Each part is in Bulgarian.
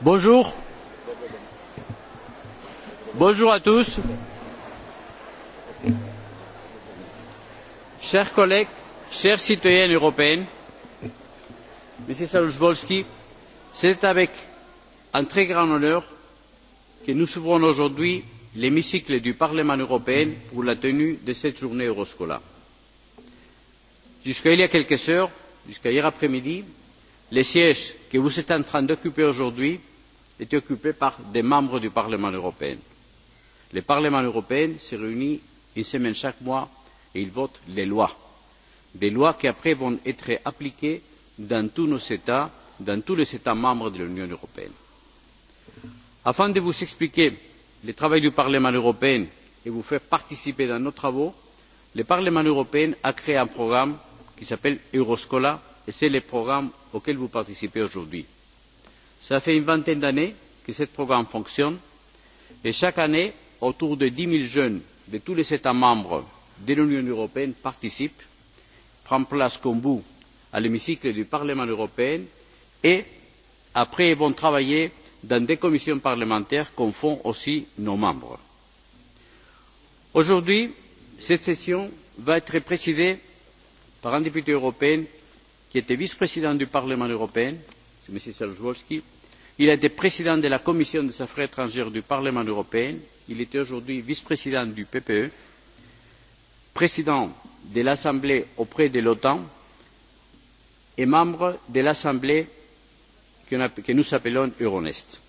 Bonjour. Bonjour à tous. Chers collègues, chers citoyens européens, Monsieur Salusbolski, c'est avec un très grand honneur que nous ouvrons aujourd'hui l'hémicycle du Parlement européen pour la tenue de cette journée Euroscola jusqu'à il y a quelques heures jusqu'à hier après midi le siège que vous êtes en train d'occuper aujourd'hui était occupé par des membres du parlement européen. le parlement européen se réunit une semaine chaque mois et il vote les lois des lois qui après vont être appliquées dans tous nos états dans tous les états membres de l'union européenne. afin de vous expliquer le travail du parlement européen et de vous faire participer à nos travaux le parlement européen a créé un programme qui s'appelle Euroscola, et c'est le programme auquel vous participez aujourd'hui. Cela fait une vingtaine d'années que ce programme fonctionne, et chaque année, autour de dix 000 jeunes de tous les États membres de l'Union européenne participent, prennent place comme vous à l'hémicycle du Parlement européen, et après vont travailler dans des commissions parlementaires qu'en font aussi nos membres. Aujourd'hui, cette session va être présidée par un député européen qui était vice-président du Parlement européen, c'est M. Saljowski. Il a été président de la Commission des affaires étrangères du Parlement européen. Il est aujourd'hui vice-président du PPE, président de l'Assemblée auprès de l'OTAN et membre de l'Assemblée que nous appelons Euronest.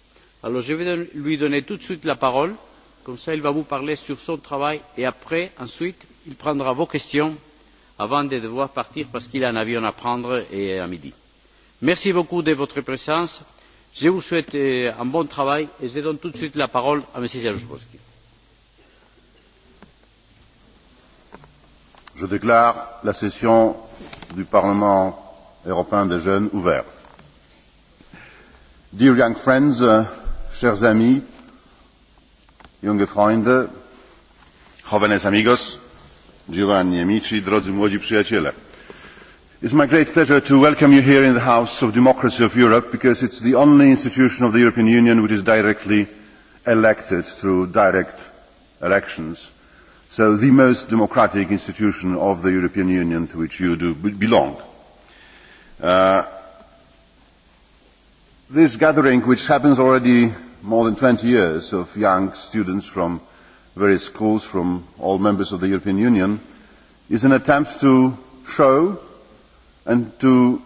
Alors je vais lui donner tout de suite la parole, comme ça il va vous parler sur son travail et après, ensuite, il prendra vos questions avant de devoir partir parce qu'il a un avion à prendre et à midi. Merci beaucoup de votre présence. Je vous souhaite un bon travail et je donne tout de suite la parole à M. Jaruzelski. Je déclare la session du Parlement européen des jeunes ouverte. Dear young friends, chers amis, junge Freunde, jóvenes amigos, Giovanni Amici, drodzy młodzi przyjaciele. It's my great pleasure to welcome you here in the House of Democracy of Europe because it's the only institution of the European Union which is directly elected through direct elections. So the most democratic institution of the European Union to which you do belong. Uh, this gathering, which happens already more than 20 years of young students from various schools from all members of the European Union is an attempt to show and to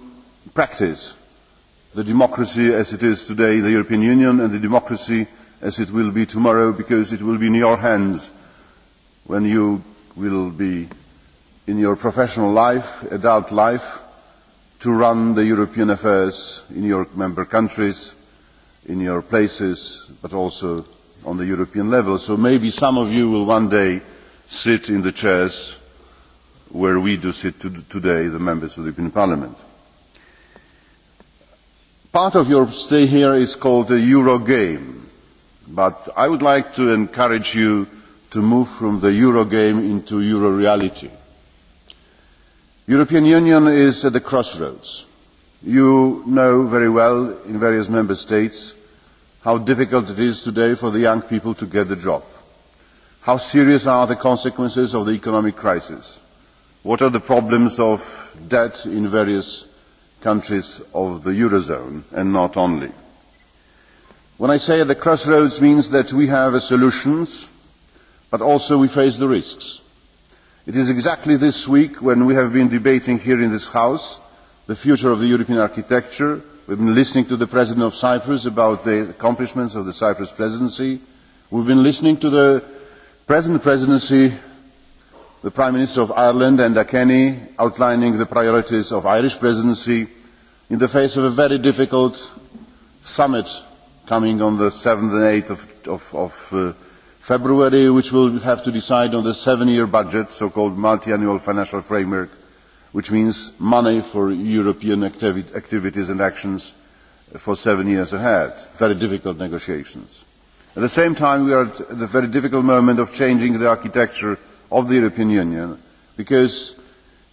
practice the democracy as it is today in the European Union and the democracy as it will be tomorrow because it will be in your hands when you will be in your professional life, adult life, to run the European affairs in your member countries, in your places, but also on the European level. So maybe some of you will one day sit in the chairs where we do sit today, the members of the European Parliament. Part of your stay here is called the Euro game, but I would like to encourage you to move from the Euro game into Euro reality. European Union is at the crossroads. You know very well in various member states how difficult it is today for the young people to get a job how serious are the consequences of the economic crisis what are the problems of debt in various countries of the eurozone and not only. when i say at the crossroads it means that we have solutions but also we face the risks. it is exactly this week when we have been debating here in this house the future of the european architecture We have been listening to the President of Cyprus about the accomplishments of the Cyprus presidency. We have been listening to the present presidency, the Prime Minister of Ireland and kenny outlining the priorities of the Irish presidency in the face of a very difficult summit coming on the 7th and 8th of, of, of February, which will have to decide on the seven-year budget, so-called multi-annual financial framework which means money for European activities and actions for seven years ahead. Very difficult negotiations. At the same time, we are at the very difficult moment of changing the architecture of the European Union because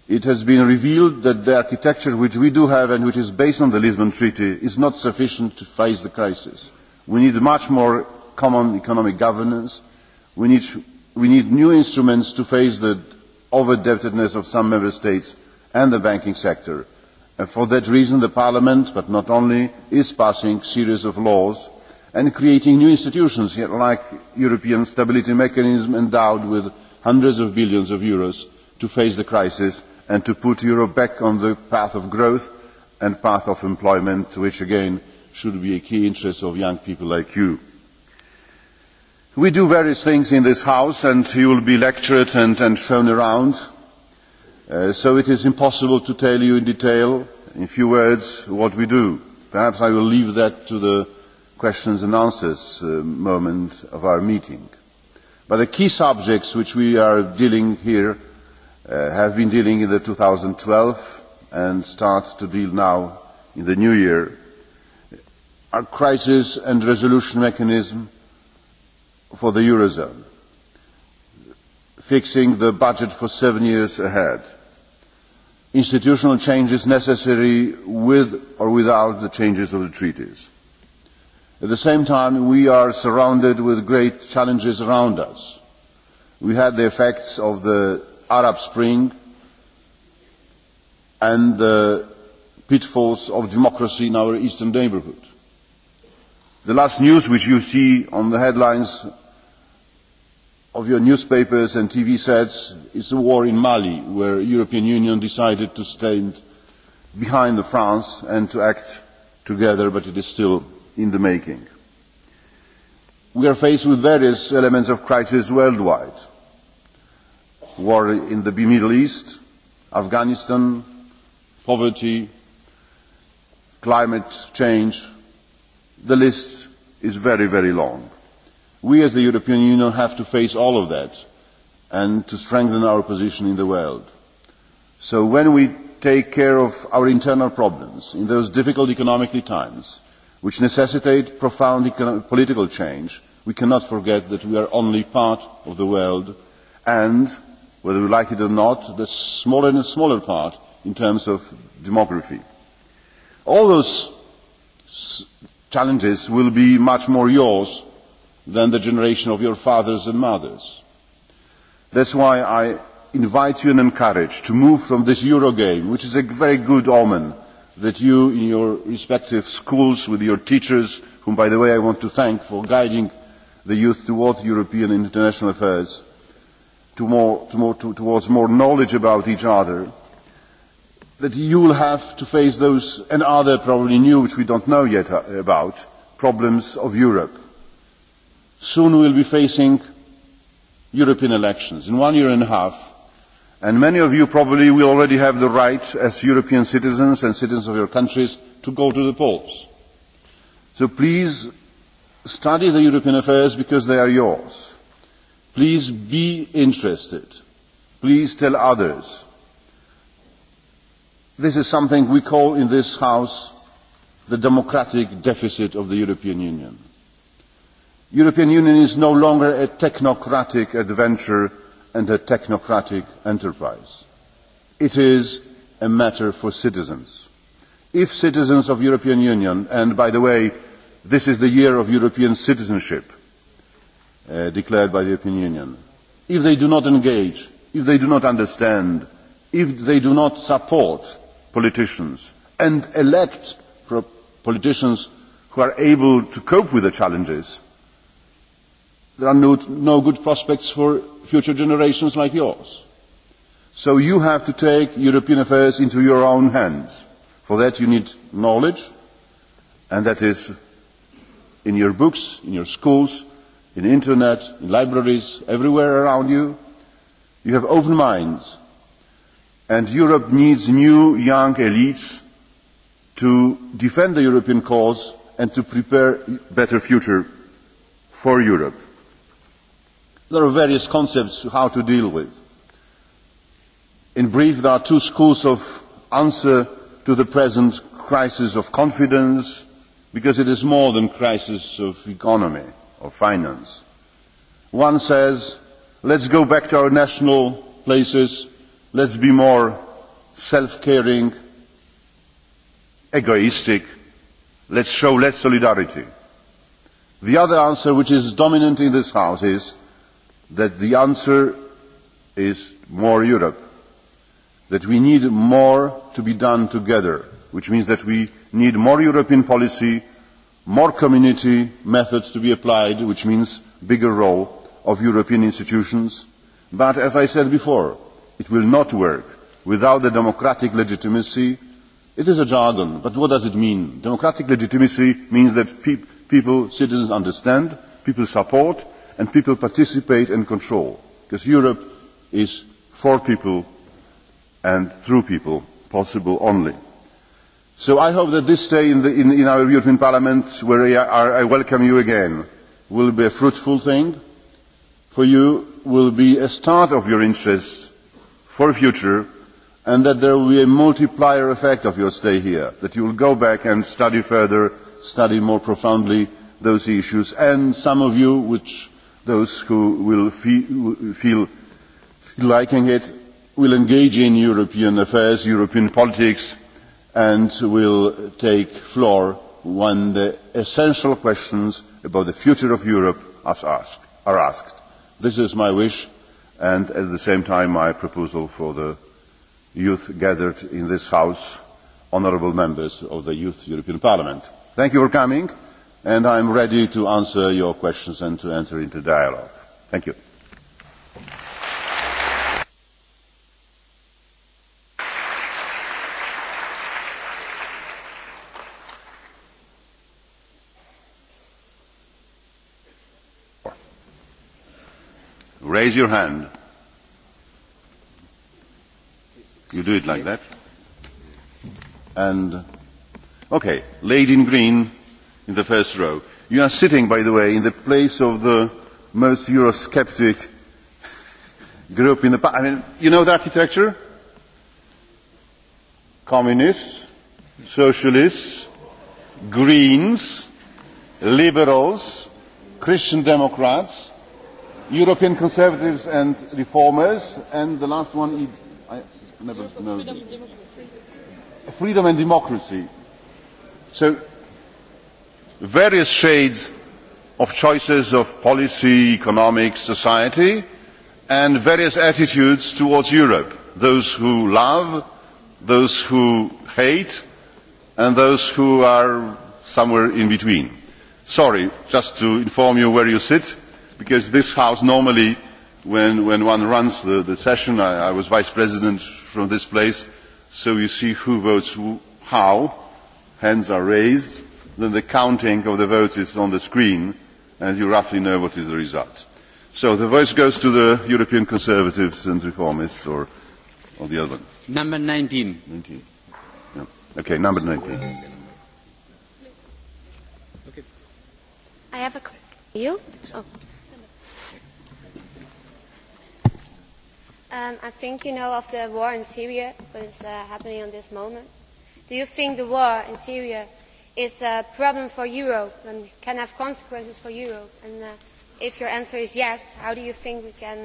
it has been revealed that the architecture which we do have and which is based on the Lisbon Treaty is not sufficient to face the crisis. We need much more common economic governance. We need, new instruments to face the over-debtedness of some member states and the banking sector. for that reason parliament but not only is passing a series of laws and creating new institutions like the european stability mechanism endowed with hundreds of billions of euros to face the crisis and to put europe back on the path of growth and path of employment which again should be a key interest of young people like you. we do various things in this house and you will be lectured and shown around so it is impossible to tell you in detail, in a few words, what we do. Perhaps I will leave that to the questions and answers moment of our meeting. But the key subjects which we are dealing here have been dealing in the twelve and start to deal now in the new year are crisis and resolution mechanism for the eurozone, fixing the budget for seven years ahead, institutional changes necessary with or without the changes of the treaties. At the same time, we are surrounded with great challenges around us. We had the effects of the Arab Spring and the pitfalls of democracy in our eastern neighbourhood. The last news which you see on the headlines of your newspapers and TV sets is the war in Mali, where the European Union decided to stand behind France and to act together, but it is still in the making. We are faced with various elements of crisis worldwide. War in the Middle East, Afghanistan, poverty, climate change, the list is very, very long we as the European Union have to face all of that and to strengthen our position in the world. So when we take care of our internal problems in those difficult economic times, which necessitate profound political change, we cannot forget that we are only part of the world and, whether we like it or not, the smaller and smaller part in terms of demography. All those challenges will be much more yours than the generation of your fathers and mothers. That's why I invite you and encourage to move from this Eurogame, which is a very good omen that you in your respective schools with your teachers, whom by the way I want to thank for guiding the youth towards European and international affairs, to more, to more, to, towards more knowledge about each other, that you will have to face those and other probably new, which we don't know yet about, problems of Europe Soon we will be facing European elections, in one year and a half, and many of you probably will already have the right, as European citizens and citizens of your countries, to go to the polls. So please study the European affairs because they are yours. Please be interested. Please tell others. This is something we call in this House the democratic deficit of the European Union the european union is no longer a technocratic adventure and a technocratic enterprise. it is a matter for citizens. if citizens of the european union and by the way this is the year of european citizenship declared by the european union if they do not engage if they do not understand if they do not support politicians and elect politicians who are able to cope with the challenges there are no, no good prospects for future generations like yours. So you have to take European affairs into your own hands. For that you need knowledge, and that is in your books, in your schools, in the internet, in libraries, everywhere around you. You have open minds. And Europe needs new young elites to defend the European cause and to prepare a better future for Europe. There are various concepts how to deal with. In brief, there are two schools of answer to the present crisis of confidence, because it is more than crisis of economy or finance. One says, let's go back to our national places, let's be more self-caring, egoistic, let's show less solidarity. The other answer, which is dominant in this House, is that the answer is more Europe, that we need more to be done together, which means that we need more European policy, more community methods to be applied, which means a bigger role of European institutions. But as I said before, it will not work without the democratic legitimacy. It is a jargon, but what does it mean? Democratic legitimacy means that people, citizens understand, people support, and people participate and control because europe is for people and through people possible only. so i hope that this day in our european parliament where i welcome you again will be a fruitful thing for you will be a start of your interest for the future and that there will be a multiplier effect of your stay here that you will go back and study further study more profoundly those issues and some of you which those who will feel liking it will engage in European affairs, European politics, and will take floor when the essential questions about the future of Europe are asked. This is my wish and at the same time my proposal for the youth gathered in this House, honourable members of the Youth European Parliament. Thank you for coming and I am ready to answer your questions and to enter into dialogue. Thank you. Raise your hand. You do it like that. And, okay, lady in green in the first row. You are sitting, by the way, in the place of the most Eurosceptic group in the. I mean, you know the architecture? Communists, socialists, Greens, liberals, Christian Democrats, European conservatives and reformers, and the last one, I never know. Freedom and democracy. So various shades of choices of policy, economic, society, and various attitudes towards Europe. Those who love, those who hate, and those who are somewhere in between. Sorry, just to inform you where you sit, because this house normally, when, when one runs the, the session, I, I was vice president from this place, so you see who votes who, how, hands are raised, then the counting of the votes is on the screen and you roughly know what is the result. So the voice goes to the European Conservatives and Reformists or, or the other one. Number 19. 19. Yeah. Okay, number 19. I have a question. you? Oh. Um, I think you know of the war in Syria that is uh, happening at this moment. Do you think the war in Syria is a problem for Europe and can have consequences for Europe? And if your answer is yes, how do you think we can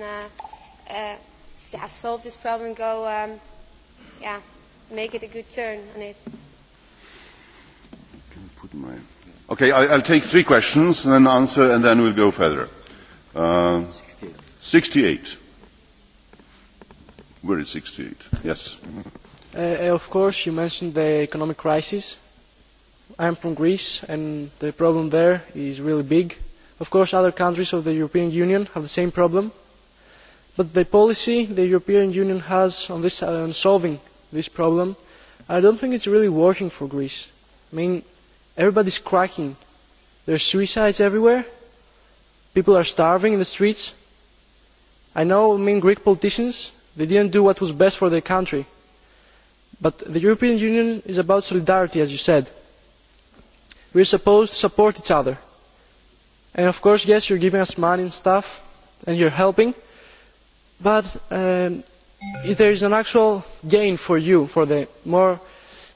solve this problem and go, um, yeah, make it a good turn on it? Okay, I, I'll take three questions and then answer, and then we'll go further. Uh, 68. Where is 68? Yes. Uh, of course, you mentioned the economic crisis I am from Greece, and the problem there is really big. Of course, other countries of the European Union have the same problem. But the policy the European Union has on, this, on solving this problem, I don't think it's really working for Greece. I mean, everybody's cracking. There are suicides everywhere. People are starving in the streets. I know, I mean, Greek politicians, they didn't do what was best for their country. But the European Union is about solidarity, as you said we are supposed to support each other. And of course, yes, you're giving us money and stuff, and you're helping, but um, there is an actual gain for you, for the more,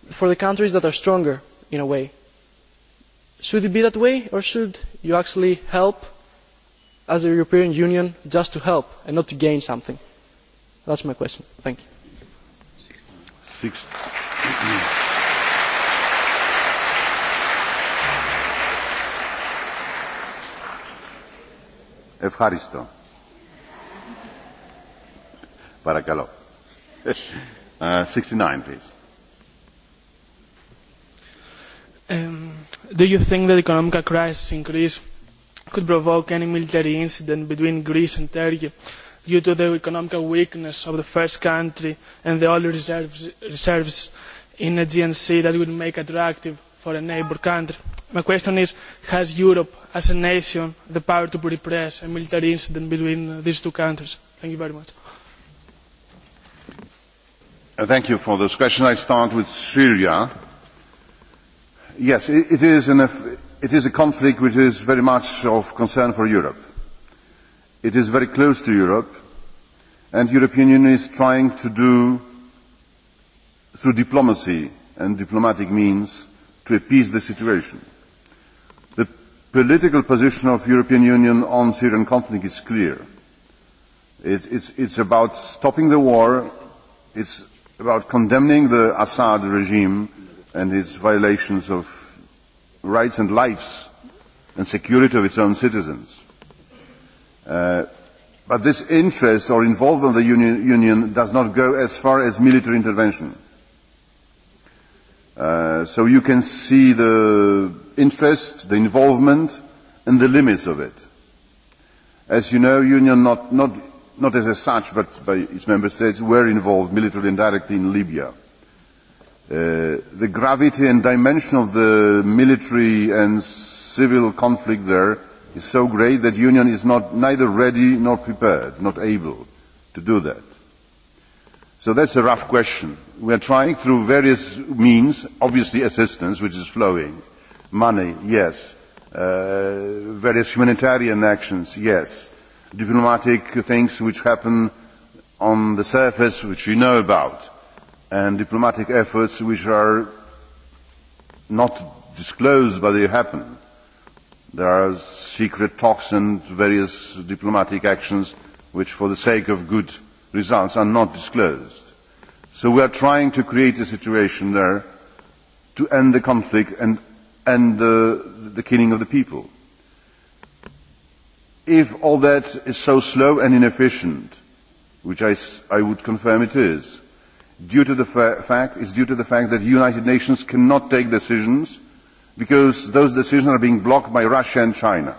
for the countries that are stronger in a way. Should it be that way, or should you actually help as a European Union just to help and not to gain something? That's my question. Thank you. Ευχαριστώ. Παρακαλώ. 69, please. Um, do you think that the economic crisis in Greece could provoke any military incident between Greece and Turkey due to the economic weakness of the first country and the oil reserves, reserves in the Sea that would make attractive for a neighbour country. My question is, has Europe as a nation the power to repress a military incident between these two countries? Thank you very much. Thank you for this question. I start with Syria. Yes, it is, an, it is a conflict which is very much of concern for Europe. It is very close to Europe, and the European Union is trying to do, through diplomacy and diplomatic means, to appease the situation. The political position of the European Union on the Syrian conflict is clear. It, it's, it's about stopping the war, it's about condemning the Assad regime and its violations of rights and lives and security of its own citizens. but this interest or involvement of the Union does not go as far as military intervention so you can see the interest, the involvement, and the limits of it. As you know, Union, not, not, not as such, but by its member states, were involved militarily and directly in Libya. the gravity and dimension of the military and civil conflict there is so great that Union is not, neither ready nor prepared, not able to do that So that's a rough question. We are trying through various means, obviously assistance, which is flowing, money, yes, uh, various humanitarian actions, yes, diplomatic things which happen on the surface, which we know about, and diplomatic efforts which are not disclosed but they happen. There are secret talks and various diplomatic actions which, for the sake of good results are not disclosed. So we are trying to create a situation there to end the conflict and end the, the killing of the people. If all that is so slow and inefficient, which I, I would confirm it is, due to the fa- fact, is due to the fact that the United Nations cannot take decisions because those decisions are being blocked by Russia and China.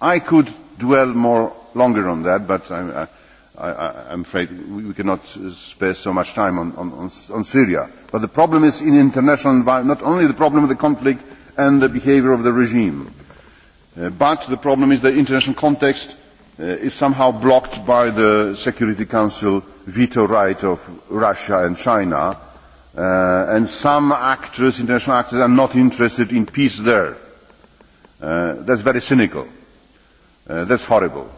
I could dwell more longer on that, but I, I, I, I'm afraid we cannot spare so much time on, on, on Syria. But the problem is in international environment, not only the problem of the conflict and the behaviour of the regime, but the problem is the international context is somehow blocked by the Security Council veto right of Russia and China, and some actors, international actors, are not interested in peace there. Uh, that's very cynical. Uh, that's horrible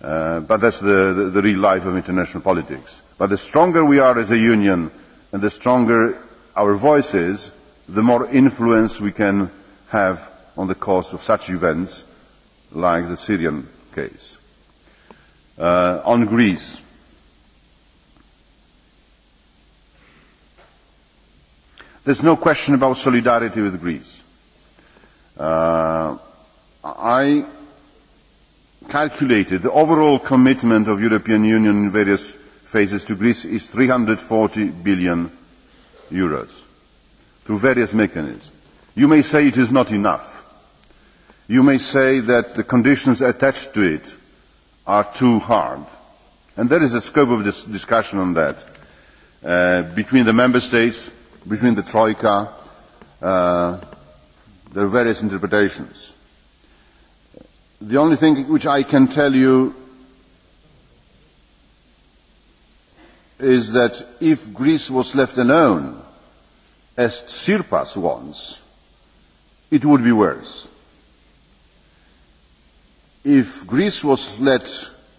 but that is the, the real life of international politics. But the stronger we are as a union and the stronger our voice is, the more influence we can have on the course of such events like the Syrian case. on Greece, there is no question about solidarity with Greece. I calculated the overall commitment of the European Union in various phases to Greece is EUR three hundred and forty billion through various mechanisms. You may say it is not enough. You may say that the conditions attached to it are too hard. And there is a scope of discussion on that between the member states, between the Troika, there are various interpretations The only thing which I can tell you is that if Greece was left alone, as Tsirpas wants, it would be worse. If Greece was let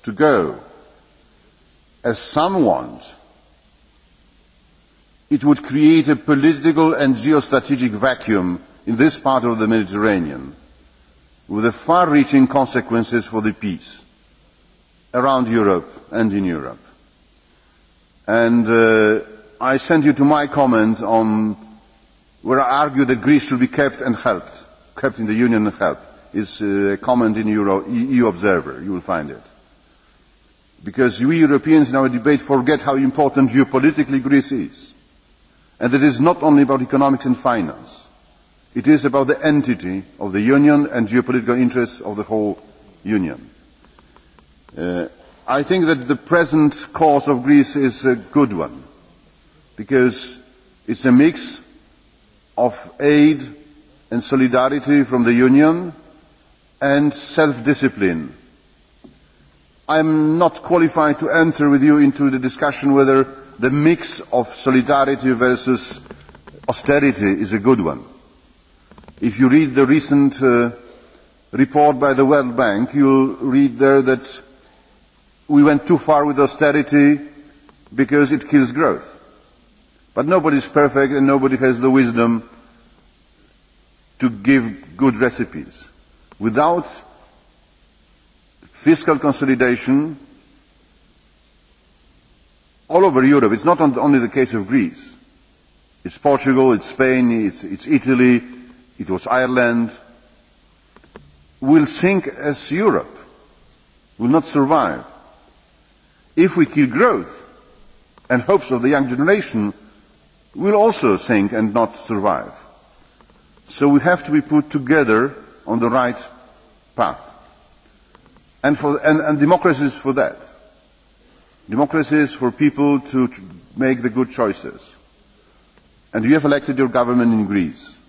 to go, as some want, it would create a political and geostrategic vacuum in this part of the Mediterranean with far reaching consequences for the peace around europe and in europe. i send you to my comment on where i argue that greece should be kept and helped kept in the union and helped. it is a comment in eu observer you will find it because we europeans in our debate forget how important geopolitically greece is and it is not only about economics and finance it is about the entity of the union and geopolitical interests of the whole union. i think that the present course of greece is a good one because it is a mix of aid and solidarity from the union and self discipline. i am not qualified to enter with you into the discussion whether the mix of solidarity versus austerity is a good one. If you read the recent uh, report by the World Bank, you'll read there that we went too far with austerity because it kills growth. But nobody is perfect and nobody has the wisdom to give good recipes. Without fiscal consolidation all over Europe, it's not only the case of Greece, it's Portugal, it's Spain, it's, it's Italy, it was Ireland, will sink as Europe, will not survive. If we kill growth and hopes of the young generation, will also sink and not survive. So we have to be put together on the right path. And, for, and, and democracy is for that. Democracy is for people to make the good choices. And you have elected your government in Greece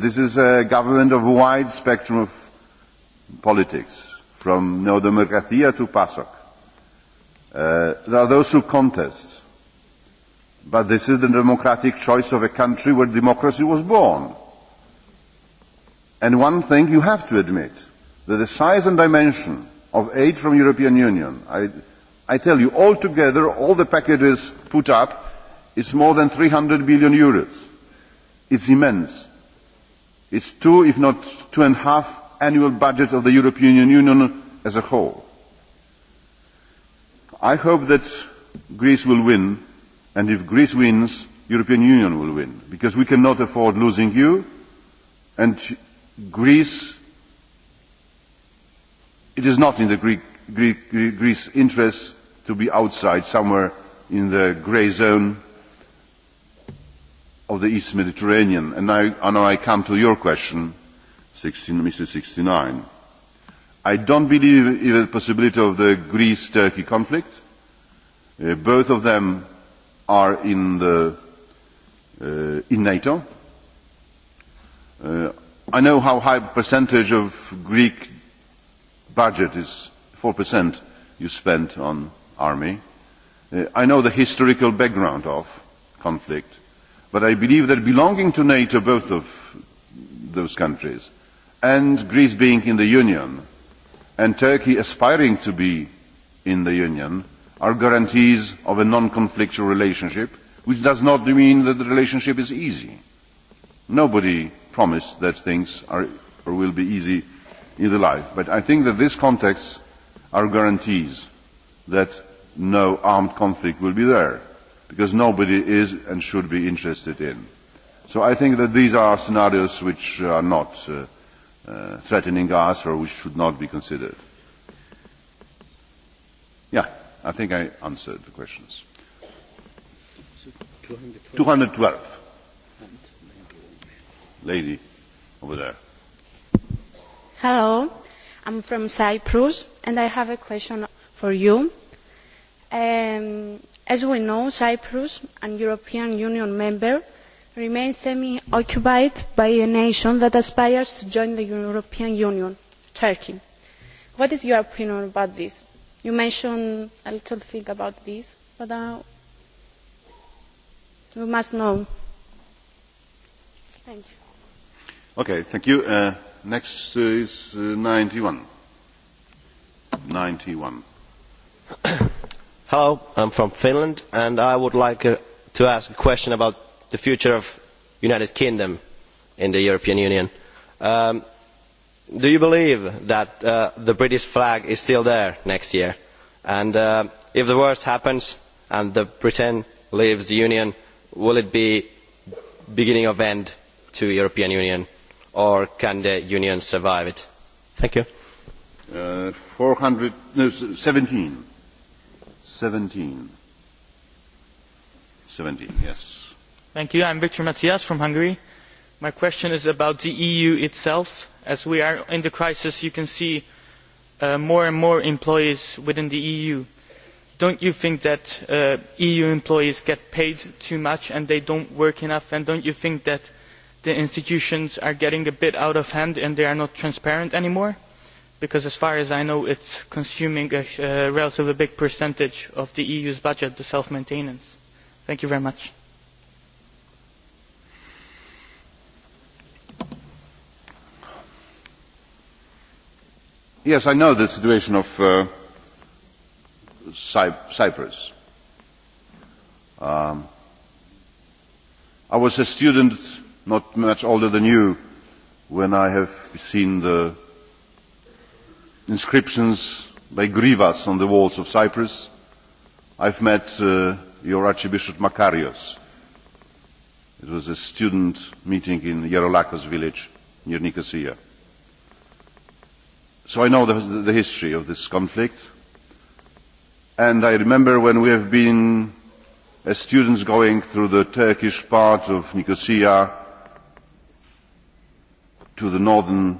this is a government of a wide spectrum of politics, from Neodemokratia to PASOK. Uh, there are those who contest, but this is the democratic choice of a country where democracy was born. And one thing you have to admit, that the size and dimension of aid from the European Union, I, I tell you, altogether, all the packages put up, is more than 300 billion euros. It's immense its two, if not two and a half, annual budgets of the European Union as a whole. I hope that Greece will win, and if Greece wins, the European Union will win, because we cannot afford losing you, and Greece, it is not in the Greek, Greek, Greece interest to be outside somewhere in the grey zone of the East Mediterranean. And now, now I come to your question, 16, Mr. 69. I don't believe in the possibility of the Greece-Turkey conflict. Uh, both of them are in, the, uh, in NATO. Uh, I know how high percentage of Greek budget is 4% you spent on army. Uh, I know the historical background of conflict But I believe that belonging to NATO, both of those countries, and Greece being in the Union, and Turkey aspiring to be in the Union, are guarantees of a non-conflictual relationship, which does not mean that the relationship is easy. Nobody promised that things are or will be easy in the life. But I think that these contexts are guarantees that no armed conflict will be there because nobody is and should be interested in. So I think that these are scenarios which are not uh, uh, threatening us or which should not be considered. Yeah, I think I answered the questions. So 212. 212. Lady over there. Hello, I'm from Cyprus and I have a question for you. Um, As we know, Cyprus, a European Union member, remains semi-occupied by a nation that aspires to join the European Union, Turkey. What is your opinion about this? You mentioned a little thing about this, but uh, we must know. Thank you. Okay, thank you. Uh, next is uh, 91. 91 Hello, i am from finland and i would like to ask a question about the future of the united kingdom in the european union. do you believe that the british flag is still there next year and if the worst happens and britain leaves the union will it be the beginning of the end to the european union or can the union survive it? 17. 17, yes. Thank you. I'm Victor Matias from Hungary. My question is about the EU itself. As we are in the crisis, you can see uh, more and more employees within the EU. Don't you think that uh, EU employees get paid too much and they don't work enough? And don't you think that the institutions are getting a bit out of hand and they are not transparent anymore? because as far as i know it is consuming a relatively big percentage of the eu's budget the self maintenance. thank you very much. yes i know the situation of cyprus. i was a student not much older than you when i have seen the inscriptions by grivas on the walls of Cyprus. I've met uh, your Archbishop Makarios. It was a student meeting in Yarolakos village near Nicosia. So I know the, the history of this conflict. And I remember when we have been, as students, going through the Turkish part of Nicosia to the northern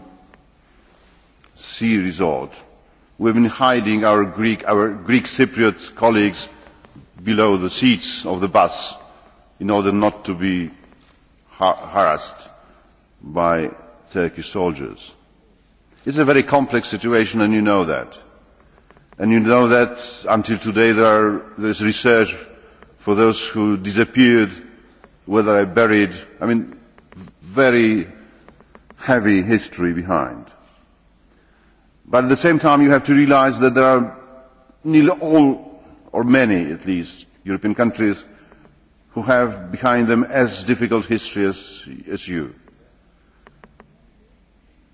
sea resort. We have been hiding our Greek, our Greek Cypriot colleagues below the seats of the bus in order not to be harassed by Turkish soldiers. It's a very complex situation and you know that. And you know that until today there, are, there is research for those who disappeared, whether they buried, I mean, very heavy history behind. But at the same time, you have to realise that there are nearly all, or many at least, European countries who have behind them as difficult history as, as you.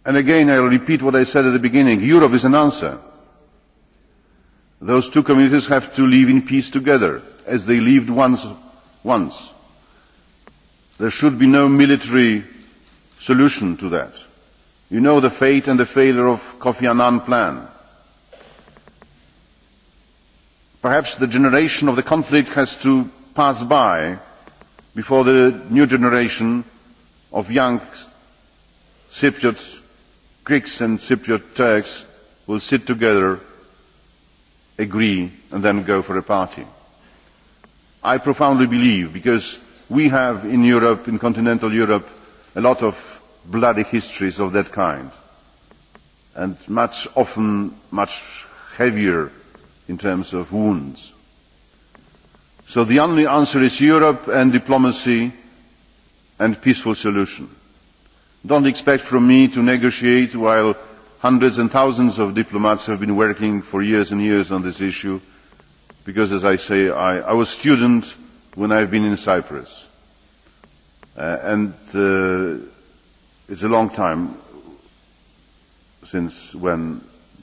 And again, I repeat what I said at the beginning. Europe is an answer. Those two communities have to live in peace together, as they lived once. once. There should be no military solution to that You know the fate and the failure of Kofi Annan plan. Perhaps the generation of the conflict has to pass by before the new generation of young Cypriot Greeks and Cypriot Turks will sit together, agree, and then go for a party. I profoundly believe, because we have in Europe, in continental Europe, a lot of bloody histories of that kind, and much often much heavier in terms of wounds. So the only answer is Europe and diplomacy and peaceful solution. Don't expect from me to negotiate while hundreds and thousands of diplomats have been working for years and years on this issue, because as I say, I, I was a student when I've been in Cyprus. Uh, and uh, It's a long time since when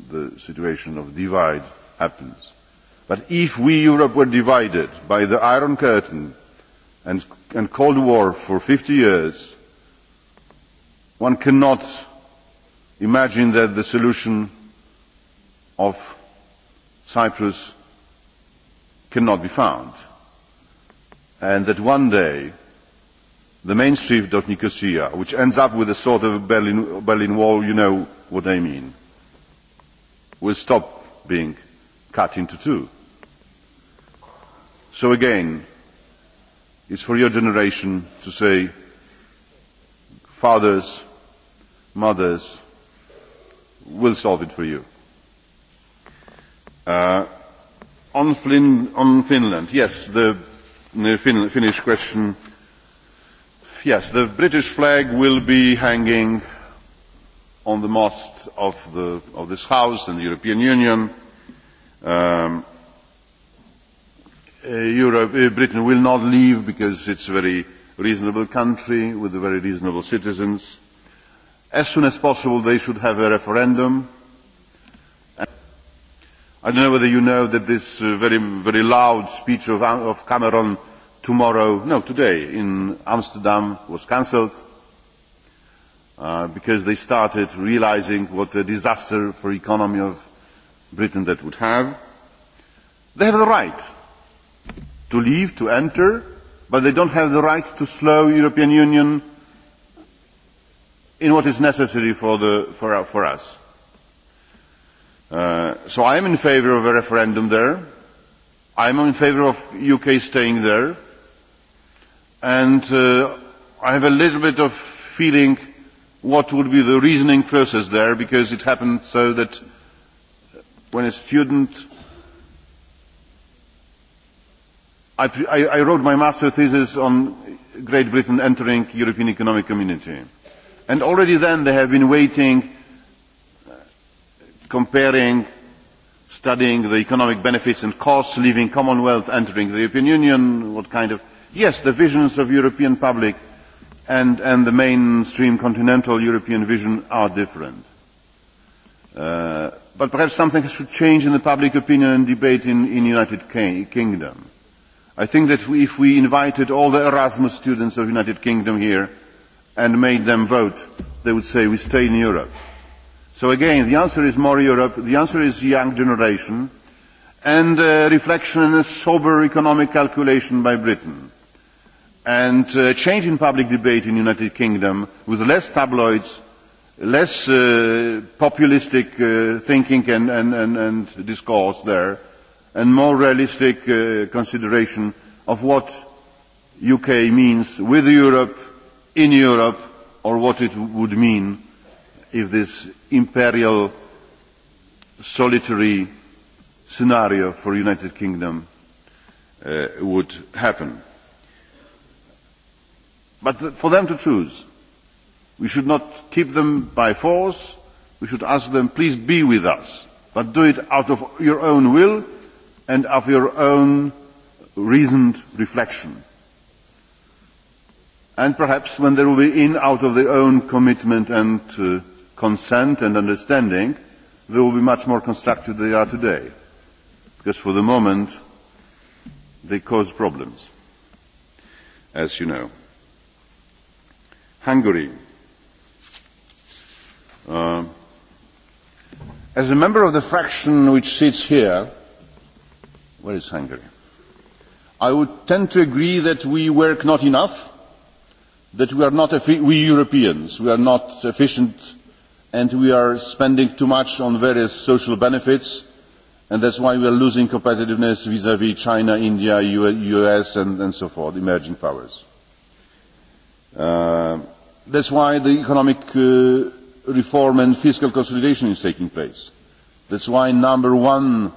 the situation of divide happens. But if we, Europe, were divided by the Iron Curtain and, and Cold War for 50 years, one cannot imagine that the solution of Cyprus cannot be found. And that one day the mainstream of Nicosia, which ends up with a sort of Berlin, Berlin Wall, you know what I mean, will stop being cut into two. So again, it's for your generation to say, fathers, mothers, will solve it for you. Uh, on, Flin- on Finland, yes, the, the Finnish question yes, the British flag will be hanging on the mast of, the, of this House and the European Union. Um, Europe, Britain will not leave because it's a very reasonable country with very reasonable citizens. As soon as possible, they should have a referendum. I don't know whether you know that this very, very loud speech of, of Cameron tomorrow, no, today in Amsterdam was cancelled because they started realising what a disaster for the economy of Britain that would have. They have the right to leave, to enter, but they don't have the right to slow the European Union in what is necessary for, the, for, for us. Uh, so I am in favour of a referendum there. I am in favour of UK staying there and uh, I have a little bit of feeling what would be the reasoning process there, because it happened so that when a student I, I, I wrote my master thesis on Great Britain entering European Economic Community. And already then they have been waiting, comparing, studying the economic benefits and costs, leaving Commonwealth, entering the European Union, what kind of – yes the visions of the european public and, and the mainstream continental european vision are different but perhaps something should change in the public opinion and debate in the united kingdom. i think that if we invited all the erasmus students of the united kingdom here and made them vote they would say we stay in europe. so again the answer is more europe the answer is the young generation and reflection and a sober economic calculation by britain and a change in public debate in the united kingdom with less tabloids less populistic thinking and discourse there and more realistic consideration of what the uk means with europe in europe or what it would mean if this imperial solitary scenario for the united kingdom would happen. But for them to choose. We should not keep them by force. We should ask them, please be with us. But do it out of your own will and of your own reasoned reflection. And perhaps when they will be in out of their own commitment and uh, consent and understanding, they will be much more constructive than they are today. Because for the moment, they cause problems, as you know Hungary. Uh, as a member of the faction which sits here, where is Hungary? I would tend to agree that we work not enough, that we are not, we Europeans, we are not efficient and we are spending too much on various social benefits and that's why we are losing competitiveness vis-à-vis China, India, US and, and so forth, emerging powers. Uh, that is why the economic reform and fiscal consolidation is taking place. that is why the number one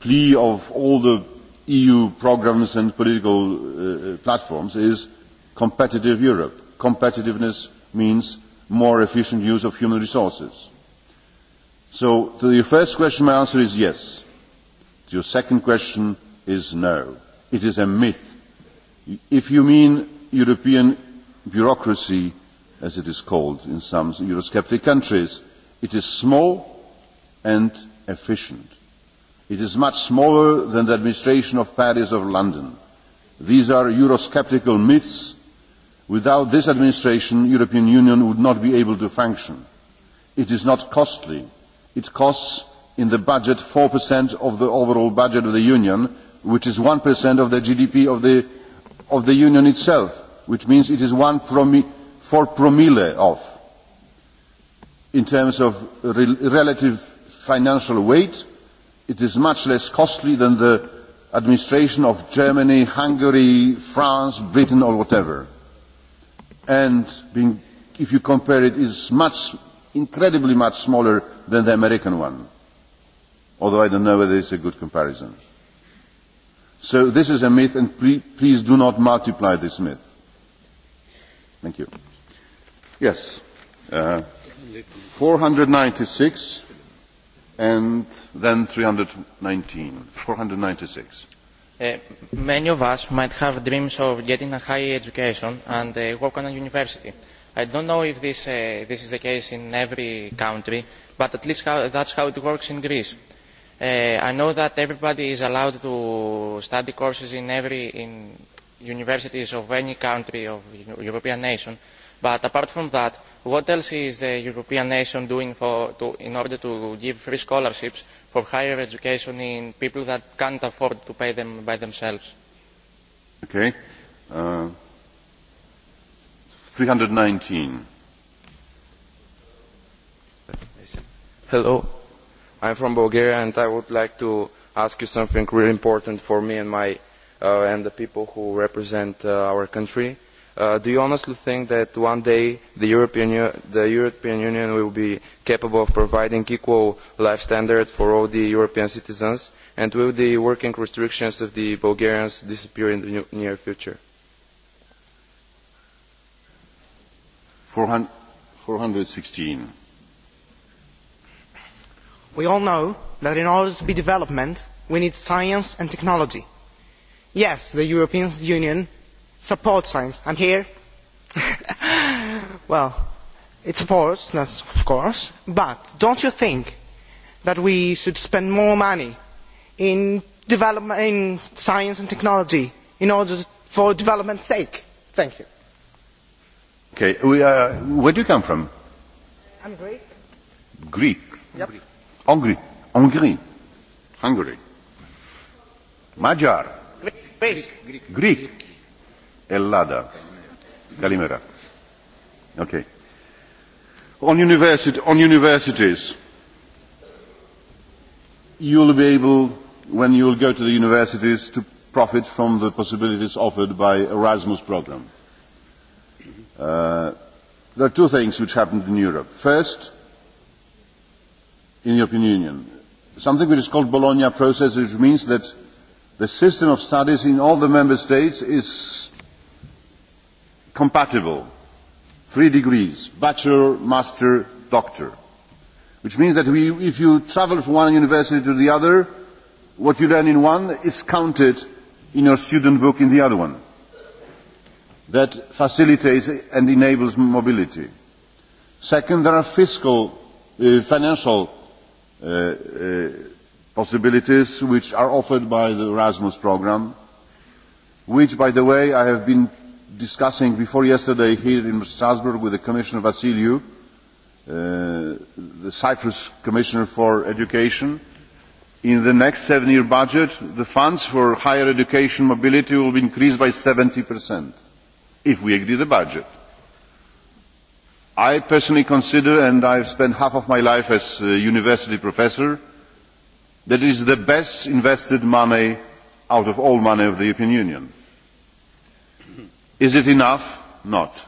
plea of all the eu programmes and political platforms is competitive europe. competitiveness means more efficient use of human resources. so to your first question my answer is yes. to your second question is no. it is a myth. if you mean european bureaucracy as it is called in some Eurosceptic countries. It is small and efficient. It is much smaller than the administration of Paris or London. These are Eurosceptical myths. Without this administration, the European Union would not be able to function. It is not costly. It costs in the budget 4% of the overall budget of the Union, which is 1% of the GDP of the, of the Union itself, which means it is one promi four promille of in terms of relative financial weight it is much less costly than the administration of germany hungary france britain or whatever and being if you compare it is much incredibly much smaller than the american one although i don't know whether it's a good comparison. so this is a myth and please do not multiply this myth. thank you. Yes. Uh, 496 and then 319. 496. Uh, many of us might have dreams of getting a higher education and uh, work on a university. I don't know if this, uh, this is the case in every country, but at least how, that's how it works in Greece. Uh, I know that everybody is allowed to study courses in every in universities of any country of European nation, but apart from that what else is the european nation doing in order to give free scholarships for higher education to people who cannot afford to pay them by themselves? hello i am from bulgaria and i would like to ask you something really important for me and the people who represent our country do you honestly think that one day the european union will be capable of providing equal life standards for all the european citizens and will the working restrictions of the bulgarians disappear in the near future? we all know that in order to be development we need science and technology. yes the european union support science. I'm here. well, it supports us, of course, but don't you think that we should spend more money in science and technology, in order for development's sake? Thank you. Okay, we are, where do you come from? I'm Greek. Greek. Yep. Hungary. Hungary. Hungary. Magyar. Greek. Greek. Greek. Greek Ελλάδα. Καλημέρα. Okay. On, university, on universities, you'll be able, when you'll go to the universities, to profit from the possibilities offered by Erasmus program. Uh, there are two things which happened in Europe. First, in the European Union, something which is called Bologna process, which means that the system of studies in all the member states is compatible three degrees bachelor master doctor which means that we, if you travel from one university to the other what you learn in one is counted in your student book in the other one that facilitates and enables mobility second there are fiscal financial possibilities which are offered by the erasmus programme which by the way i have been discussing before yesterday here in Strasbourg with Commissioner Vassiliou, the Cyprus Commissioner for Education. In the next seven year budget, the funds for higher education mobility will be increased by 70%, if we agree the budget. I personally consider, and I have spent half of my life as a university professor, that it is the best invested money out of all money of the European Union Is it enough? Not.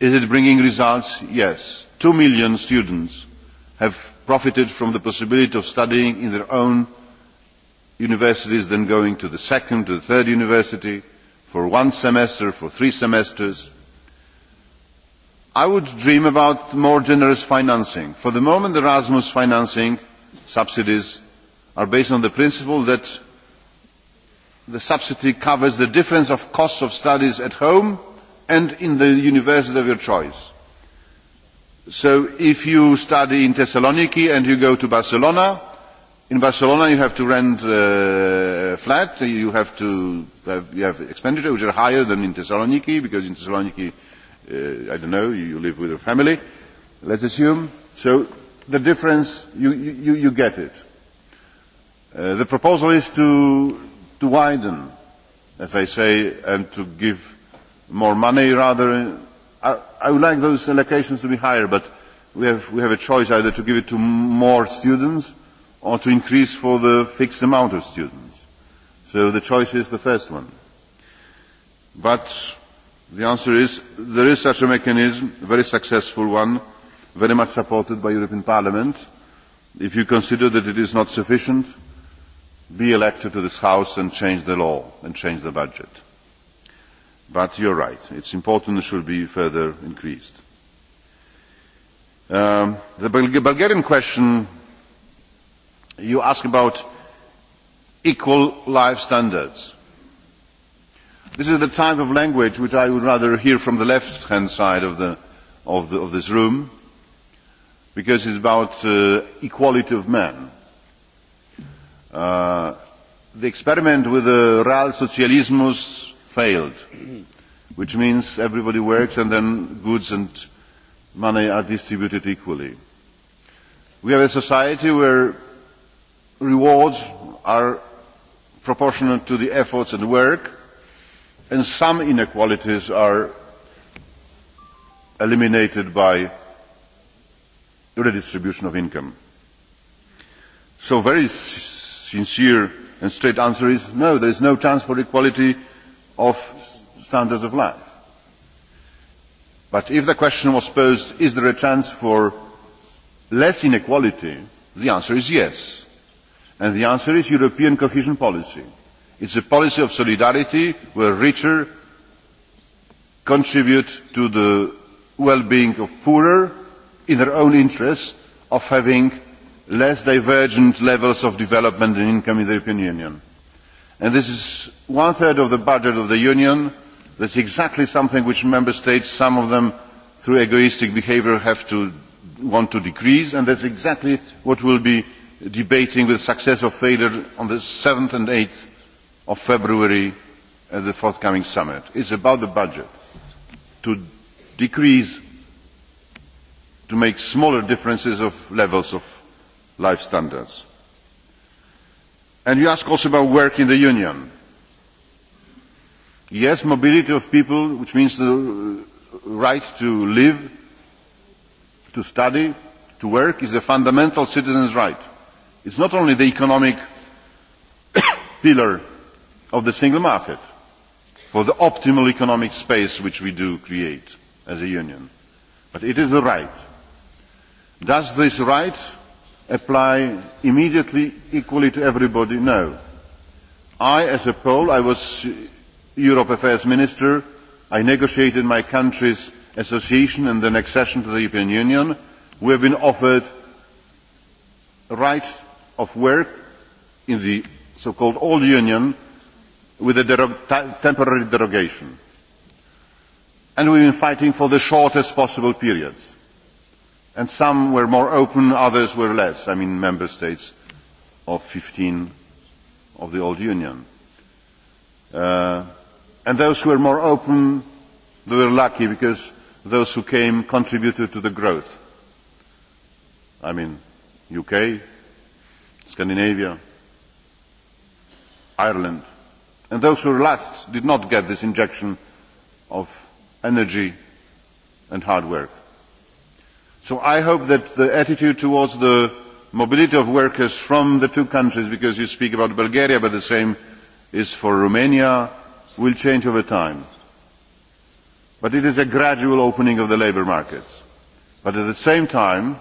Is it bringing results? Yes. Two million students have profited from the possibility of studying in their own universities, then going to the second, to the third university for one semester, for three semesters. I would dream about more generous financing. For the moment, Erasmus financing subsidies are based on the principle that the subsidy covers the difference of costs of studies at home and in the university of your choice. So if you study in Thessaloniki and you go to Barcelona, in Barcelona you have to rent a flat, you have to have, you have expenditure which are higher than in Thessaloniki because in Thessaloniki, uh, I don't know, you live with your family, let's assume. So the difference, you, you, you get it. Uh, the proposal is to to widen, as I say, and to give more money rather. I, I would like those allocations to be higher, but we have, we have a choice either to give it to more students or to increase for the fixed amount of students. So the choice is the first one. But the answer is there is such a mechanism, a very successful one, very much supported by European Parliament. If you consider that it is not sufficient, be elected to this House and change the law and change the budget. But you're right, its important it should be further increased. Um, the Bulgarian question, you ask about equal life standards. This is the type of language which I would rather hear from the left-hand side of, the, of, the, of this room, because it's about uh, equality of men the experiment with the real socialismus failed, which means everybody works and then goods and money are distributed equally. We have a society where rewards are proportional to the efforts and work, and some inequalities are eliminated by redistribution of income. So very sincere and straight answer is no, there is no chance for equality of standards of life. But if the question was posed, is there a chance for less inequality, the answer is yes. And the answer is European cohesion policy. It's a policy of solidarity where richer contribute to the well-being of poorer in their own interests of having less divergent levels of development and income in the European Union. And this is one third of the budget of the Union. That is exactly something which member states, some of them through egoistic behaviour, have to want to decrease, and that is exactly what we will be debating with success or failure on the 7 and 8 of February at the forthcoming summit. It is about the budget. To decrease, to make smaller differences of levels of life standards. And you ask also about work in the union. Yes, mobility of people, which means the right to live, to study, to work, is a fundamental citizen's right. It's not only the economic pillar of the single market, for the optimal economic space which we do create as a union, but it is a right. Does this right apply immediately equally to everybody? No. I, as a Pole, I was Europe Affairs Minister. I negotiated my country's association and then accession to the European Union. We have been offered rights of work in the so-called old union with a temporary derogation. And we have been fighting for the shortest possible periods and some were more open, others were less. I mean, member states of 15 of the old Union. Uh, and those who were more open, they were lucky because those who came contributed to the growth. I mean, UK, Scandinavia, Ireland. And those who were last did not get this injection of energy and hard work. So I hope that the attitude towards the mobility of workers from the two countries, because you speak about Bulgaria, but the same is for Romania, will change over time. But it is a gradual opening of the labour markets. But at the same time,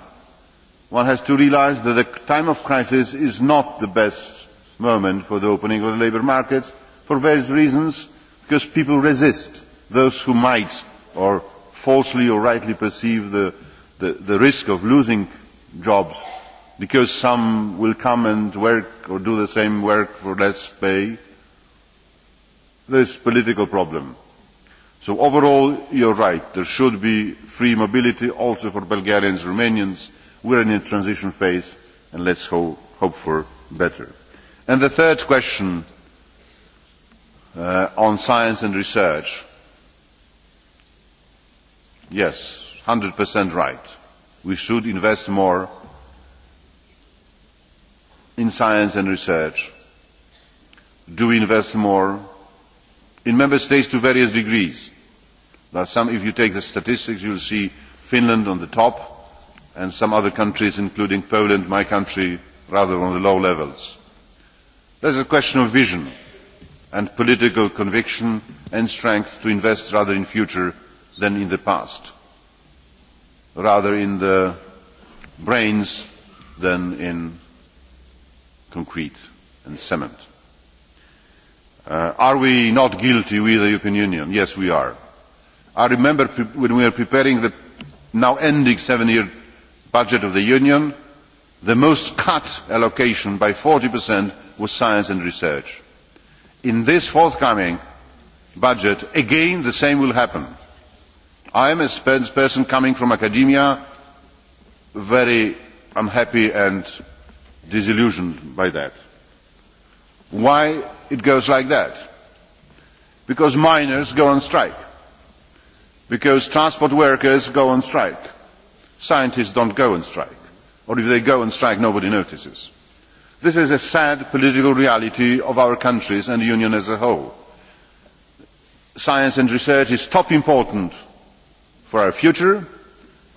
one has to realise that a time of crisis is not the best moment for the opening of the labour markets for various reasons, because people resist those who might or falsely or rightly perceive the the, the risk of losing jobs because some will come and work or do the same work for less pay. There is a political problem. So overall, you're right. There should be free mobility also for Bulgarians, Romanians. We're in a transition phase, and let's ho- hope for better. And the third question uh, on science and research. Yes, hundred right. We should invest more in science and research. Do we invest more in member states to various degrees? some, if you take the statistics, you will see Finland on the top and some other countries, including Poland, my country, rather on the low levels. There is a question of vision and political conviction and strength to invest rather in the future than in the past rather in the brains than in concrete and cement. are we not guilty, we the European Union? Yes, we are. I remember when we were preparing the now ending seven-year budget of the Union, the most cut allocation by 40% was science and research. In this forthcoming budget, again the same will happen i am a person coming from academia very unhappy and disillusioned by that. why it goes like that? because miners go on strike because transport workers go on strike scientists do not go on strike or if they go on strike nobody notices. this is a sad political reality of our countries and the union as a whole. science and research is top important for our future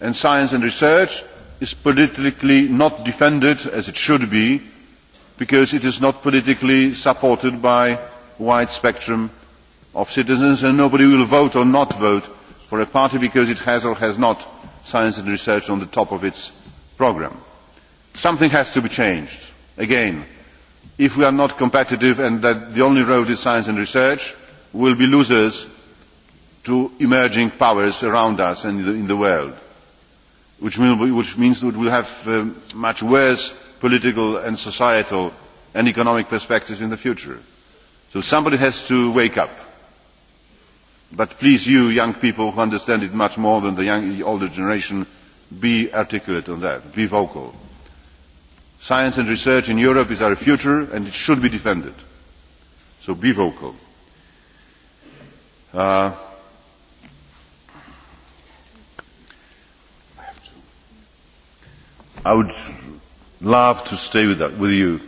and science and research is politically not defended as it should be because it is not politically supported by a wide spectrum of citizens and nobody will vote or not vote for a party because it has or has not science and research on the top of its programme. something has to be changed. again if we are not competitive and the only road is science and research we will be losers to emerging powers around us and in the, world, which, mean, which means that we will have much worse political and societal and economic perspectives in the future. So somebody has to wake up. But please, you young people who understand it much more than the young, older generation, be articulate on that, be vocal. Science and research in Europe is our future and it should be defended. So be vocal. Uh, I would love to stay with, that, with you.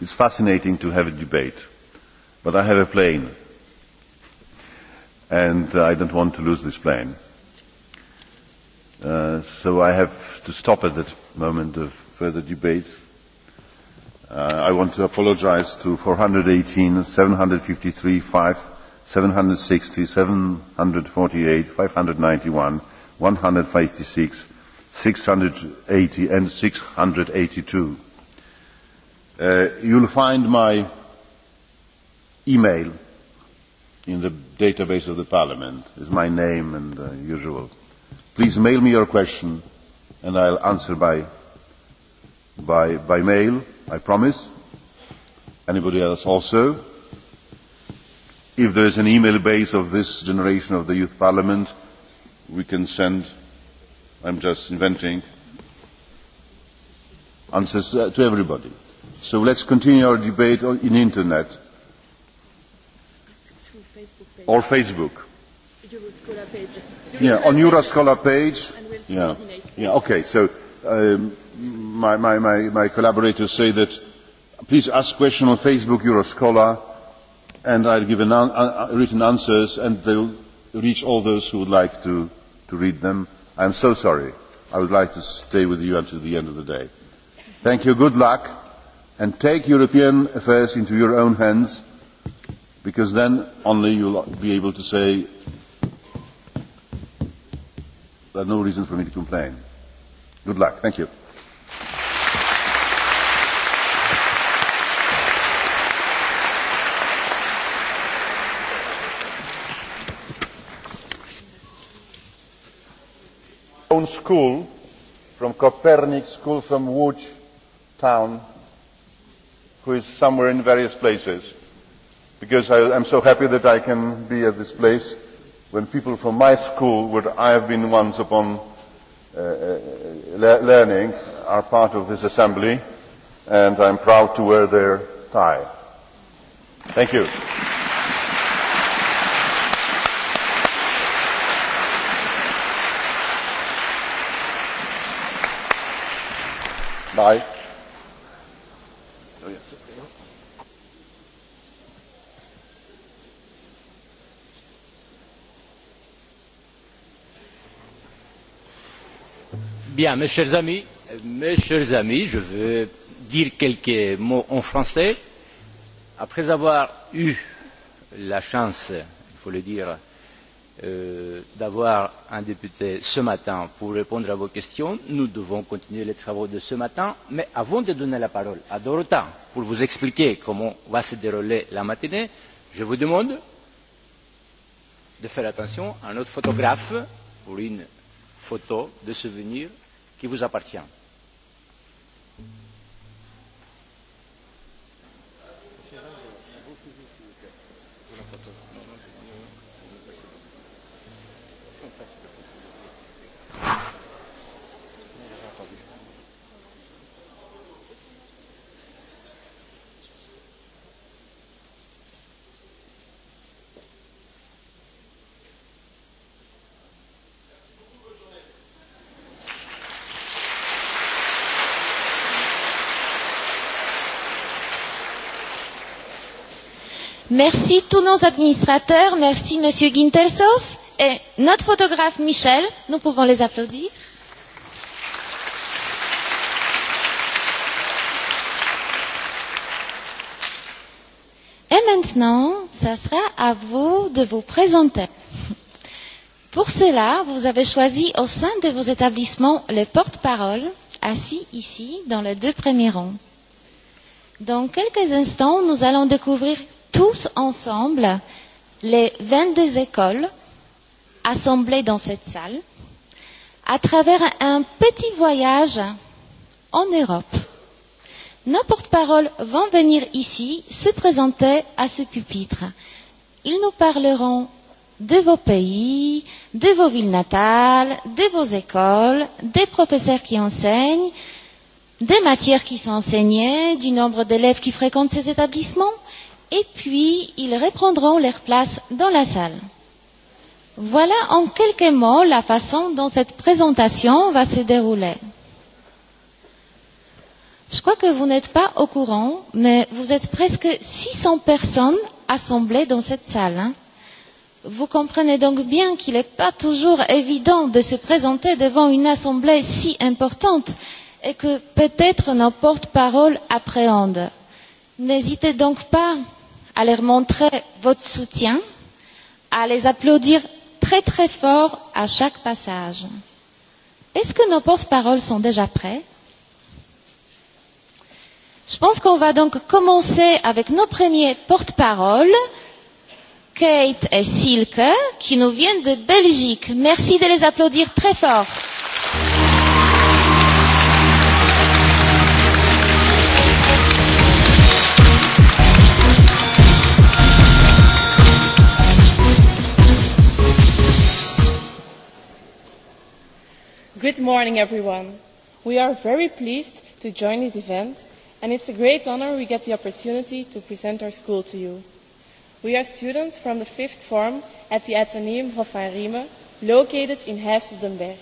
It's fascinating to have a debate, but I have a plane, and I don't want to lose this plane. Uh, so I have to stop at that moment of further debate. Uh, I want to apologize to 418, 753, 5, 760, 748, 591, 156, 680 and 682. You you'll find my email in the database of the Parliament. It's my name and uh, usual. Please mail me your question and I'll answer by, by, by mail, I promise. Anybody else also? If there is an email base of this generation of the Youth Parliament, we can send I'm just inventing answers to everybody. So let's continue our debate on, in internet. Or Facebook. Euroscola page. yeah, on Euroscola page. yeah. yeah, okay. So um, my, my, my, my collaborators say that please ask questions on Facebook, Euroscola, and I'll give an, uh, written answers, and they'll reach all those who would like to, to read them i am so sorry i would like to stay with you until the end of the day. thank you good luck and take european affairs into your own hands because then only you will be able to say there is no reason for me to complain. good luck. thank you. school from Copernic School from Wood town, who is somewhere in various places, because I, I'm so happy that I can be at this place when people from my school, where I have been once upon uh, learning, are part of this assembly, and I'm proud to wear their tie. Thank you. Bye. Bien, mes chers amis, mes chers amis, je veux dire quelques mots en français. Après avoir eu la chance, il faut le dire, d'avoir un député ce matin pour répondre à vos questions. Nous devons continuer les travaux de ce matin, mais avant de donner la parole à Dorota pour vous expliquer comment va se dérouler la matinée, je vous demande de faire attention à notre photographe pour une photo de souvenir qui vous appartient. Merci tous nos administrateurs, merci Monsieur Gintelsos et notre photographe Michel, nous pouvons les applaudir. Et maintenant, ça sera à vous de vous présenter. Pour cela, vous avez choisi au sein de vos établissements les porte-paroles, assis ici dans les deux premiers rangs. Dans quelques instants, nous allons découvrir tous ensemble, les 22 écoles assemblées dans cette salle, à travers un petit voyage en Europe. Nos porte-paroles vont venir ici se présenter à ce pupitre. Ils nous parleront de vos pays, de vos villes natales, de vos écoles, des professeurs qui enseignent, des matières qui sont enseignées, du nombre d'élèves qui fréquentent ces établissements et puis ils reprendront leur place dans la salle. Voilà en quelques mots la façon dont cette présentation va se dérouler. Je crois que vous n'êtes pas au courant, mais vous êtes presque 600 personnes assemblées dans cette salle. Vous comprenez donc bien qu'il n'est pas toujours évident de se présenter devant une assemblée si importante et que peut-être nos porte-parole appréhendent. N'hésitez donc pas à leur montrer votre soutien, à les applaudir très très fort à chaque passage. Est-ce que nos porte-paroles sont déjà prêts Je pense qu'on va donc commencer avec nos premiers porte-paroles, Kate et Silke, qui nous viennent de Belgique. Merci de les applaudir très fort. Applaudissements Good morning, everyone. We are very pleased to join this event, and it's a great honor we get the opportunity to present our school to you. We are students from the fifth form at the Hof van Riemen, located in Heijsseldenberg.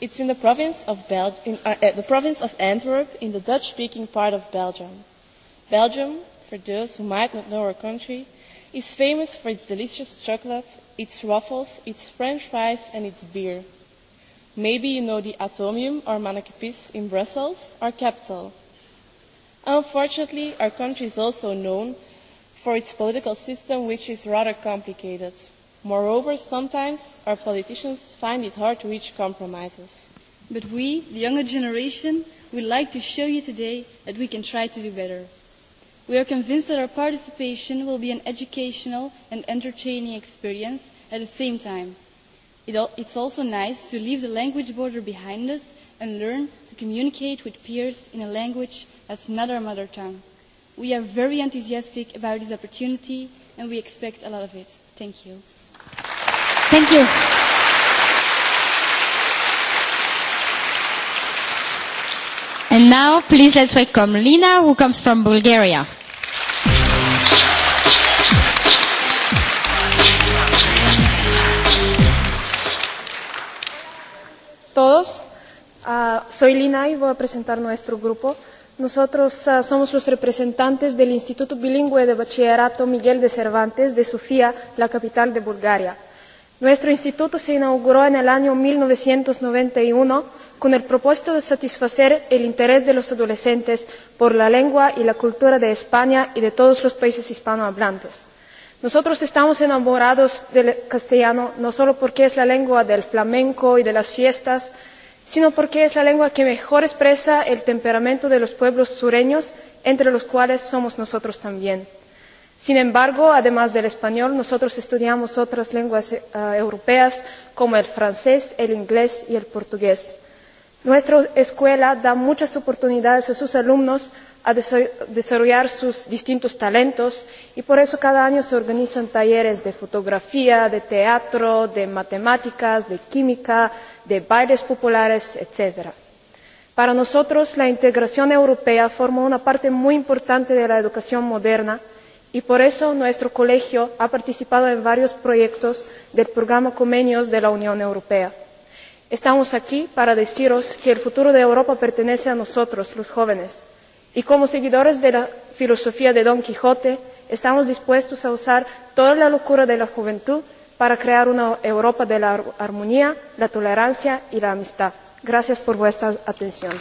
It's in the province of, Bel- in, uh, the province of Antwerp, in the Dutch-speaking part of Belgium. Belgium, for those who might not know our country, is famous for its delicious chocolate, its waffles, its french fries, and its beer. Maybe you know the Atomium or Manakipis in Brussels, our capital. Unfortunately, our country is also known for its political system, which is rather complicated. Moreover, sometimes our politicians find it hard to reach compromises. But we, the younger generation, would like to show you today that we can try to do better. We are convinced that our participation will be an educational and entertaining experience at the same time It al- it's also nice to leave the language border behind us and learn to communicate with peers in a language that's not our mother tongue. We are very enthusiastic about this opportunity and we expect a lot of it. Thank you. Thank you. And now please let's welcome Lina who comes from Bulgaria. todos. soy Lina y voy a presentar nuestro grupo. Nosotros somos los representantes del Instituto Bilingüe de Bachillerato Miguel de Cervantes de Sofía, la capital de Bulgaria. Nuestro instituto se inauguró en el año 1991 con el propósito de satisfacer el interés de los adolescentes por la lengua y la cultura de España y de todos los países hispanohablantes nosotros estamos enamorados del castellano no solo porque es la lengua del flamenco y de las fiestas sino porque es la lengua que mejor expresa el temperamento de los pueblos sureños entre los cuales somos nosotros también. sin embargo además del español nosotros estudiamos otras lenguas europeas como el francés el inglés y el portugués. nuestra escuela da muchas oportunidades a sus alumnos a desarrollar sus distintos talentos y por eso cada año se organizan talleres de fotografía, de teatro, de matemáticas, de química, de bailes populares, etc. Para nosotros la integración europea forma una parte muy importante de la educación moderna y por eso nuestro colegio ha participado en varios proyectos del programa Comenios de la Unión Europea. Estamos aquí para deciros que el futuro de Europa pertenece a nosotros, los jóvenes, y como seguidores de la filosofía de don quijote estamos dispuestos a usar toda la locura de la juventud para crear una europa de la armonía la tolerancia y la amistad. gracias por vuestra atención.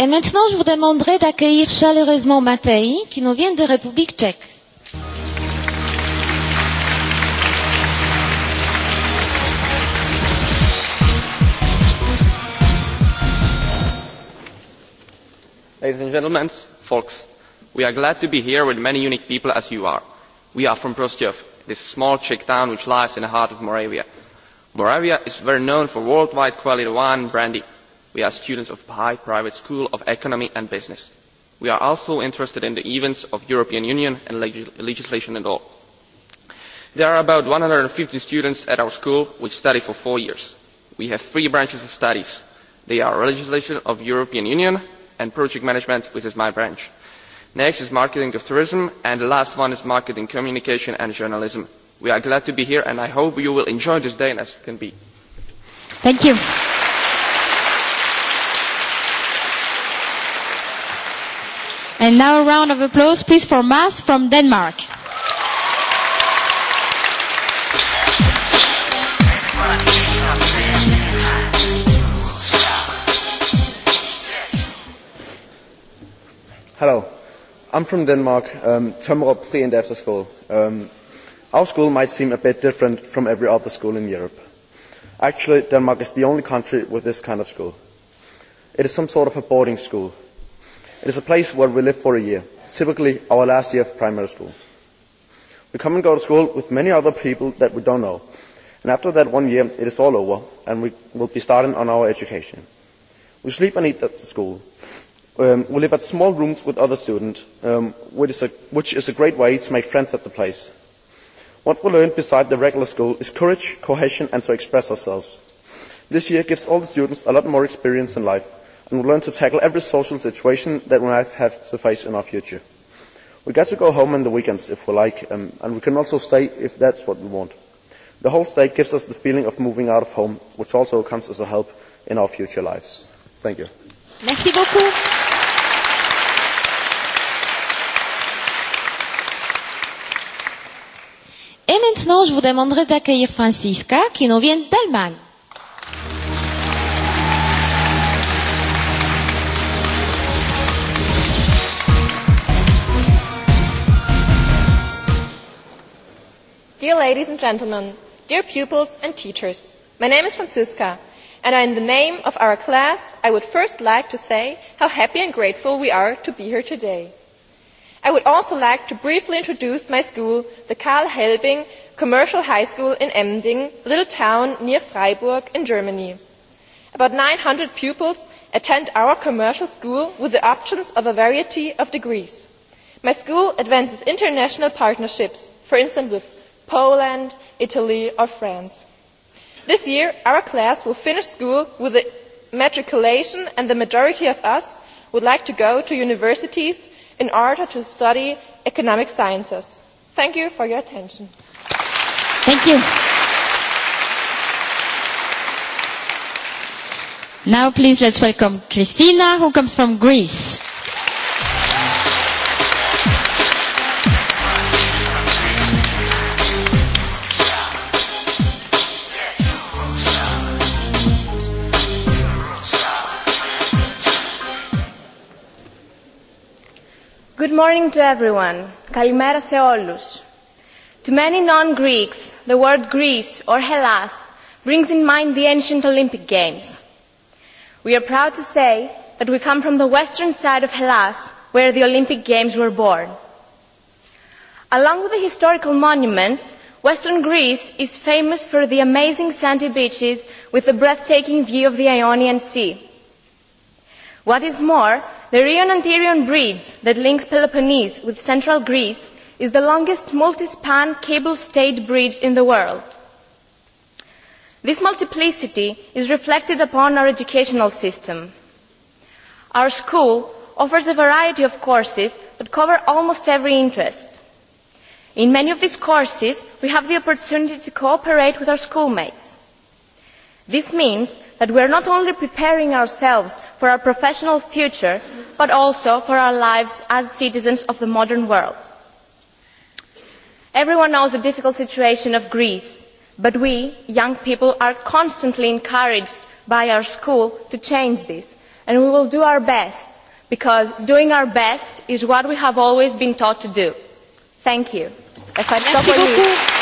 Et maintenant, je vous demanderai d'accueillir chaleureusement Matei, qui nous vient de République tchèque. ladies and gentlemen folks we are glad to be here with many unique people as you are. we are from prostějov this small czech town which lies in the heart of moravia. moravia is well known for worldwide quality wine and brandy. we are students of high private school of economy and business. we are also interested in the events of european union and legislation and all. there are about one hundred and fifty students at our school which study for four years. we have three branches of studies. they are legislation of the european union and project management, which is my branch. Next is marketing of tourism, and the last one is marketing communication and journalism. We are glad to be here, and I hope you will enjoy this day as can be. Thank you. And now a round of applause, please, for Mas from Denmark. Hello. I'm from Denmark, um, pre and after school. Um, our school might seem a bit different from every other school in Europe. Actually, Denmark is the only country with this kind of school. It is some sort of a boarding school. It is a place where we live for a year, typically our last year of primary school. We come and go to school with many other people that we don't know, and after that one year it is all over and we will be starting on our education. We sleep and eat at the school we live in small rooms with other students which is a great way to make friends at the place. what we learn besides the regular school is courage cohesion and to express ourselves. this year gives all the students a lot more experience in life and we learn to tackle every social situation that we might have to face in our future. we get to go home on the weekends if we like and we can also stay if that's what we want. the whole state gives us the feeling of moving out of home which also comes as a help in our future lives. thank you. Merci beaucoup. maintenant, je vous demanderai d'accueillir Francisca, qui nous vient d'Allemagne. Dear ladies and gentlemen, dear pupils and teachers, my name is Francisca, and in the name of our class, I would first like to say how happy and grateful we are to be here today i would also like to briefly introduce my school the karl helbing commercial high school in emding a little town near freiburg in germany. about nine hundred pupils attend our commercial school with the options of a variety of degrees. my school advances international partnerships for instance with poland italy or france. this year our class will finish school with matriculation and the majority of us would like to go to universities in order to study economic sciences. Thank you for your attention. Thank you. Now please let's welcome Christina who comes from Greece. morning to everyone. Kalimera se olus. To many non-Greeks, the word Greece or Hellas brings in mind the ancient Olympic Games. We are proud to say that we come from the western side of Hellas, where the Olympic Games were born. Along with the historical monuments, Western Greece is famous for the amazing sandy beaches with the breathtaking view of the Ionian Sea what is more the rion anterion bridge that links peloponnese with central greece is the longest multi span cable stayed bridge in the world. this multiplicity is reflected upon our educational system. our school offers a variety of courses that cover almost every interest. In many of these courses, we have the opportunity to cooperate with our schoolmates. This means that we are not only preparing ourselves for our professional future, but also for our lives as citizens of the modern world. Everyone knows the difficult situation of Greece, but we, young people, are constantly encouraged by our school to change this, and we will do our best, because doing our best is what we have always been taught to do. Thank you. Ευχαριστώ πολύ.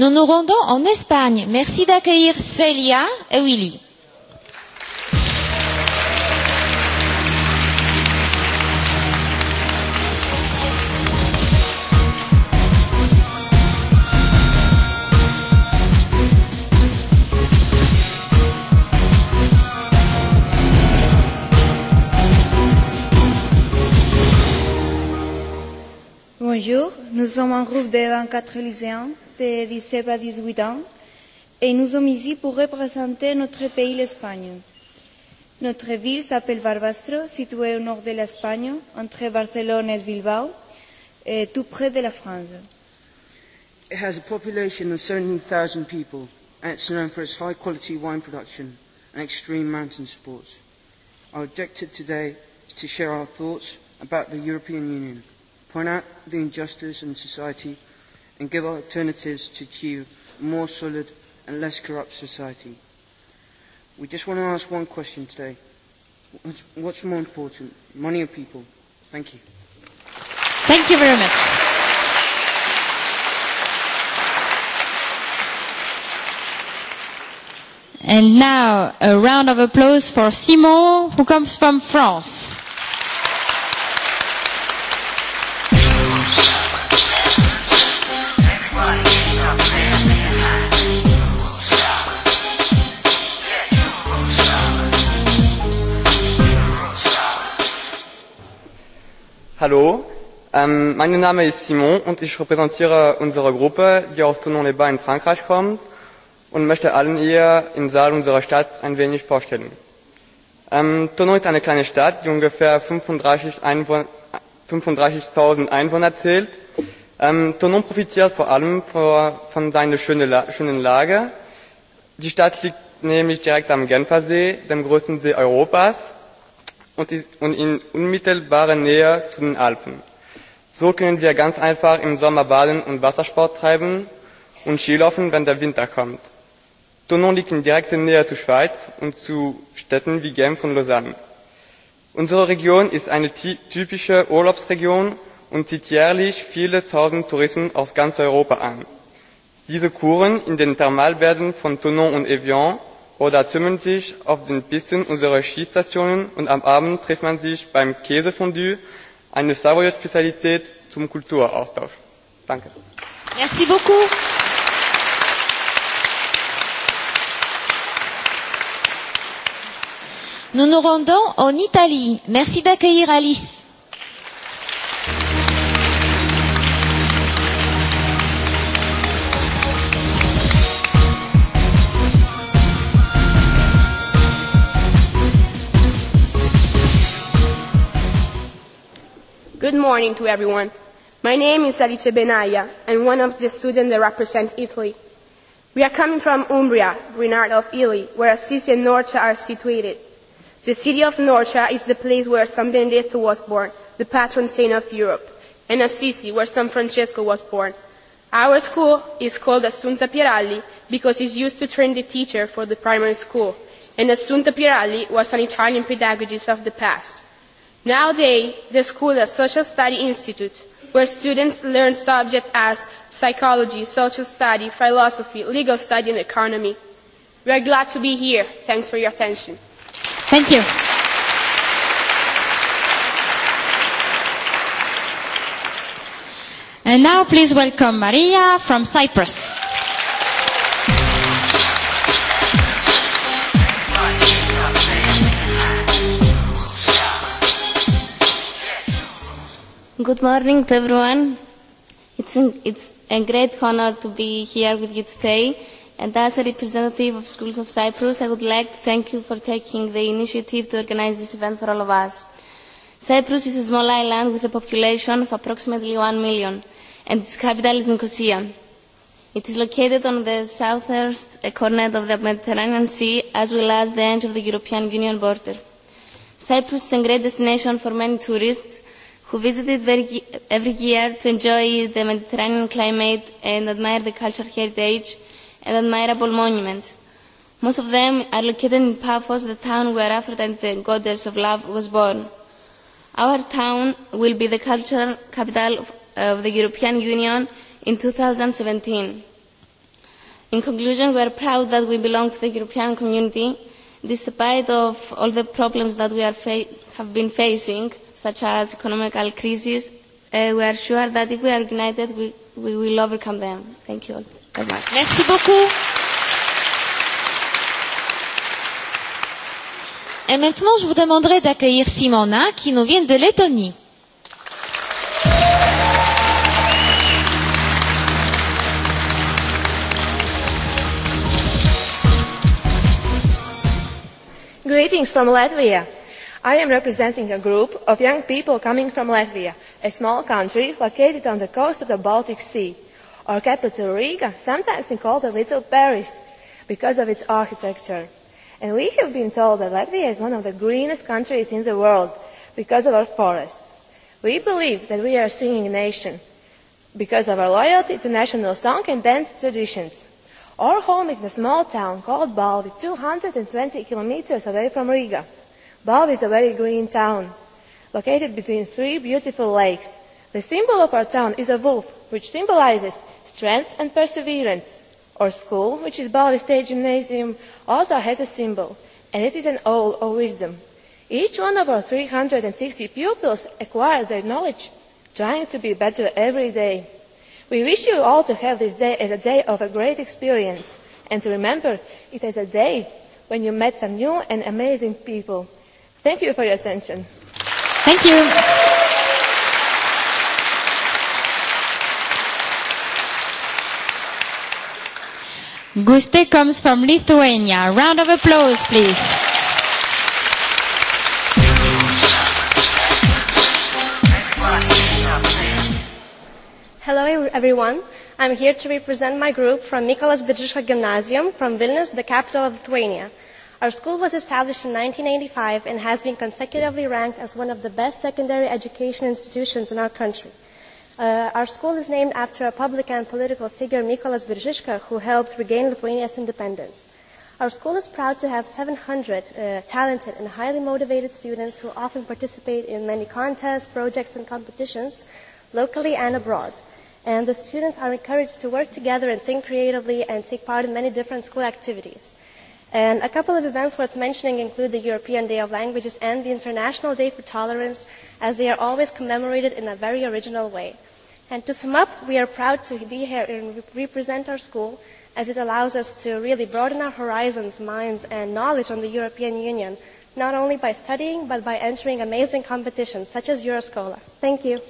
Nous nous rendons en Espagne. Merci d'accueillir Celia et Willy. Bonjour, nous sommes un groupe de 24 lycéens de 17 à 18 ans et nous sommes ici pour représenter notre pays, l'Espagne. Notre ville s'appelle Barbastro, située au nord de l'Espagne, entre Barcelone et Bilbao, et tout près de la France. It has a population of 17,000 people, and it's known for its high-quality wine production and extreme mountain sports. Our objective today is to share our thoughts about the European Union, point out the injustice in society and give alternatives to achieve a more solid and less corrupt society. We just want to ask one question today. What's, more important, money or people? Thank you. Thank you very much. And now a round of applause for Simon, who comes from France. Hallo, ähm, mein Name ist Simon und ich repräsentiere unsere Gruppe, die aus Tournon-les-Bains in Frankreich kommt und möchte allen hier im Saal unserer Stadt ein wenig vorstellen. Ähm, Tournon ist eine kleine Stadt, die ungefähr 35.000 Einwohner, 35 Einwohner zählt. Ähm, Tournon profitiert vor allem von seiner schönen Lage. Die Stadt liegt nämlich direkt am Genfersee, dem größten See Europas und in unmittelbarer Nähe zu den Alpen. So können wir ganz einfach im Sommer baden und Wassersport treiben und Skilaufen, wenn der Winter kommt. Tonon liegt in direkter Nähe zur Schweiz und zu Städten wie Genf und Lausanne. Unsere Region ist eine typische Urlaubsregion und zieht jährlich viele tausend Touristen aus ganz Europa an. Diese Kuren in den Thermalbädern von Tonon und Evian oder tümmeln sich auf den pisten unserer skistationen und am abend trifft man sich beim käsefondue eine savoyer spezialität zum kulturaustausch. danke! Merci beaucoup. Nous nous rendons en Italie. Merci d'accueillir Alice. Good morning to everyone. My name is Alice Benaya, and one of the students that represent Italy. We are coming from Umbria, Renard of Italy, where Assisi and Norcia are situated. The city of Norcia is the place where San Benedetto was born, the patron saint of Europe, and Assisi, where San Francesco was born. Our school is called Assunta Piralli because it's used to train the teacher for the primary school, and Assunta Piralli was an Italian pedagogist of the past. Nowadays, the school is a social study institute where students learn subjects as psychology, social study, philosophy, legal study, and economy. We are glad to be here. Thanks for your attention. Thank you. And now please welcome Maria from Cyprus. Good morning to everyone. It's, an, it's a great honor to be here with you today. And as a representative of Schools of Cyprus, I would like to thank you for taking the initiative to organize this event for all of us. Cyprus is a small island with a population of approximately 1 million, and its capital is Nicosia. It is located on the southwest corner of the Mediterranean Sea, as well as the edge of the European Union border. Cyprus is a great destination for many tourists, who visited every year to enjoy the Mediterranean climate and admire the cultural heritage and admirable monuments. Most of them are located in Paphos, the town where Aphrodite, the goddess of love, was born. Our town will be the cultural capital of the European Union in 2017. In conclusion, we are proud that we belong to the European community, despite of all the problems that we are fa- have been facing – such as economic crises, uh, we are sure that if we are united, we, we will overcome them. Thank you all very much. Merci beaucoup. Et maintenant, je vous demanderai d'accueillir Simona, qui nous vient de Lettonie. Greetings from Latvia i am representing a group of young people coming from latvia a small country located on the coast of the baltic sea. our capital riga is sometimes called the little paris' because of its architecture and we have been told that latvia is one of the greenest countries in the world because of our forests. we believe that we are a singing nation because of our loyalty to national song and dance traditions. our home is in a small town called balvi two hundred and twenty kilometres away from riga. Bali is a very green town, located between three beautiful lakes. The symbol of our town is a wolf, which symbolizes strength and perseverance. Our school, which is Balvi State Gymnasium, also has a symbol, and it is an owl of wisdom. Each one of our 360 pupils acquires their knowledge, trying to be better every day. We wish you all to have this day as a day of a great experience, and to remember it as a day when you met some new and amazing people Thank you for your attention. Thank you. Guste comes from Lithuania. Round of applause, please. Hello, everyone. I'm here to represent my group from Mykolas Biržiška Gymnasium from Vilnius, the capital of Lithuania. Our school was established in 1985 and has been consecutively ranked as one of the best secondary education institutions in our country. Uh, our school is named after a public and political figure, Nicolas Berziska, who helped regain Lithuania's independence. Our school is proud to have 700 uh, talented and highly motivated students who often participate in many contests, projects, and competitions locally and abroad. And the students are encouraged to work together and think creatively and take part in many different school activities. And a couple of events worth mentioning include the European Day of Languages and the International Day for Tolerance, as they are always commemorated in a very original way. And to sum up, we are proud to be here and represent our school, as it allows us to really broaden our horizons, minds, and knowledge on the European Union, not only by studying, but by entering amazing competitions such as Euroscola. Thank you.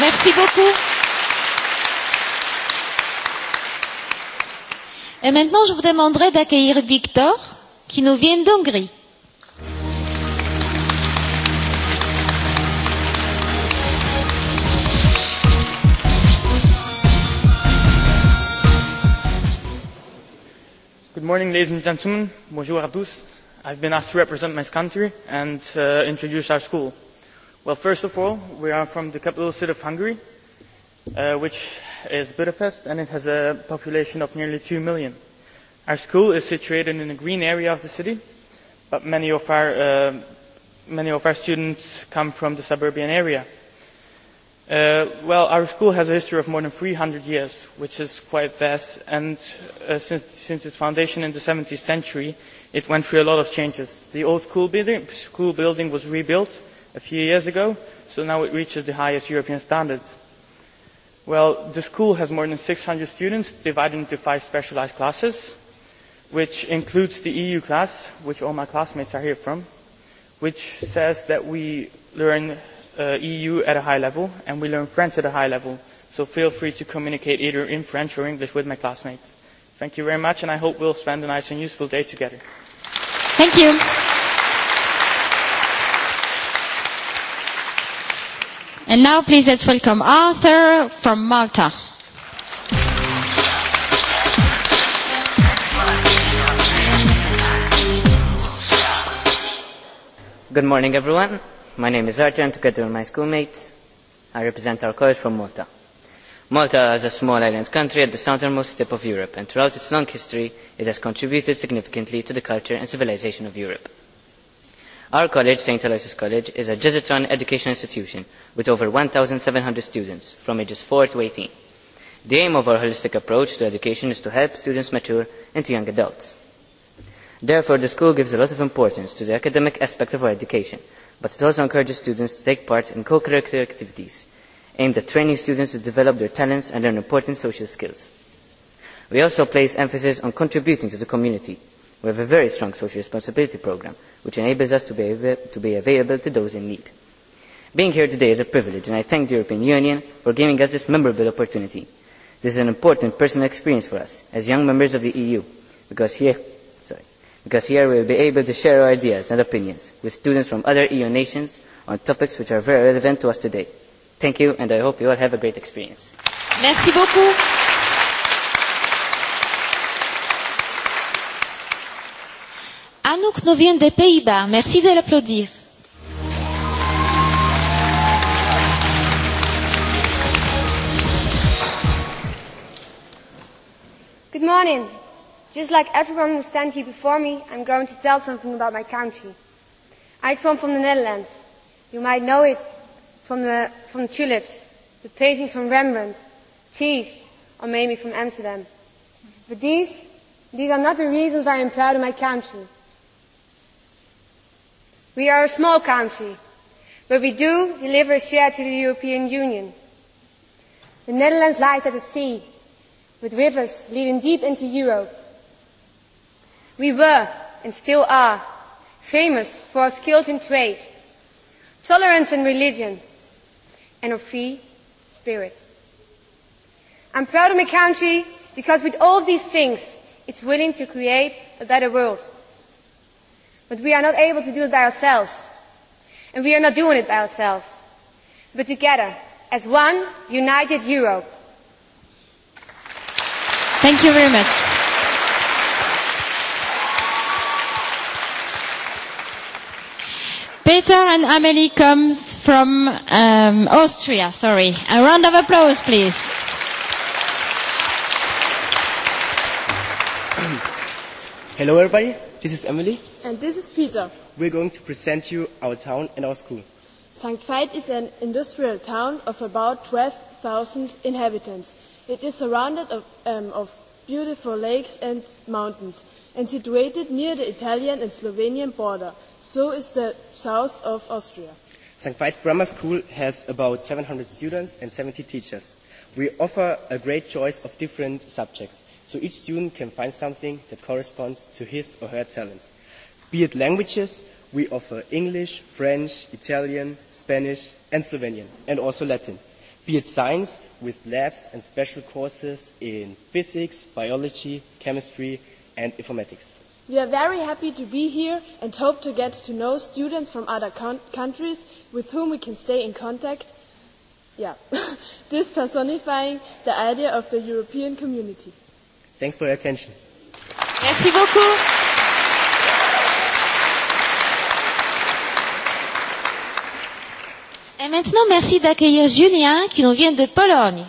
Merci beaucoup. Et maintenant, je vous demanderai d'accueillir Victor, qui nous vient d'Hongrie. Good morning, ladies and gentlemen. Bonjour à tous. I've been asked to represent my country and uh, introduce our school. Well, first of all, we are from the capital city of Hungary, uh, which is Budapest and it has a population of nearly two million. Our school is situated in a green area of the city, but many of our, uh, many of our students come from the suburban area. Uh, well, our school has a history of more than 300 years, which is quite vast, and uh, since, since its foundation in the 17th century, it went through a lot of changes. The old school building, school building was rebuilt a few years ago, so now it reaches the highest European standards Well, the school has more than 600 students divided into five specialized classes, which includes the EU class, which all my classmates are here from, which says that we learn uh, EU at a high level and we learn French at a high level. So feel free to communicate either in French or English with my classmates. Thank you very much, and I hope we'll spend a nice and useful day together. Thank you. And now please let's welcome Arthur from Malta. Good morning everyone. My name is Arthur and together with my schoolmates I represent our college from Malta. Malta is a small island country at the southernmost tip of Europe and throughout its long history it has contributed significantly to the culture and civilization of Europe Our college, St. Aloysius College, is a run educational institution with over one seven hundred students from ages four to eighteen. The aim of our holistic approach to education is to help students mature into young adults. Therefore, the school gives a lot of importance to the academic aspect of our education, but it also encourages students to take part in co-curricular activities aimed at training students to develop their talents and learn important social skills. We also place emphasis on contributing to the community We have a very strong social responsibility programme, which enables us to be, available to those in need. Being here today is a privilege, and I thank the European Union for giving us this memorable opportunity. This is an important personal experience for us, as young members of the EU, because here, sorry, because here we will be able to share our ideas and opinions with students from other EU nations on topics which are very relevant to us today. Thank you, and I hope you all have a great experience. Merci beaucoup. Anouk nous vient des Pays-Bas. Merci de l'applaudir. Good morning. Just like everyone who stands here before me, I'm going to tell something about my country. I come from the Netherlands. You might know it from the, from the tulips, the painting from Rembrandt, cheese, or maybe from Amsterdam. But these, these are not the reasons why I'm proud of my country we are a small country but we do deliver a share to the european union. the netherlands lies at the sea with rivers leading deep into europe. we were and still are famous for our skills in trade tolerance in religion and our free spirit. i'm proud of my country because with all these things it's willing to create a better world. But we are not able to do it by ourselves. And we are not doing it by ourselves. But together, as one united Europe. Thank you very much. Peter and Amelie comes from um, Austria, sorry. A round of applause, please. Hello, everybody. This is Emily. And this is Peter. We're going to present you our town and our school. St. Veit is an industrial town of about 12,000 inhabitants. It is surrounded of, um, of beautiful lakes and mountains and situated near the Italian and Slovenian border. So is the south of Austria. St. Veit Grammar School has about 700 students and 70 teachers. We offer a great choice of different subjects so each student can find something that corresponds to his or her talents. Be it languages, we offer English, French, Italian, Spanish, and Slovenian, and also Latin. Be it science, with labs and special courses in physics, biology, chemistry, and informatics. We are very happy to be here and hope to get to know students from other con- countries with whom we can stay in contact. Yeah, this personifying the idea of the European community. Thanks for your attention. Merci beaucoup. Et maintenant, merci d'accueillir Julien qui nous vient de Pologne.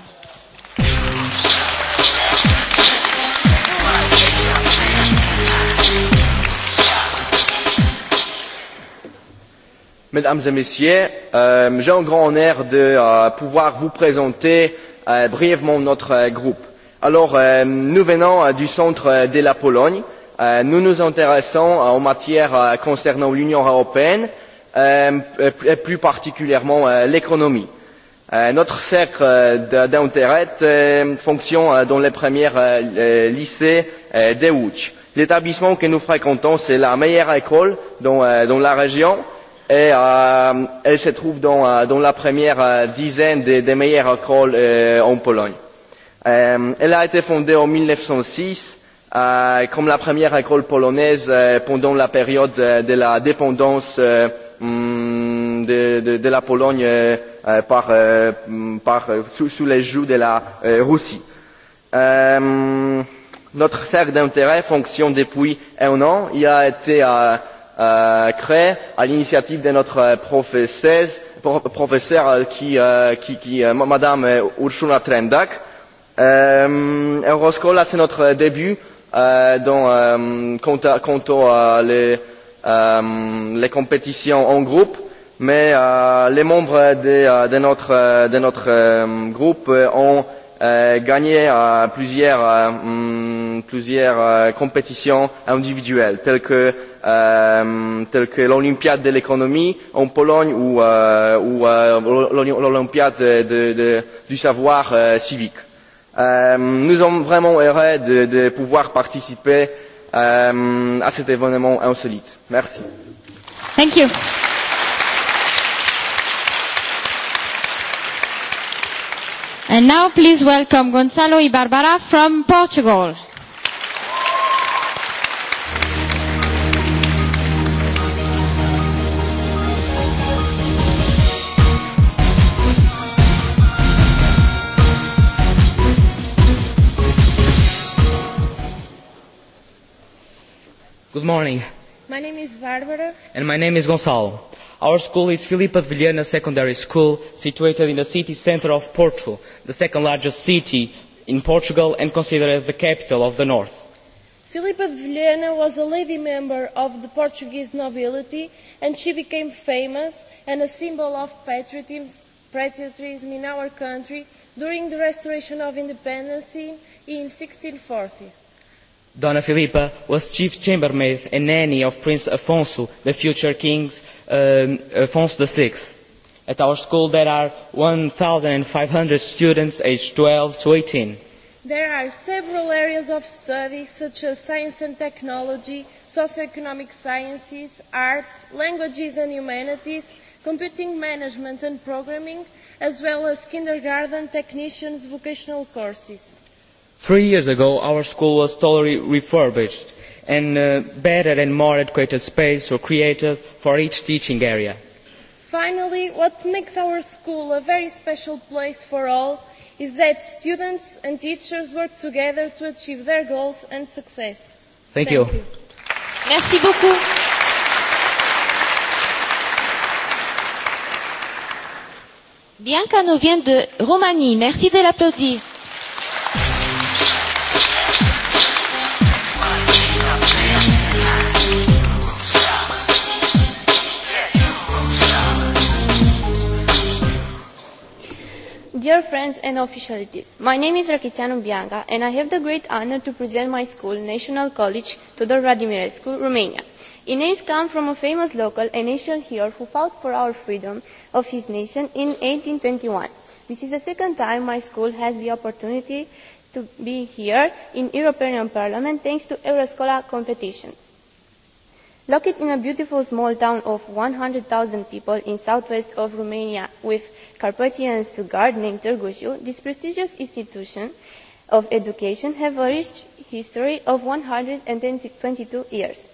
Mesdames et messieurs, euh, j'ai un grand honneur de euh, pouvoir vous présenter euh, brièvement notre euh, groupe Alors, nous venons du centre de la Pologne. nous nous intéressons en matière concernant l'Union européenne, et plus particulièrement l'économie. notre cercle d'intérêt fonctionne dans les euh, lycées de Łódź. L'établissement que nous fréquentons, c'est la meilleure école dans, la région et elle se trouve dans, la première dizaine des, meilleures écoles en Pologne elle a été fondée en mille neuf cent six comme la première école polonaise pendant la période de la dépendance de, la Pologne sous, les joues de la Russie. notre cercle d'intérêt fonctionne depuis un an. Il a été créé à l'initiative de notre professeur, qui, qui, qui Madame Ursula Trendak Euh, Euroscola, c'est notre début euh, dans, euh, quant, à, quant à les, euh, les compétitions en groupe, mais euh, les membres de, de notre, de notre euh, groupe ont euh, gagné euh, plusieurs, euh, plusieurs euh, compétitions individuelles, telles que, euh, que l'Olympiade de l'économie en Pologne ou, euh, ou euh, l'Olympiade du savoir euh, civique nous sommes vraiment heureux de, de pouvoir participer euh, à cet événement insolite. Merci. Thank you. And now please welcome Gonzalo Ibarbara from Portugal. morning. My name is Barbara. And my name is Gonçalo. Our school is Filipe de Vilhena Secondary School, situated in the city centre of Porto, the second largest city in Portugal and considered the capital of the north. Filipe de Vilhena was a lady member of the Portuguese nobility and she became famous and a symbol of patriotism in our country during the restoration of independence in 1640 Dona Filipa was chief chambermaid and nanny of Prince Afonso, the future King Afonso VI. At our school there are one five hundred students aged twelve to eighteen. There are several areas of study such as science and technology, socioeconomic sciences, arts, languages and humanities, computing management and programming, as well as kindergarten technicians vocational courses three years ago our school was totally refurbished and a better and more adequate space was created for each teaching area. finally what makes our school a very special place for all is that students and teachers work together to achieve their goals and success. Thank, you. Merci beaucoup. Bianca nous vient de Roumanie. Merci de l'applaudir. dear friends and officialities, my name is Rakitianu Bianca and I have the great honor to present my school, National College Tudor Radimirescu, Romania. Ines comes from a famous local and national hero who fought for our freedom of his nation in twenty one. This is the second time my school has the opportunity to be here in European Parliament thanks to Euroscola competition Located in a beautiful small town of 100,000 people in southwest of Romania with Carpathians to guard named Târgușu, this prestigious institution of education have a rich history of 122 years.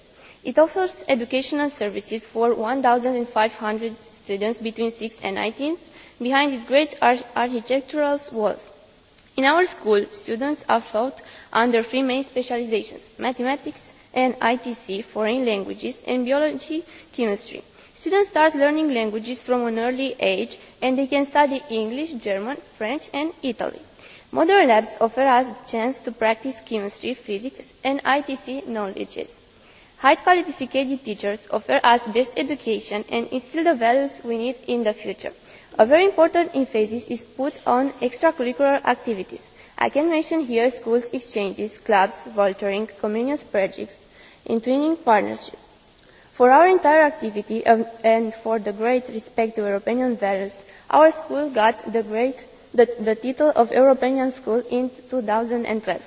It offers educational services for 1,500 students between 6 and 19 behind its great architectural walls. In our school, students are taught under three main specializations, mathematics, and ITC, foreign languages, and biology chemistry. Students start learning languages from an early age, and they can study English, German, French, and Italy. Modern labs offer us the chance to practice chemistry, physics, and ITC knowledges. High qualified teachers offer us best education and instill the values we need in the future. A very important emphasis is put on extracurricular activities. I can mention here schools, exchanges, clubs, volunteering, communion projects, and twinning partnerships. For our entire activity and for the great respect to European values, our school got the, great, the, the title of European School in 2012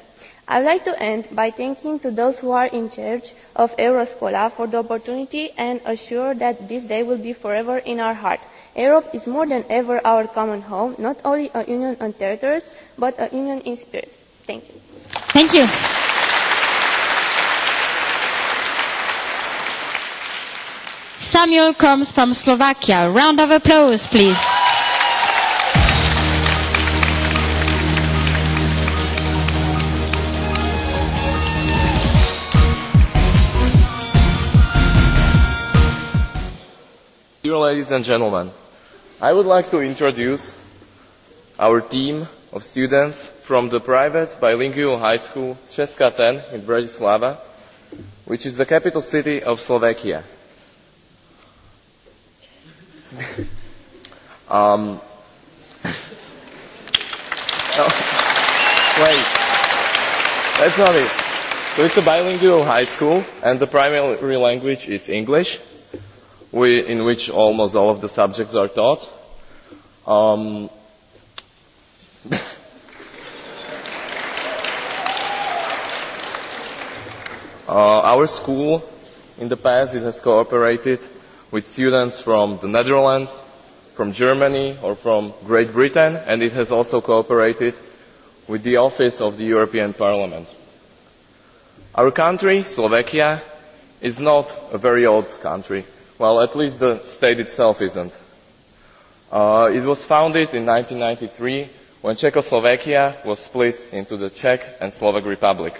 I would like to end by thanking to those who are in charge of Euroscola for the opportunity and assure that this day will be forever in our heart. Europe is more than ever our common home, not only a union on territories, but a union in spirit. Thank you. Thank you. Samuel comes from Slovakia. Round of applause, please. dear ladies and gentlemen, I would like to introduce our team of students from the private bilingual high school Česká Ten in Bratislava, which is the capital city of Slovakia. um, no, wait, that's not it. So it's a bilingual high school, and the primary language is English we, in which almost all of the subjects are taught. Um, uh, our school, in the past, it has cooperated with students from the Netherlands, from Germany, or from Great Britain, and it has also cooperated with the office of the European Parliament. Our country, Slovakia, is not a very old country. Well, at least the state itself isn't. Uh, it was founded in 1993 when Czechoslovakia was split into the Czech and Slovak Republic.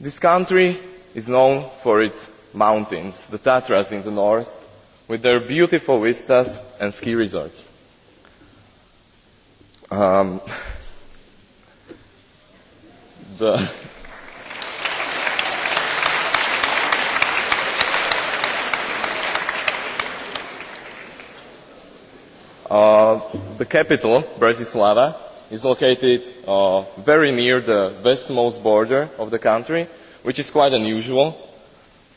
This country is known for its mountains, the Tatras in the north, with their beautiful vistas and ski resorts. Um, the Uh, the capital, Bratislava, is located uh, very near the westmost border of the country, which is quite unusual.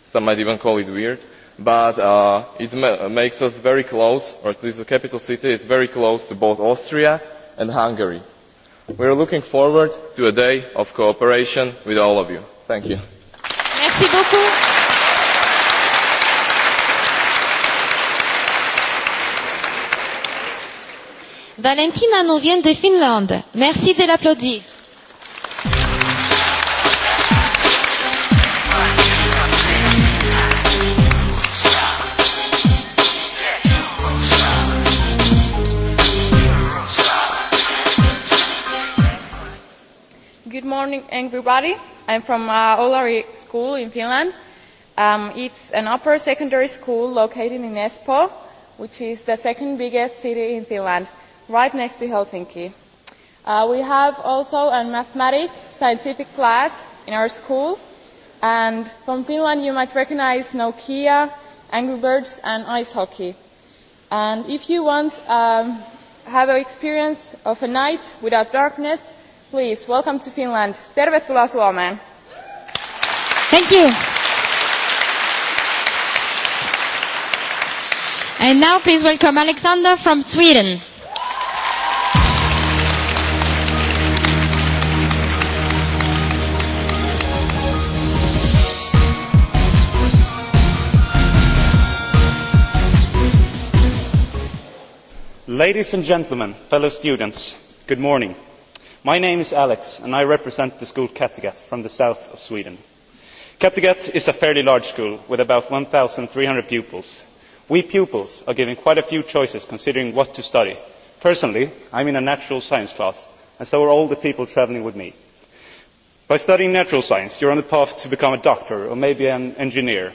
Some might even call it weird. But uh, it ma- makes us very close, or at least the capital city is very close to both Austria and Hungary. We are looking forward to a day of cooperation with all of you. Thank you. Merci beaucoup. Valentina nous vient de Finlande. Merci de l'applaudir. Good morning, everybody. I'm from uh, Olari School in Finland. Um, it's an upper secondary school located in Espoo, which is the second biggest city in Finland right next to Helsinki. Uh, we have also a mathematic scientific class in our school. And from Finland, you might recognize Nokia, Angry Birds, and ice hockey. And if you want to um, have an experience of a night without darkness, please welcome to Finland. Tervetuloa Suomeen. Thank you. And now please welcome Alexander from Sweden. ladies and gentlemen fellow students good morning my name is alex and i represent the school kattegat from the south of sweden. kattegat is a fairly large school with about one three hundred pupils. we pupils are given quite a few choices considering what to study. personally i am in a natural science class and so are all the people travelling with me. by studying natural science you are on the path to become a doctor or maybe an engineer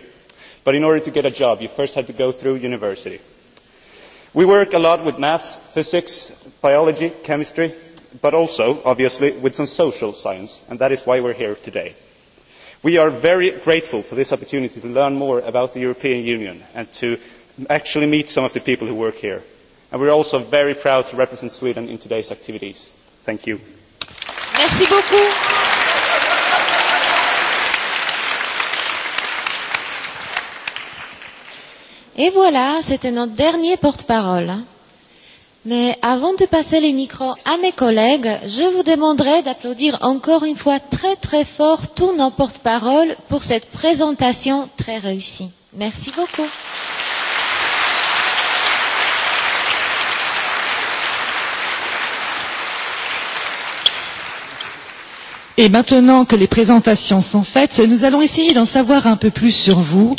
but in order to get a job you first have to go through university we work a lot with maths physics biology chemistry but also obviously with some social science and that is why we are here today. we are very grateful for this opportunity to learn more about the european union and to actually meet some of the people who work here and we are also very proud to represent sweden in today's activities. thank you. Et voilà, c'était notre dernier porte-parole. Mais avant de passer les micros à mes collègues, je vous demanderai d'applaudir encore une fois très très fort tous nos porte-paroles pour cette présentation très réussie. Merci beaucoup. Et maintenant que les présentations sont faites, nous allons essayer d'en savoir un peu plus sur vous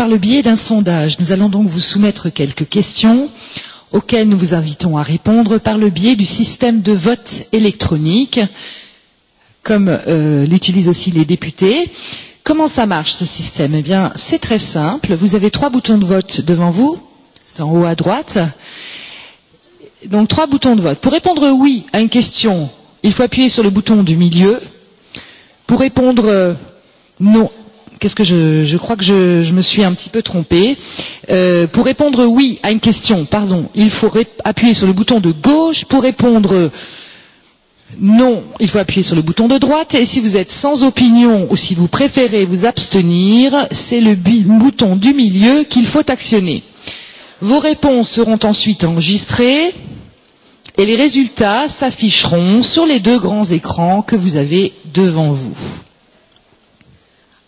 par le biais d'un sondage. Nous allons donc vous soumettre quelques questions auxquelles nous vous invitons à répondre par le biais du système de vote électronique, comme euh, l'utilisent aussi les députés. Comment ça marche ce système Eh bien, c'est très simple. Vous avez trois boutons de vote devant vous. C'est en haut à droite. Donc trois boutons de vote. Pour répondre oui à une question, il faut appuyer sur le bouton du milieu. Pour répondre non qu'est-ce que je, je crois que je, je me suis un petit peu trompée. Euh, pour répondre oui à une question, pardon, il faut appuyer sur le bouton de gauche. Pour répondre non, il faut appuyer sur le bouton de droite. Et si vous êtes sans opinion ou si vous préférez vous abstenir, c'est le bouton du milieu qu'il faut actionner. Vos réponses seront ensuite enregistrées et les résultats s'afficheront sur les deux grands écrans que vous avez devant vous.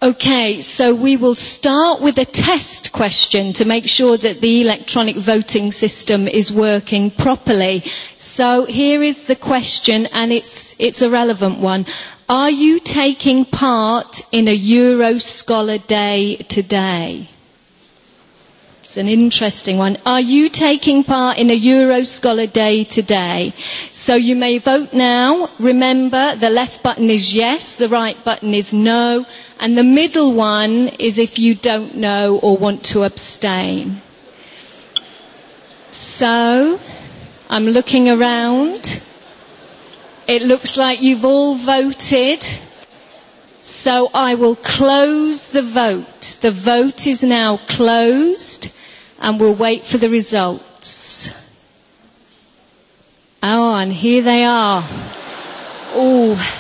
Okay, so we will start with a test question to make sure that the electronic voting system is working properly. So here is the question, and it's, it's a relevant one. Are you taking part in a Euro Scholar Day today? It's an interesting one. Are you taking part in a Euro Scholar Day today? So you may vote now. Remember, the left button is yes, the right button is no, and the middle one is if you don't know or want to abstain. So, I'm looking around. It looks like you've all voted. So I will close the vote. The vote is now closed and we'll wait for the results. Oh, and here they are. Oh.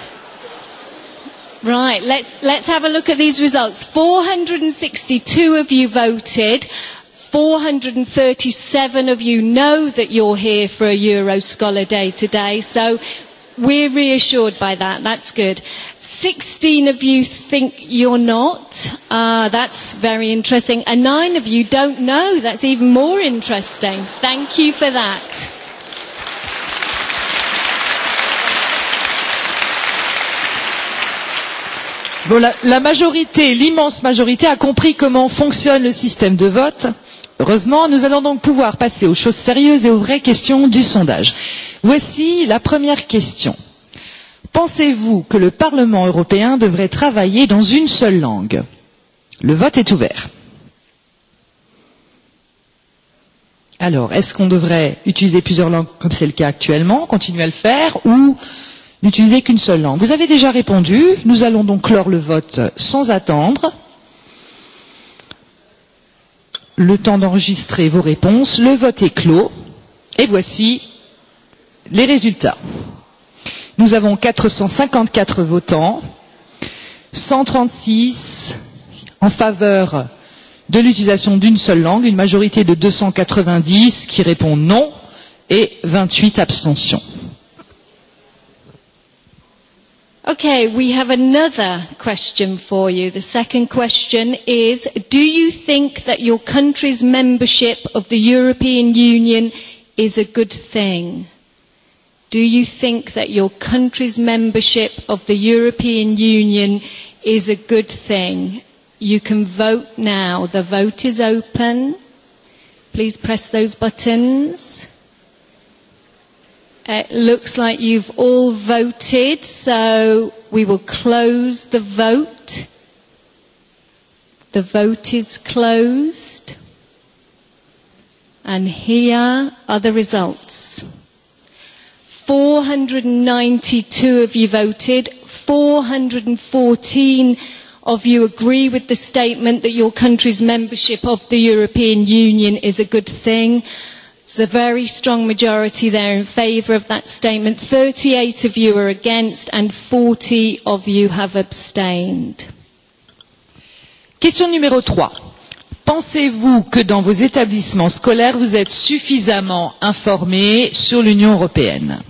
Right, let's, let's have a look at these results. 462 of you voted. 437 of you know that you're here for a Euro Scholar Day today, so We're reassured by that. That's good. 16 of you think you're not. Uh, that's very interesting. And nine of you don't know. That's even more interesting. Thank you for that. Bon, la, la majorité, l'immense majorité, a compris comment fonctionne le système de vote Heureusement, nous allons donc pouvoir passer aux choses sérieuses et aux vraies questions du sondage. Voici la première question. Pensez-vous que le Parlement européen devrait travailler dans une seule langue Le vote est ouvert. Alors, est-ce qu'on devrait utiliser plusieurs langues comme c'est le cas actuellement, continuer à le faire, ou n'utiliser qu'une seule langue Vous avez déjà répondu, nous allons donc clore le vote sans attendre le temps d'enregistrer vos réponses. Le vote est clos. Et voici les résultats. Nous avons 454 votants, 136 en faveur de l'utilisation d'une seule langue, une majorité de 290 qui répond non et 28 abstentions. Okay, we have another question for you. The second question is, do you think that your country's membership of the European Union is a good thing? Do you think that your country's membership of the European Union is a good thing? You can vote now. The vote is open. Please press those buttons. It looks like you've all voted, so we will close the vote. The vote is closed. And here are the results. 492 of you voted, 414 of you agree with the statement that your country's membership of the European Union is a good thing, It's a very strong majority there in favour of that statement. 38 of you are against and 40 of you have abstained. Question numéro 3. Pensez-vous que dans vos établissements scolaires, vous êtes suffisamment informés sur l'Union européenne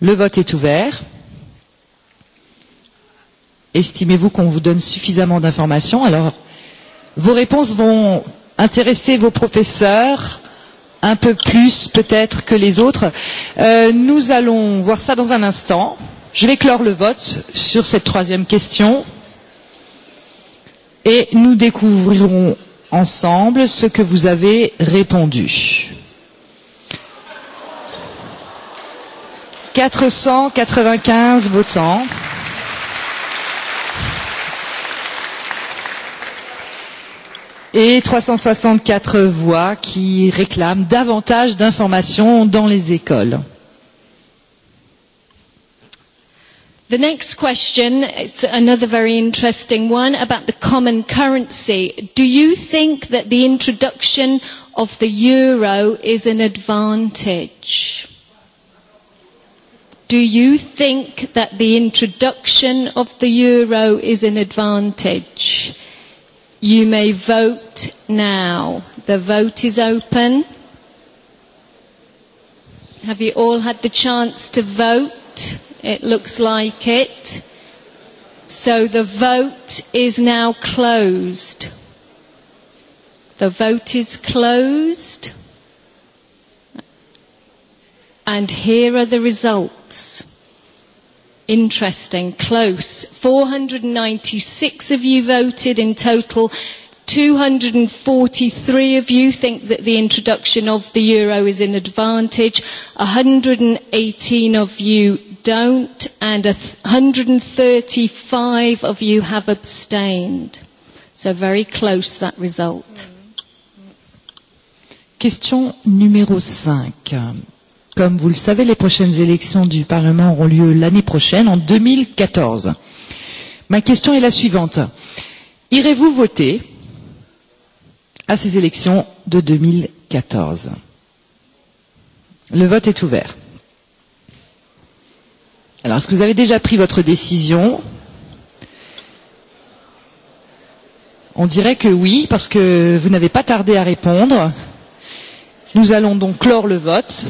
Le vote est ouvert. Estimez-vous qu'on vous donne suffisamment d'informations Alors, vos réponses vont intéresser vos professeurs un peu plus peut-être que les autres. Euh, nous allons voir ça dans un instant. Je vais clore le vote sur cette troisième question et nous découvrirons ensemble ce que vous avez répondu. 495 votants. et 364 voix qui réclament davantage d'informations dans les écoles. The next question is another very interesting one about the common currency. Do you think that the introduction of the euro is an advantage? Do you think that the introduction of the euro is an advantage? You may vote now. The vote is open. Have you all had the chance to vote? It looks like it. So the vote is now closed. The vote is closed. And here are the results interesting, close. 496 of you voted in total. 243 of you think that the introduction of the euro is an advantage. 118 of you don't. And 135 of you have abstained. So very close, that result. Question numéro 5. Comme vous le savez, les prochaines élections du Parlement auront lieu l'année prochaine, en 2014. Ma question est la suivante. Irez-vous voter à ces élections de 2014 Le vote est ouvert. Alors, est-ce que vous avez déjà pris votre décision On dirait que oui, parce que vous n'avez pas tardé à répondre. Nous allons donc clore le vote.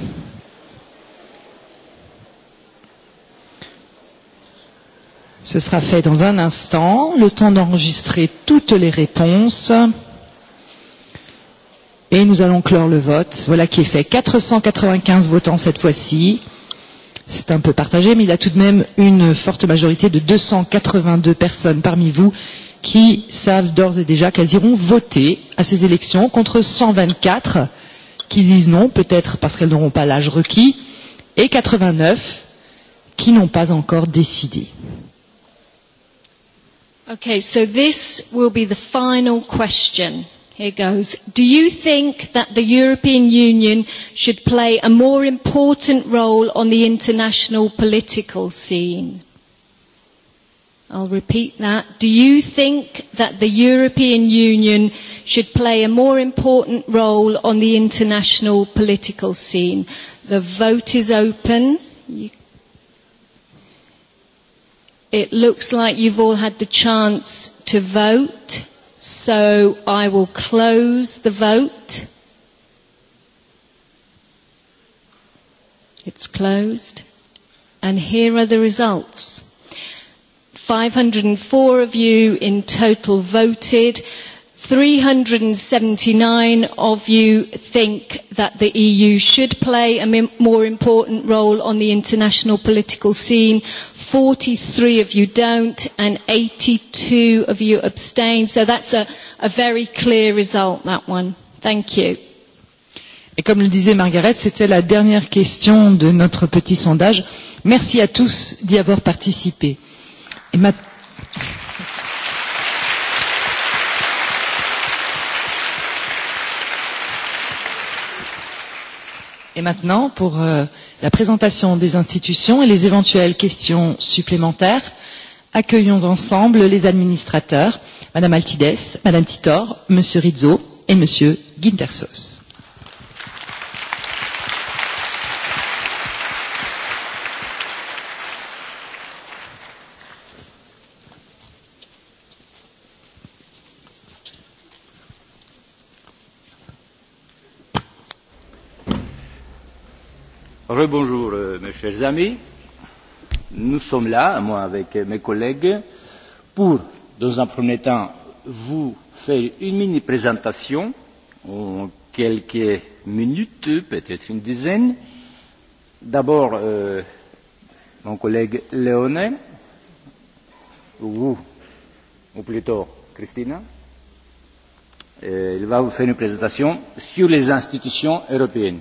Ce sera fait dans un instant, le temps d'enregistrer toutes les réponses. Et nous allons clore le vote. Voilà qui est fait. 495 votants cette fois-ci. C'est un peu partagé, mais il y a tout de même une forte majorité de 282 personnes parmi vous qui savent d'ores et déjà qu'elles iront voter à ces élections contre 124 qui disent non, peut-être parce qu'elles n'auront pas l'âge requis, et 89 qui n'ont pas encore décidé. Okay, so this will be the final question. Here goes. Do you think that the European Union should play a more important role on the international political scene? I'll repeat that. Do you think that the European Union should play a more important role on the international political scene? The vote is open. You It looks like you've all had the chance to vote, so I will close the vote. It's closed. And here are the results. 504 of you in total voted. 379 of you think that the EU should play a more important role on the international political scene. 43 of you don't, and 82 of you abstain. So that's a, a very clear result, that one. Thank you. Et comme le disait Margaret, c'était la dernière question de notre petit sondage. Merci à tous d'y avoir participé. Et maintenant, Et maintenant, pour euh, la présentation des institutions et les éventuelles questions supplémentaires, accueillons ensemble les administrateurs, Madame Altides, Madame Titor, Monsieur Rizzo et Monsieur Gintersos. Rebonjour, mes chers amis. Nous sommes là, moi avec mes collègues, pour, dans un premier temps, vous faire une mini présentation en quelques minutes, peut-être une dizaine. D'abord, euh, mon collègue Léonet, ou, ou plutôt Christina, il va vous faire une présentation sur les institutions européennes.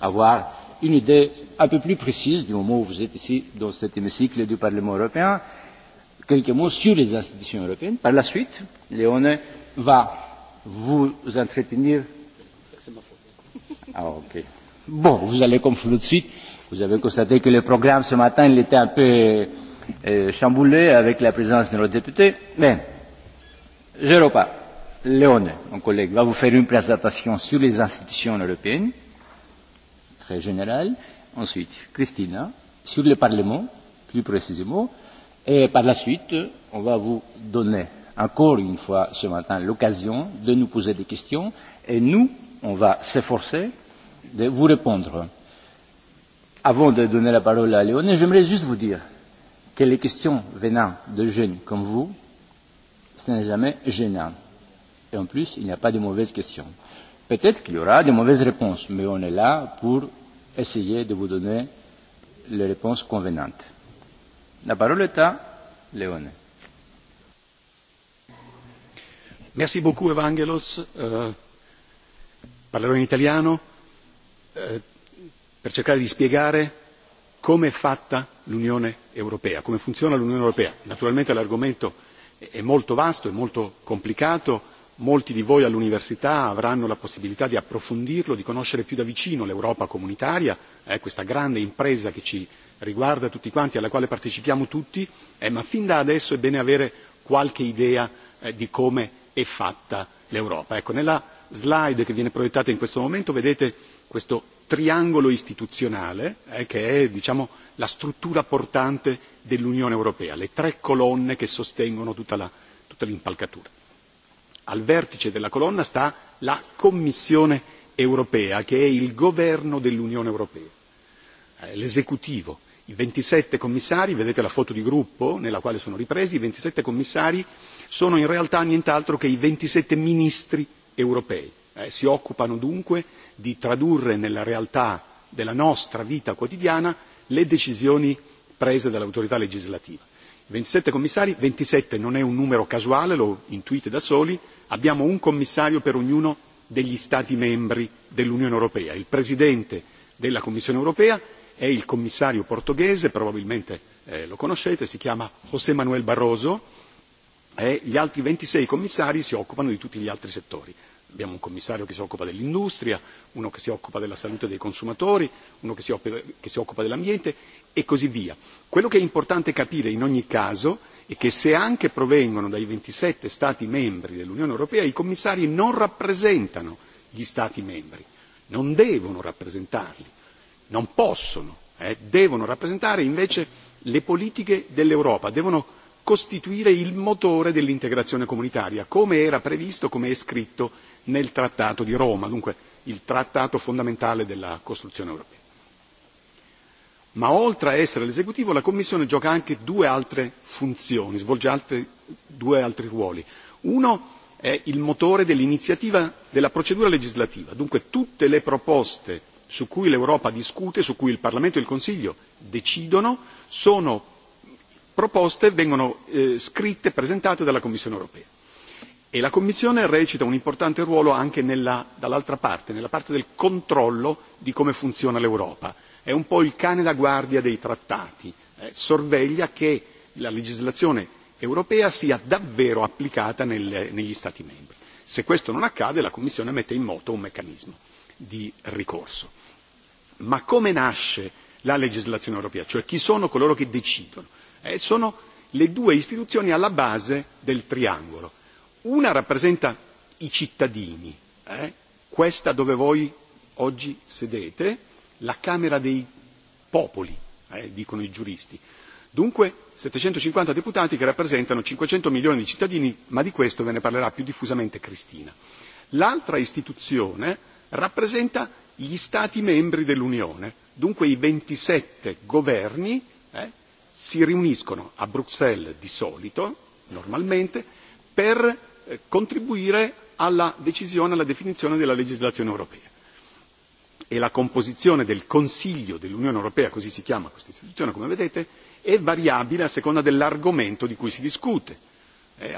Avoir une idée un peu plus précise du moment où vous êtes ici dans cet hémicycle du Parlement européen, quelques mots sur les institutions européennes. Par la suite, Léone va vous entretenir. Ah, ok. Bon, vous allez comprendre tout de suite. Vous avez constaté que le programme ce matin, il était un peu euh, chamboulé avec la présence de nos députés. Mais, Jérôme, Léone, mon collègue, va vous faire une présentation sur les institutions européennes très général, Ensuite, Christina, sur le Parlement, plus précisément. Et par la suite, on va vous donner encore une fois ce matin l'occasion de nous poser des questions et nous, on va s'efforcer de vous répondre. Avant de donner la parole à Léoné, j'aimerais juste vous dire que les questions venant de jeunes comme vous, ce n'est jamais gênant. Et en plus, il n'y a pas de mauvaises questions. Peut-être qu'il y aura de mauvaises réponses, mais on est là pour essayer de vous donner les réponses convenantes. La parole est à Léon. Merci beaucoup Evangelos. Eh, parlerò in italiano euh, per cercare di spiegare come è fatta l'Unione Europea, come funziona l'Unione Europea. Naturalmente l'argomento è molto vasto, è molto complicato molti di voi all'università avranno la possibilità di approfondirlo, di conoscere più da vicino l'Europa comunitaria, questa grande impresa che ci riguarda tutti quanti, alla quale partecipiamo tutti, ma fin da adesso è bene avere qualche idea di come è fatta l'Europa. Ecco, nella slide che viene proiettata in questo momento vedete questo triangolo istituzionale che è diciamo, la struttura portante dell'Unione Europea, le tre colonne che sostengono tutta l'impalcatura al vertice della colonna sta la Commissione europea, che è il governo dell'Unione europea, l'esecutivo. I ventisette commissari, vedete la foto di gruppo nella quale sono ripresi, i ventisette commissari sono in realtà nient'altro che i ventisette ministri europei. si occupano dunque di tradurre nella realtà della nostra vita quotidiana le decisioni prese dall'autorità legislativa. Ventisette commissari, ventisette non è un numero casuale, lo intuite da soli, abbiamo un commissario per ognuno degli stati membri dell'unione europea il presidente della commissione europea è il commissario portoghese probabilmente lo conoscete si chiama josé manuel barroso e gli altri ventisei commissari si occupano di tutti gli altri settori abbiamo un commissario che si occupa dell'industria uno che si occupa della salute dei consumatori uno che si occupa dell'ambiente e così via. quello che è importante capire in ogni caso e che se anche provengono dai ventisette Stati membri dell'Unione Europea, i commissari non rappresentano gli Stati membri, non devono rappresentarli, non possono, devono rappresentare invece le politiche dell'Europa, devono costituire il motore dell'integrazione comunitaria, come era previsto, come è scritto nel Trattato di Roma, dunque il trattato fondamentale della costruzione europea ma oltre a essere l'esecutivo la Commissione gioca anche due altre funzioni, svolge due altri ruoli. Uno è il motore dell'iniziativa della procedura legislativa, dunque tutte le proposte su cui l'Europa discute, su cui il Parlamento e il Consiglio decidono, sono proposte, vengono scritte, presentate dalla Commissione europea. E la Commissione recita un importante ruolo anche dall'altra parte, nella parte del controllo di come funziona l'Europa è un po' il cane da guardia dei trattati, sorveglia che la legislazione europea sia davvero applicata negli Stati membri. Se questo non accade, la Commissione mette in moto un meccanismo di ricorso. Ma come nasce la legislazione europea? Cioè chi sono coloro che decidono? sono le due istituzioni alla base del triangolo. Una rappresenta i cittadini, questa dove voi oggi sedete, la Camera dei popoli, dicono i giuristi. Dunque settecentocinquanta deputati che rappresentano cinquecento milioni di cittadini, ma di questo ve ne parlerà più diffusamente Cristina. L'altra istituzione rappresenta gli Stati membri dell'Unione, dunque i ventisette governi si riuniscono a Bruxelles di solito, normalmente, per contribuire alla decisione, alla definizione della legislazione europea e la composizione del Consiglio dell'Unione Europea, così si chiama questa istituzione, come vedete, è variabile a seconda dell'argomento di cui si discute.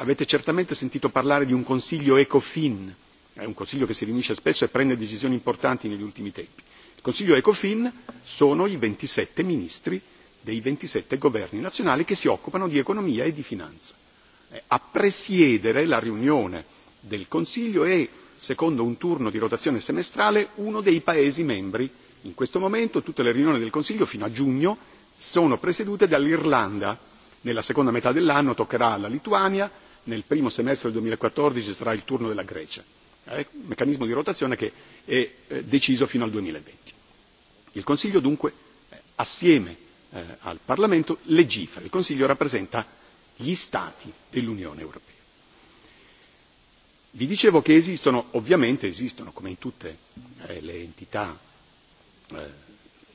avete certamente sentito parlare di un Consiglio ECOFIN, è un Consiglio che si riunisce spesso e prende decisioni importanti negli ultimi tempi. Il Consiglio ECOFIN sono i ventisette ministri dei ventisette governi nazionali che si occupano di economia e di finanza. a presiedere la riunione del Consiglio è secondo un turno di rotazione semestrale uno dei Paesi membri. In questo momento tutte le riunioni del Consiglio fino a giugno sono presiedute dall'Irlanda. Nella seconda metà dell'anno toccherà alla Lituania, nel primo semestre del duemilaquattordici sarà il turno della Grecia. È un meccanismo di rotazione che è deciso fino al duemilaventi. Il Consiglio dunque, assieme al Parlamento, legifera. Il Consiglio rappresenta gli Stati dell'Unione Europea. Vi dicevo che esistono, ovviamente esistono, come in tutte le entità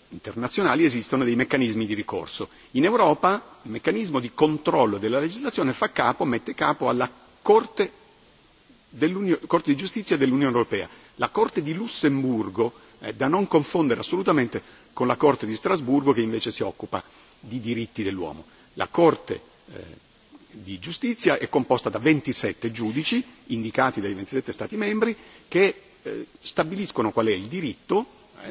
internazionali, esistono dei meccanismi di ricorso. In Europa il meccanismo di controllo della legislazione fa capo, mette capo alla Corte, di giustizia dell'Unione europea. La Corte di Lussemburgo, da non confondere assolutamente con la Corte di Strasburgo che invece si occupa di diritti dell'uomo. La Corte di giustizia è composta da ventisette giudici indicati dai ventisette Stati membri che stabiliscono qual è il diritto,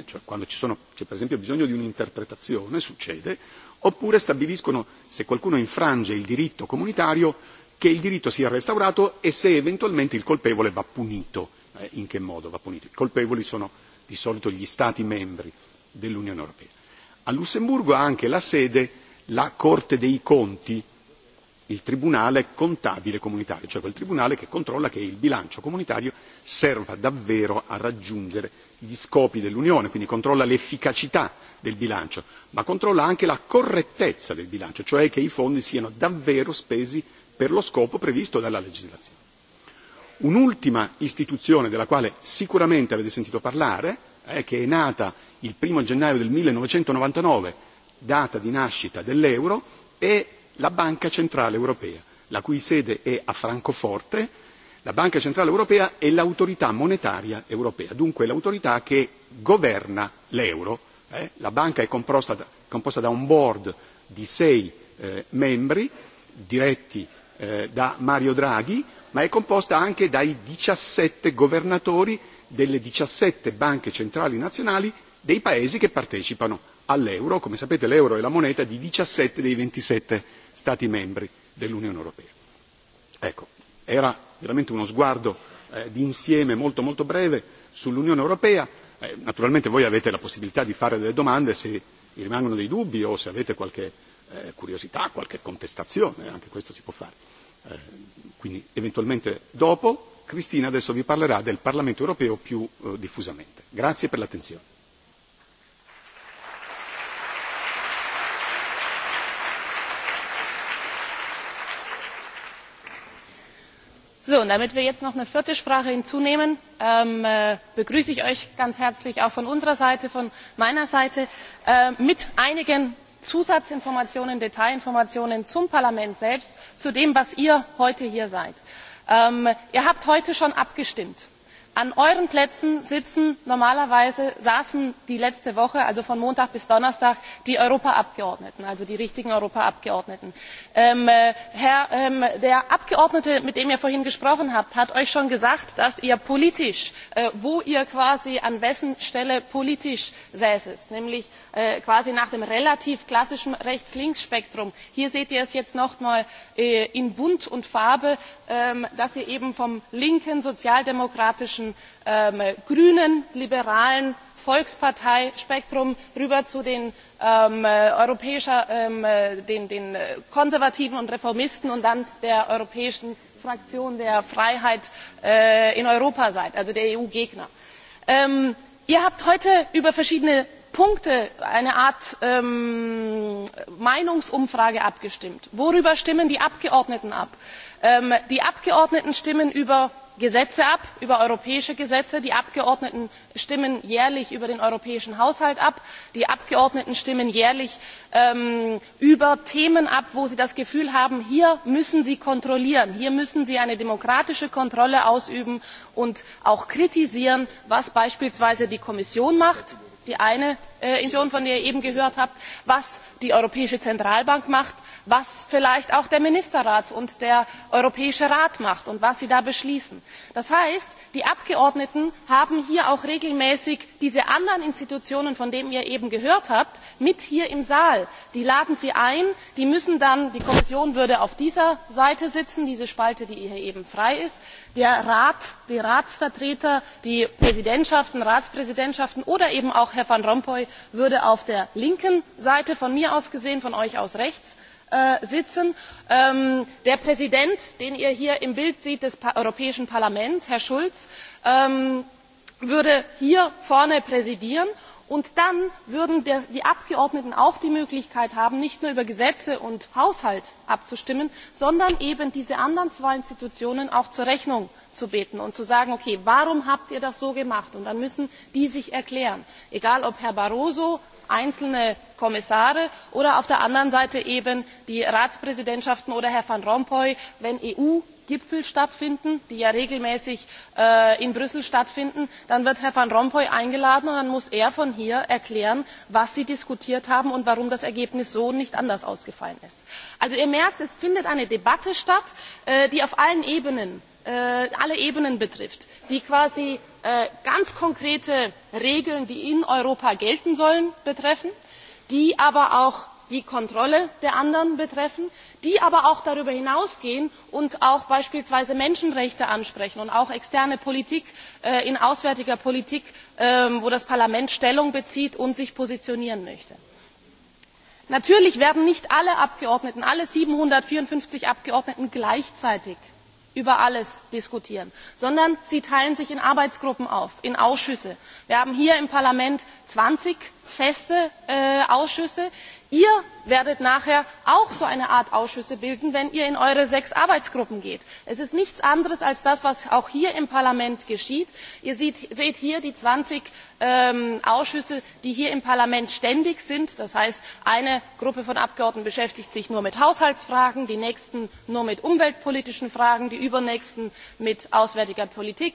cioè quando c'è per esempio bisogno di un'interpretazione, succede, oppure stabiliscono se qualcuno infrange il diritto comunitario che il diritto sia restaurato e se eventualmente il colpevole va punito. In che modo va punito? I colpevoli sono di solito gli Stati membri dell'Unione Europea. A Lussemburgo ha anche la sede la Corte dei Conti, il Tribunale contabile comunitario, cioè quel Tribunale che controlla che il bilancio comunitario serva davvero a raggiungere gli scopi dell'Unione, quindi controlla l'efficacità del bilancio, ma controlla anche la correttezza del bilancio, cioè che i fondi siano davvero spesi per lo scopo previsto dalla legislazione. Un'ultima istituzione della quale sicuramente avete sentito parlare, che è nata il uno gennaio del millenovecentonovantanove, data di nascita dell'euro, è la Banca Centrale Europea, la cui sede è a Francoforte. La Banca Centrale Europea è l'autorità monetaria europea, dunque l'autorità che governa l'euro. La banca è composta da, un board di sei membri diretti da Mario Draghi, ma è composta anche dai diciassette governatori delle diciassette banche centrali nazionali dei paesi che partecipano all'euro. Come sapete l'euro è la moneta di diciassette dei ventisette Stati membri dell'Unione Europea. Ecco, era veramente uno sguardo di insieme molto molto breve sull'Unione Europea. naturalmente voi avete la possibilità di fare delle domande se vi rimangono dei dubbi o se avete qualche curiosità, qualche contestazione, anche questo si può fare. quindi eventualmente dopo Cristina adesso vi parlerà del Parlamento europeo più diffusamente. Grazie per l'attenzione. damit wir jetzt noch eine vierte sprache hinzunehmen begrüße ich euch ganz herzlich auch von unserer seite von meiner seite mit einigen zusatzinformationen detailinformationen zum parlament selbst zu dem was ihr heute hier seid. ihr habt heute schon abgestimmt an euren plätzen sitzen normalerweise saßen die letzte woche also von montag bis donnerstag die europaabgeordneten also die richtigen europaabgeordneten. der abgeordnete mit dem ihr vorhin gesprochen habt hat euch schon gesagt dass ihr politisch wo ihr quasi an wessen stelle politisch säßet nämlich quasi nach dem relativ klassischen rechts links spektrum. hier seht ihr es jetzt noch einmal in bunt und farbe dass ihr eben vom linken sozialdemokratischen zwischen grünen liberalen volkspartei spektrum rüber zu den konservativen und reformisten und dann der europäischen fraktion der freiheit in europa seid also der eu gegner. ihr habt heute über verschiedene punkte eine art meinungsumfrage abgestimmt. worüber stimmen die abgeordneten ab? die abgeordneten stimmen gesetze ab über europäische gesetze die abgeordneten stimmen jährlich über den europäischen haushalt ab die abgeordneten stimmen jährlich über themen ab wo sie das gefühl haben hier müssen sie kontrollieren hier müssen sie eine demokratische kontrolle ausüben und auch kritisieren was beispielsweise die kommission macht die eine institution von der ihr eben gehört habt was die europäische zentralbank macht was vielleicht auch der ministerrat und der europäische rat machen und was sie da beschließen. das heißt die abgeordneten haben hier auch regelmäßig diese anderen institutionen von denen ihr eben gehört habt mit hier im saal. die laden sie ein die müssen dann die kommission würde auf dieser seite sitzen diese spalte die hier eben frei ist der rat die ratsvertreter die präsidentschaften ratspräsidentschaften oder eben herr van rompuy würde auf der linken seite von mir aus gesehen von euch aus rechts sitzen. der präsident den ihr hier im bild seht des europäischen parlaments herr schulz würde hier vorne präsidieren und dann würden die abgeordneten auch die möglichkeit haben nicht nur über gesetze und haushalt abzustimmen sondern eben diese anderen zwei institutionen auch zur rechnung zu bitten und zu sagen okay warum habt ihr das so gemacht? und dann müssen die sich erklären egal ob herr barroso einzelne kommissare oder auf der anderen seite eben die ratspräsidentschaften oder herr van rompuy wenn eu gipfel stattfinden die ja regelmäßig in brüssel stattfinden dann wird herr van rompuy eingeladen und dann muss er von hier erklären was sie diskutiert haben und warum das ergebnis so und nicht anders ausgefallen ist. also ihr merkt es findet eine debatte statt die auf allen ebenen alle Ebenen betrifft, die quasi ganz konkrete Regeln, die in Europa gelten sollen, betreffen, die aber auch die Kontrolle der anderen betreffen, die aber auch darüber hinausgehen und auch beispielsweise Menschenrechte ansprechen und auch externe Politik in auswärtiger Politik, wo das Parlament Stellung bezieht und sich positionieren möchte. Natürlich werden nicht alle Abgeordneten, alle siebenhundertvierundfünfzig Abgeordneten gleichzeitig über alles diskutieren sondern sie teilen sich in arbeitsgruppen auf in ausschüsse. wir haben hier im parlament zwanzig feste ausschüsse ihr werdet nachher auch so eine art ausschüsse bilden wenn ihr in eure sechs arbeitsgruppen geht. es ist nichts anderes als das was auch hier im parlament geschieht. ihr seht hier die zwanzig ausschüsse die hier im parlament ständig sind das heißt eine gruppe von abgeordneten beschäftigt sich nur mit haushaltsfragen die nächsten nur mit umweltpolitischen fragen die übernächsten mit auswärtiger politik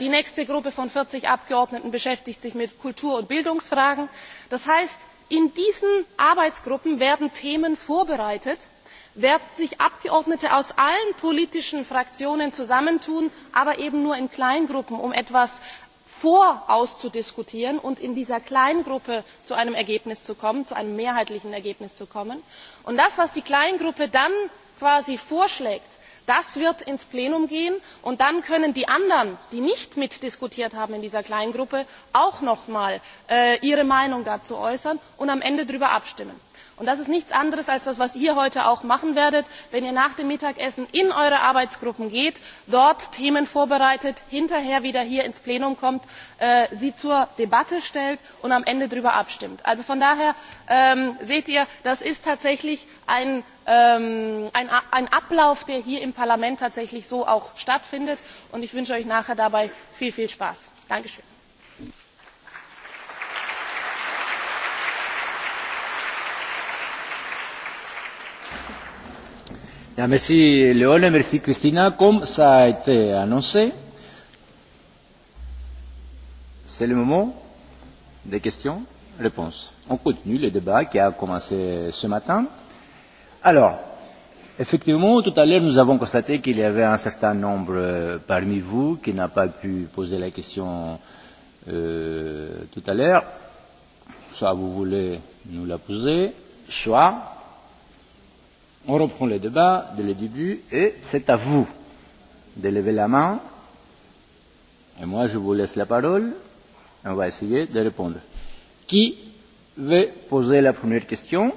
die nächste gruppe von vierzig abgeordneten beschäftigt sich mit kultur und bildungsfragen. das heißt in diesen arbeitsgruppen werden themen vorbereitet werden sich abgeordnete aus allen politischen fraktionen zusammentun aber eben nur in kleingruppen um etwas vorauszudiskutieren und in dieser kleingruppe zu einem mehrheitlichen ergebnis zu kommen. das was die kleingruppe dann quasi vorschlägt das wird ins plenum gehen und dann können die anderen die nicht mitdiskutiert haben in dieser kleingruppe auch noch einmal ihre meinung dazu äußern und am ende darüber abstimmen. das ist nichts anderes als das was ihr heute auch machen werdet wenn ihr nach dem mittagessen in eure arbeitsgruppen geht dort themen vorbereitet hinterher wieder hier ins plenum kommt sie zur debatte stellt und am ende darüber abstimmt. von daher seht ihr das ist tatsächlich ein ablauf der hier im parlament tatsächlich so auch stattfindet und ich wünsche euch nachher dabei viel viel spaß. dankeschön! comme a été annoncé c'est le moment des questions réponses. on continue le débat qui a commencé ce matin Alors, effectivement, tout à l'heure, nous avons constaté qu'il y avait un certain nombre parmi vous qui n'a pas pu poser la question euh, tout à l'heure. Soit vous voulez nous la poser, soit on reprend le débat dès le début et c'est à vous de lever la main. Et moi, je vous laisse la parole. On va essayer de répondre. Qui veut poser la première question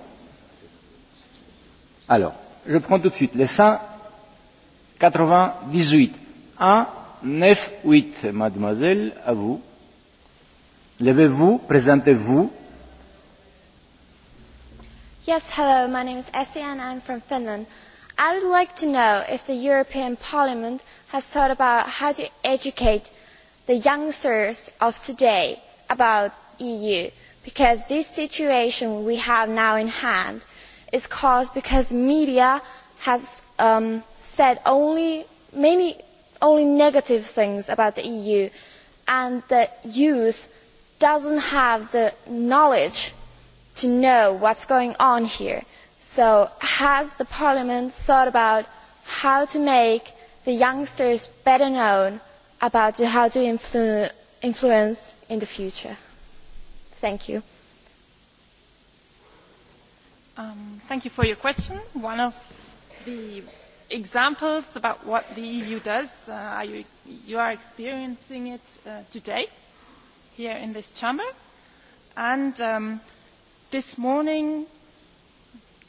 Alors, je prends tout de suite les 198. 1, 9, 8. Mademoiselle, à vous. Levez-vous, présentez-vous. Yes, hello, my name is Essie and I'm from Finland. I would like to know if the European Parliament has thought about how to educate the youngsters of today about the EU, because this situation we have now in hand is caused because media has said only many only negative things about the EU and the youth doesn't have the knowledge to know what's going on here. So has the parliament thought about how to make the youngsters better known about how to influence in the future? Thank you. Um, thank you for your question. One of the examples about what the EU does, uh, are you, you are experiencing it uh, today here in this chamber. And um, this morning,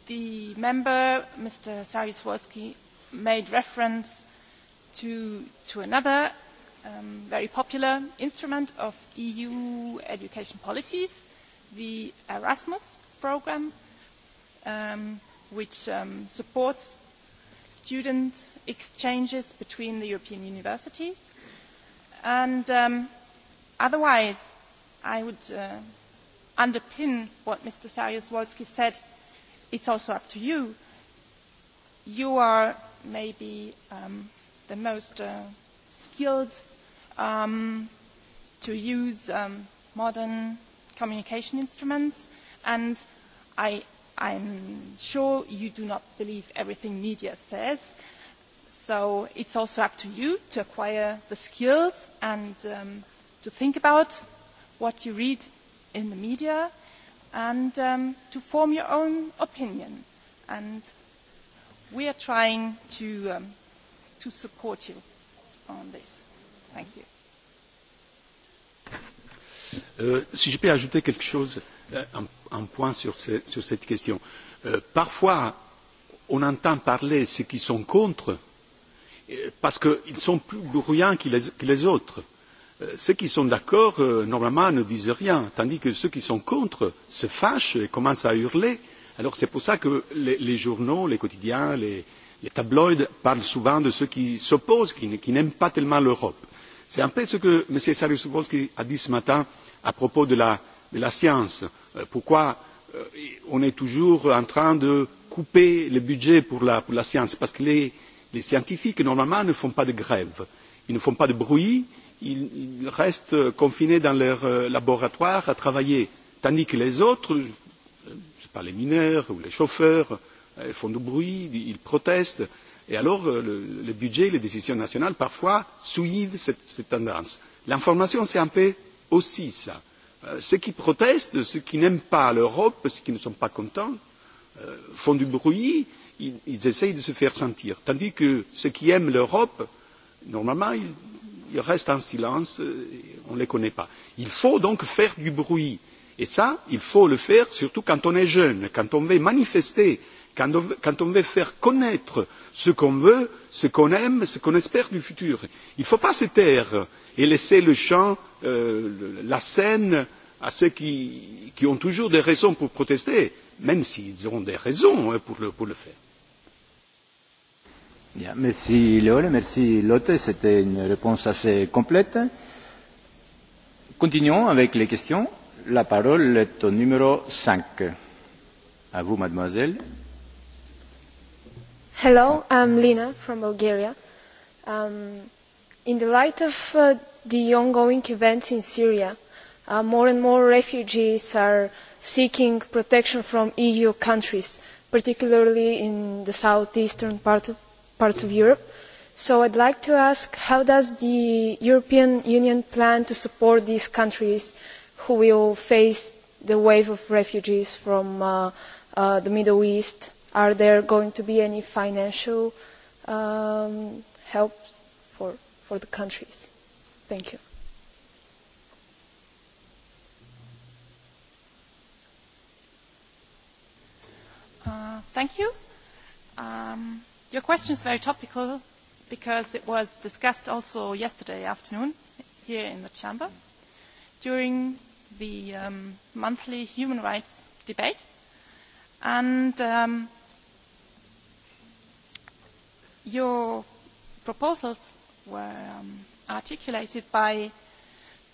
the member, Mr. Saryusz-Wolski, made reference to, to another um, very popular instrument of EU education policies, the Erasmus program which supports student exchanges between the European universities. And otherwise, I would underpin what Mr. Saryusz-Wolski said. It's also up to you. You are maybe the most skilled to use modern communication instruments, and I I'm sure you do not believe everything media says. So it's also up to you to acquire the skills and um, to think about what you read in the media and um, to form your own opinion. And we are trying to, um, to support you on this. Thank you. Euh, si je peux ajouter quelque chose, euh, un, point sur, cette question. parfois, on entend parler ceux qui sont contre parce qu'ils sont plus bruyants que les, autres. Ceux qui sont d'accord, normalement, ne disent rien, tandis que ceux qui sont contre se fâchent et commencent à hurler. Alors c'est pour cela que les, journaux, les quotidiens, les, tabloïds parlent souvent de ceux qui s'opposent, qui, n'aiment pas tellement l'Europe. C'est un peu ce que M. Sarus a dit ce matin à propos de la de la science Pourquoi on est toujours en train de couper le budget pour la, science Parce que les, scientifiques, normalement, ne font pas de grève, ils ne font pas de bruit, ils, restent confinés dans leur laboratoire à travailler, tandis que les autres, je sais pas, les mineurs ou les chauffeurs, font du bruit, ils protestent. Et alors, le, budget, les décisions nationales, parfois, suivent cette, tendance. L'information, c'est un peu aussi cela ceux qui protestent, ceux qui n'aiment pas l'Europe, ceux qui ne sont pas contents, font du bruit, ils, essayent de se faire sentir. Tandis que ceux qui aiment l'Europe, normalement, ils, restent en silence, et on ne les connaît pas. Il faut donc faire du bruit. Et ça, il faut le faire surtout quand on est jeune, quand on veut manifester euh, quand on veut faire connaître ce qu'on veut ce qu'on aime ce qu'on espère du futur il ne faut pas se taire et laisser le champ la scène à ceux qui ont toujours des raisons pour protester même s'ils ont des raisons pour le faire. Merci Léole, merci Lotte, c'était une réponse assez complète. Continuons avec les questions. La parole est au numéro 5. À vous, mademoiselle. Hello, I'm Lina from Bulgaria. Um, in the light of uh, the ongoing events in Syria, uh, more and more refugees are seeking protection from EU countries, particularly in the southeastern part of, parts of Europe. So I'd like to ask, how does the European Union plan to support these countries who will face the wave of refugees from uh, uh, the Middle East Are there going to be any financial um, help for, for the countries? Thank you. Uh, thank you. Um, your question is very topical because it was discussed also yesterday afternoon here in the chamber during the um, monthly human rights debate. And um, Your proposals were um, articulated by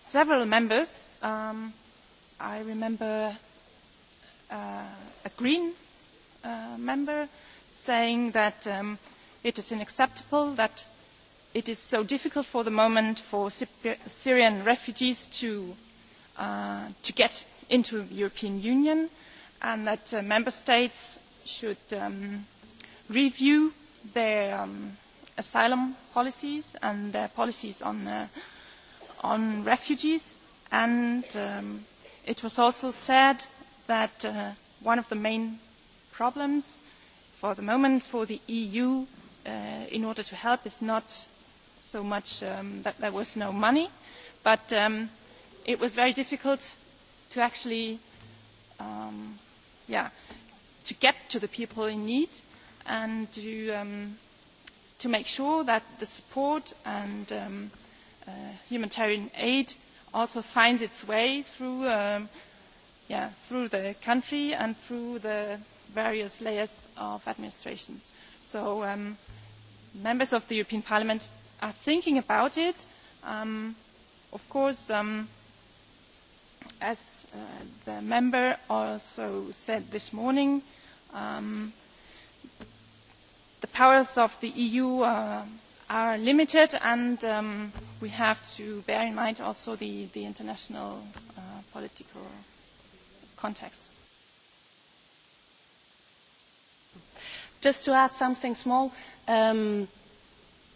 several members. Um, I remember uh, a Green uh, member saying that um, it is unacceptable that it is so difficult for the moment for Syrian refugees to, uh, to get into the European Union and that uh, member states should um, review their um, asylum policies and their policies on, uh, on refugees. And um, it was also said that uh, one of the main problems for the moment for the EU uh, in order to help is not so much um, that there was no money, but um, it was very difficult to actually um, yeah, to get to the people in need and to, um, to make sure that the support and um, uh, humanitarian aid also finds its way through, um, yeah, through the country and through the various layers of administrations. So um, members of the European Parliament are thinking about it. Um, of course, um, as uh, the member also said this morning, um, the powers of the EU uh, are limited, and um, we have to bear in mind also the, the international uh, political context. Just to add something small, um,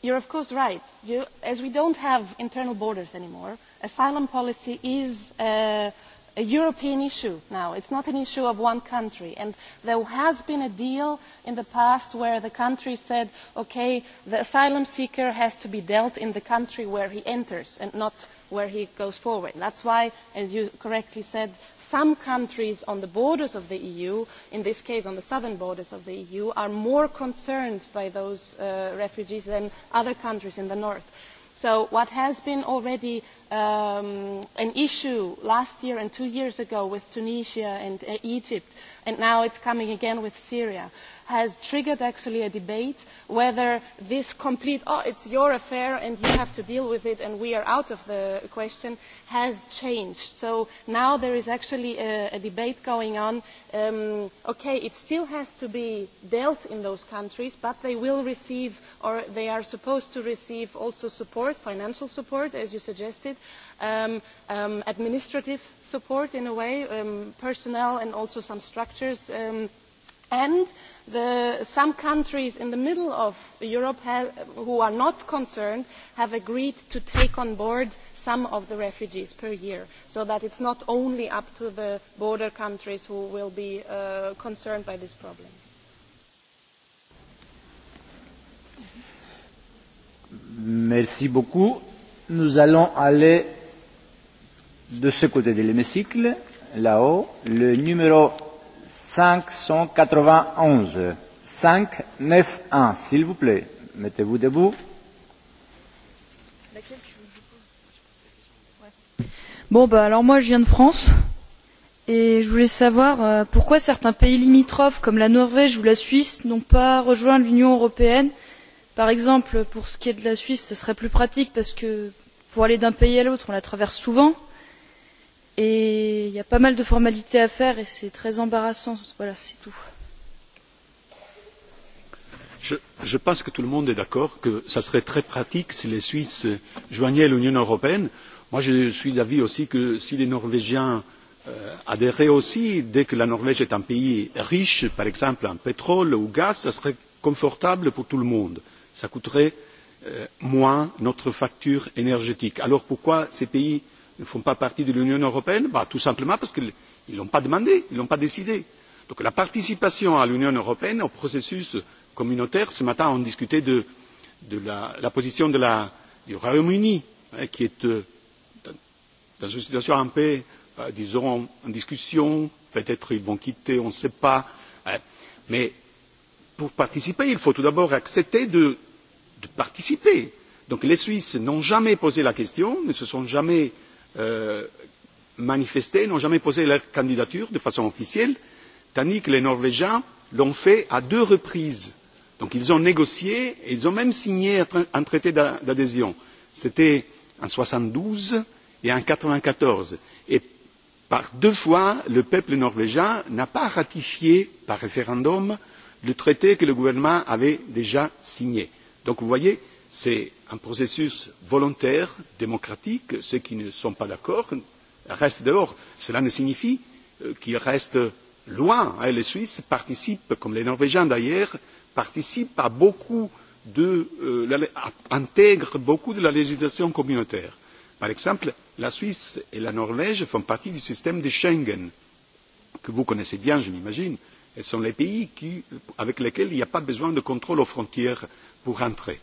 you're of course right. You, as we don't have internal borders anymore, asylum policy is. Uh, a European issue now. It's not an issue of one country. And there has been a deal in the past where the country said, okay, the asylum seeker has to be dealt in the country where he enters and not where he goes forward. That is why, as you correctly said, some countries on the borders of the EU, in this case on the southern borders of the EU, are more concerned by those refugees than other countries in the north. So what has been already an issue last year and two years ago with Tunisia and Egypt, and now it is coming again with Syria, has triggered actually a debate whether this complete, oh, it's your affair and you have to deal with it and we are out of the question, has changed. So now there is actually a, a debate going on, okay, it still has to be dealt in those countries, but they will receive or they are supposed to receive also support, financial support, as you suggested, administrative support in a way, personnel and also some structures. and some countries in the middle of Europe who are not concerned have agreed to take on board some of the refugees per year so that it is not only up to the border countries who will be concerned by this problem. Merci beaucoup Nous allons aller de ce côté de l'hémicycle, là-haut, le numéro 591. 591, s'il vous plaît. Mettez-vous debout. Bon, bah alors moi je viens de France et je voulais savoir euh, pourquoi certains pays limitrophes comme la Norvège ou la Suisse n'ont pas rejoint l'Union européenne euh, par exemple pour ce qui est de la suisse ce serait plus pratique parce que pour aller d'un pays à l'autre on la traverse souvent et il y a pas mal de formalités à faire et c'est très embarrassant voilà c'est tout. Je pense que tout le monde est d'accord que ce serait très pratique si les Suisses joignaient l'Union européenne. Moi, je suis d'avis aussi que si les Norvégiens adhéraient aussi, dès que la Norvège est un pays riche, par exemple en pétrole ou en gaz, ce serait confortable pour tout le monde Ça coûterait moins notre facture énergétique. Alors pourquoi ces pays ne font pas partie de l'Union européenne Tout simplement parce qu'ils ne l'ont pas demandé, ils ne l'ont pas décidé. Donc la participation à l'Union européenne, au processus communautaire, ce matin on discutait de, la, position du Royaume-Uni, qui est dans une situation un peu, disons, en discussion. Peut-être ils vont quitter, on ne sait pas. Mais pour participer, il faut tout d'abord accepter de, participer. Donc les Suisses n'ont jamais posé la question, ne se sont jamais manifestés, n'ont jamais posé leur candidature de façon officielle, tandis que les Norvégiens l'ont fait à deux reprises. Donc ils ont négocié et ils ont même signé un traité d'adhésion. C'était en soixante douze et en quatre vingt quatorze et par deux fois le peuple norvégien n'a pas ratifié par référendum le traité que le gouvernement avait déjà signé. donc vous voyez c'est un processus volontaire démocratique ceux qui ne sont pas d'accord restent dehors. cela ne signifie qu'ils restent loin. les suisses participent comme les norvégiens d'ailleurs à beaucoup de intègrent beaucoup de la législation communautaire. par exemple la suisse et la norvège font partie du système de schengen que vous connaissez bien je m'imagine Ce sont les pays avec lesquels il n'y a pas besoin de contrôle aux frontières pour entrer.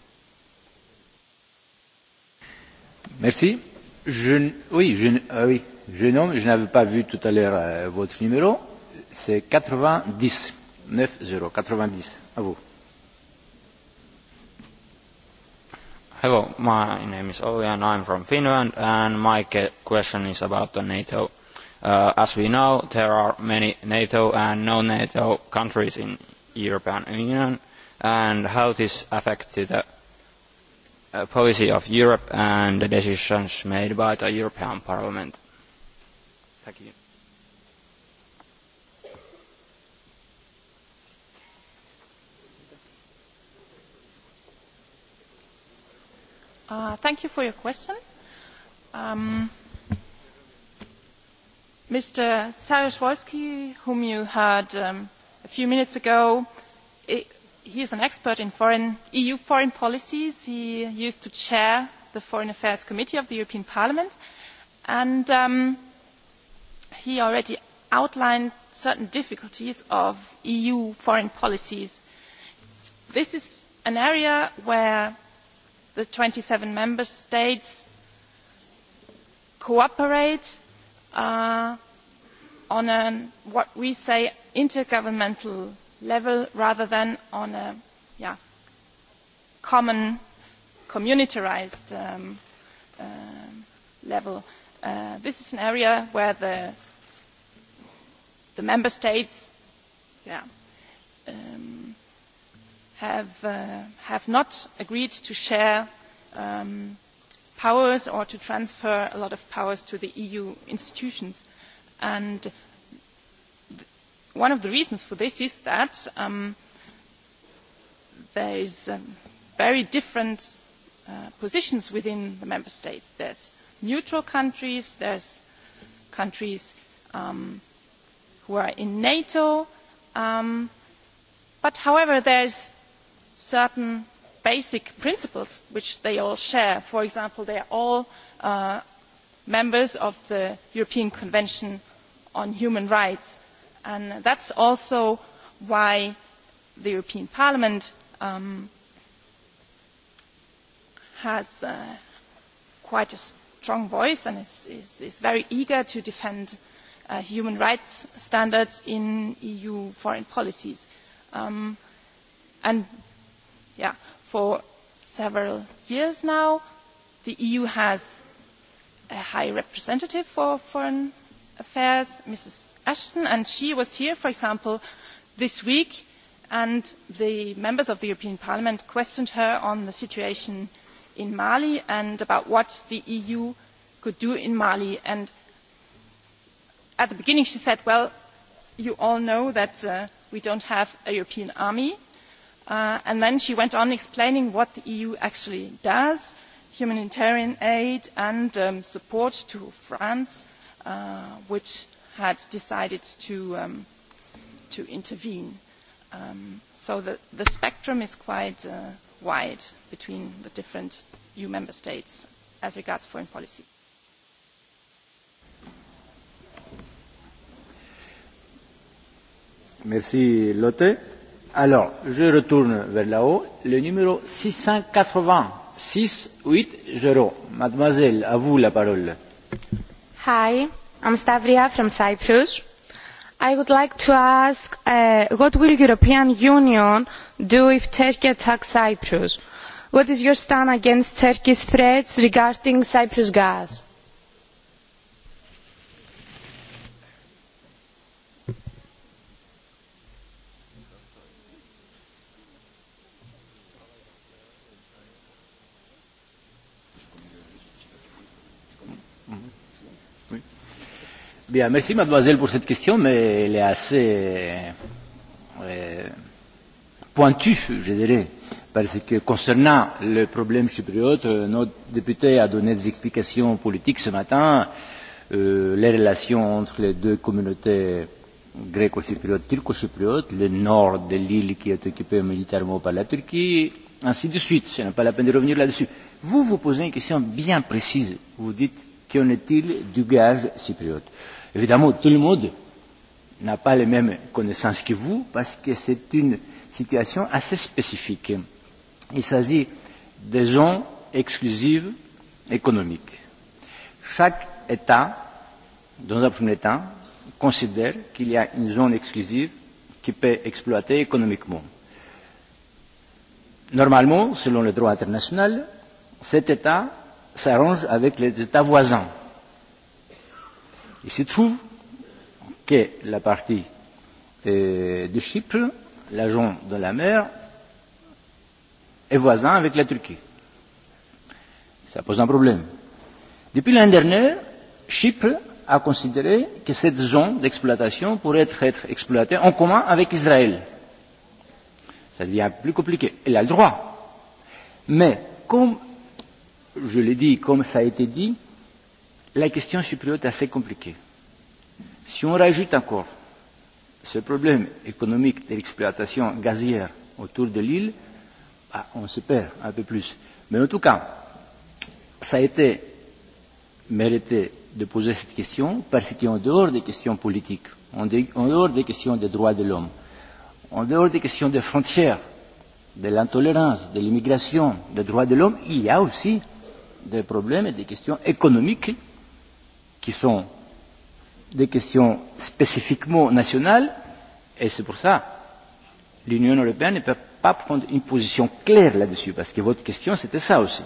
Merci. Je, oui, je, ah oui, jeune homme, je n'avais pas vu tout à l'heure euh, votre numéro. C'est 90. 9-0, 90. À vous. Hello, my name is Ovi and I'm from Finland and my question is about the NATO as we know, there are many NATO and non-NATO countries in the European Union, and how this affects the policy of Europe and the decisions made by the European Parliament. Thank you. thank you for your question. Um, Mr. saryusz whom you heard a few minutes ago, he is an expert in EU foreign policies. He used to chair the Foreign Affairs Committee of the European Parliament, and he already outlined certain difficulties of EU foreign policies. This is an area where the twenty seven member states cooperate on an, what we say intergovernmental level rather than on a common communitarised um, uh, level. Uh, this is an area where the, the member states yeah, um, have, uh, have not agreed to share um, powers or to transfer a lot of powers to the EU institutions. And one of the reasons for this is that there is very different positions within the member states. There are neutral countries, there are countries who are in NATO, but however, there's certain basic principles which they all share. For example, they are all members of the European Convention on Human Rights. And that's also why the European Parliament has quite a strong voice and is, is, very eager to defend human rights standards in EU foreign policies. and yeah, for several years now. The EU has a high representative for foreign affairs, Mrs. Ashton, and she was here, for example, this week, and the members of the European Parliament questioned her on the situation in Mali and about what the EU could do in Mali. And at the beginning she said, well, you all know that we don't have a European army, and then she went on explaining what the EU actually does, humanitarian aid and support to France, which had decided to, intervene. so the, the spectrum is quite wide between the different EU member states as regards foreign policy. Merci Lotte. Alors, je retourne vers là-haut. Le numéro 680. 680. Mademoiselle, à vous la parole. Hi, I'm Stavria from Cyprus. I would like to ask uh, what will European Union do if Turkey attacks Cyprus? What is your stand against Turkey's threats regarding Cyprus gas? Bien, merci mademoiselle pour cette question, mais elle est assez euh, pointue, je dirais, parce que concernant le problème chypriote, notre député a donné des explications politiques ce matin. Euh, les relations entre les deux communautés gréco-chypriote, turco-chypriote, le nord de l'île qui est occupé militairement par la Turquie, ainsi de suite. Ce n'est pas la peine de revenir là-dessus. Vous vous posez une question bien précise. Vous dites qu'en est-il du gage cypriote Évidemment, tout le monde n'a pas les mêmes connaissances que vous parce que c'est une situation assez spécifique. Il s'agit des zones exclusives économiques. Chaque État, dans un premier temps, considère qu'il y a une zone exclusive qui peut exploiter économiquement. Normalement, selon le droit international, cet État s'arrange avec les États voisins Il se trouve que la partie de Chypre, l'agent de la mer, est voisin avec la Turquie. Ça pose un problème. Depuis l'année dernière, Chypre a considéré que cette zone d'exploitation pourrait être, être exploitée en commun avec Israël. Ça devient plus compliqué. Elle a le droit. Mais comme je l'ai dit, comme ça a été dit, la question chypriote est assez compliquée. Si on rajoute encore ce problème économique de l'exploitation gazière autour de l'île, bah, on se perd un peu plus. Mais en tout cas, ça a été mérité de poser cette question parce qu'en dehors des questions politiques, en dehors des questions des droits de l'homme, en dehors des questions des frontières, de l'intolérance, de l'immigration, des droits de l'homme, il y a aussi des problèmes et des questions économiques qui sont des questions spécifiquement nationales, et c'est pour ça que l'Union européenne ne peut pas prendre une position claire là-dessus, parce que votre question, c'était ça aussi.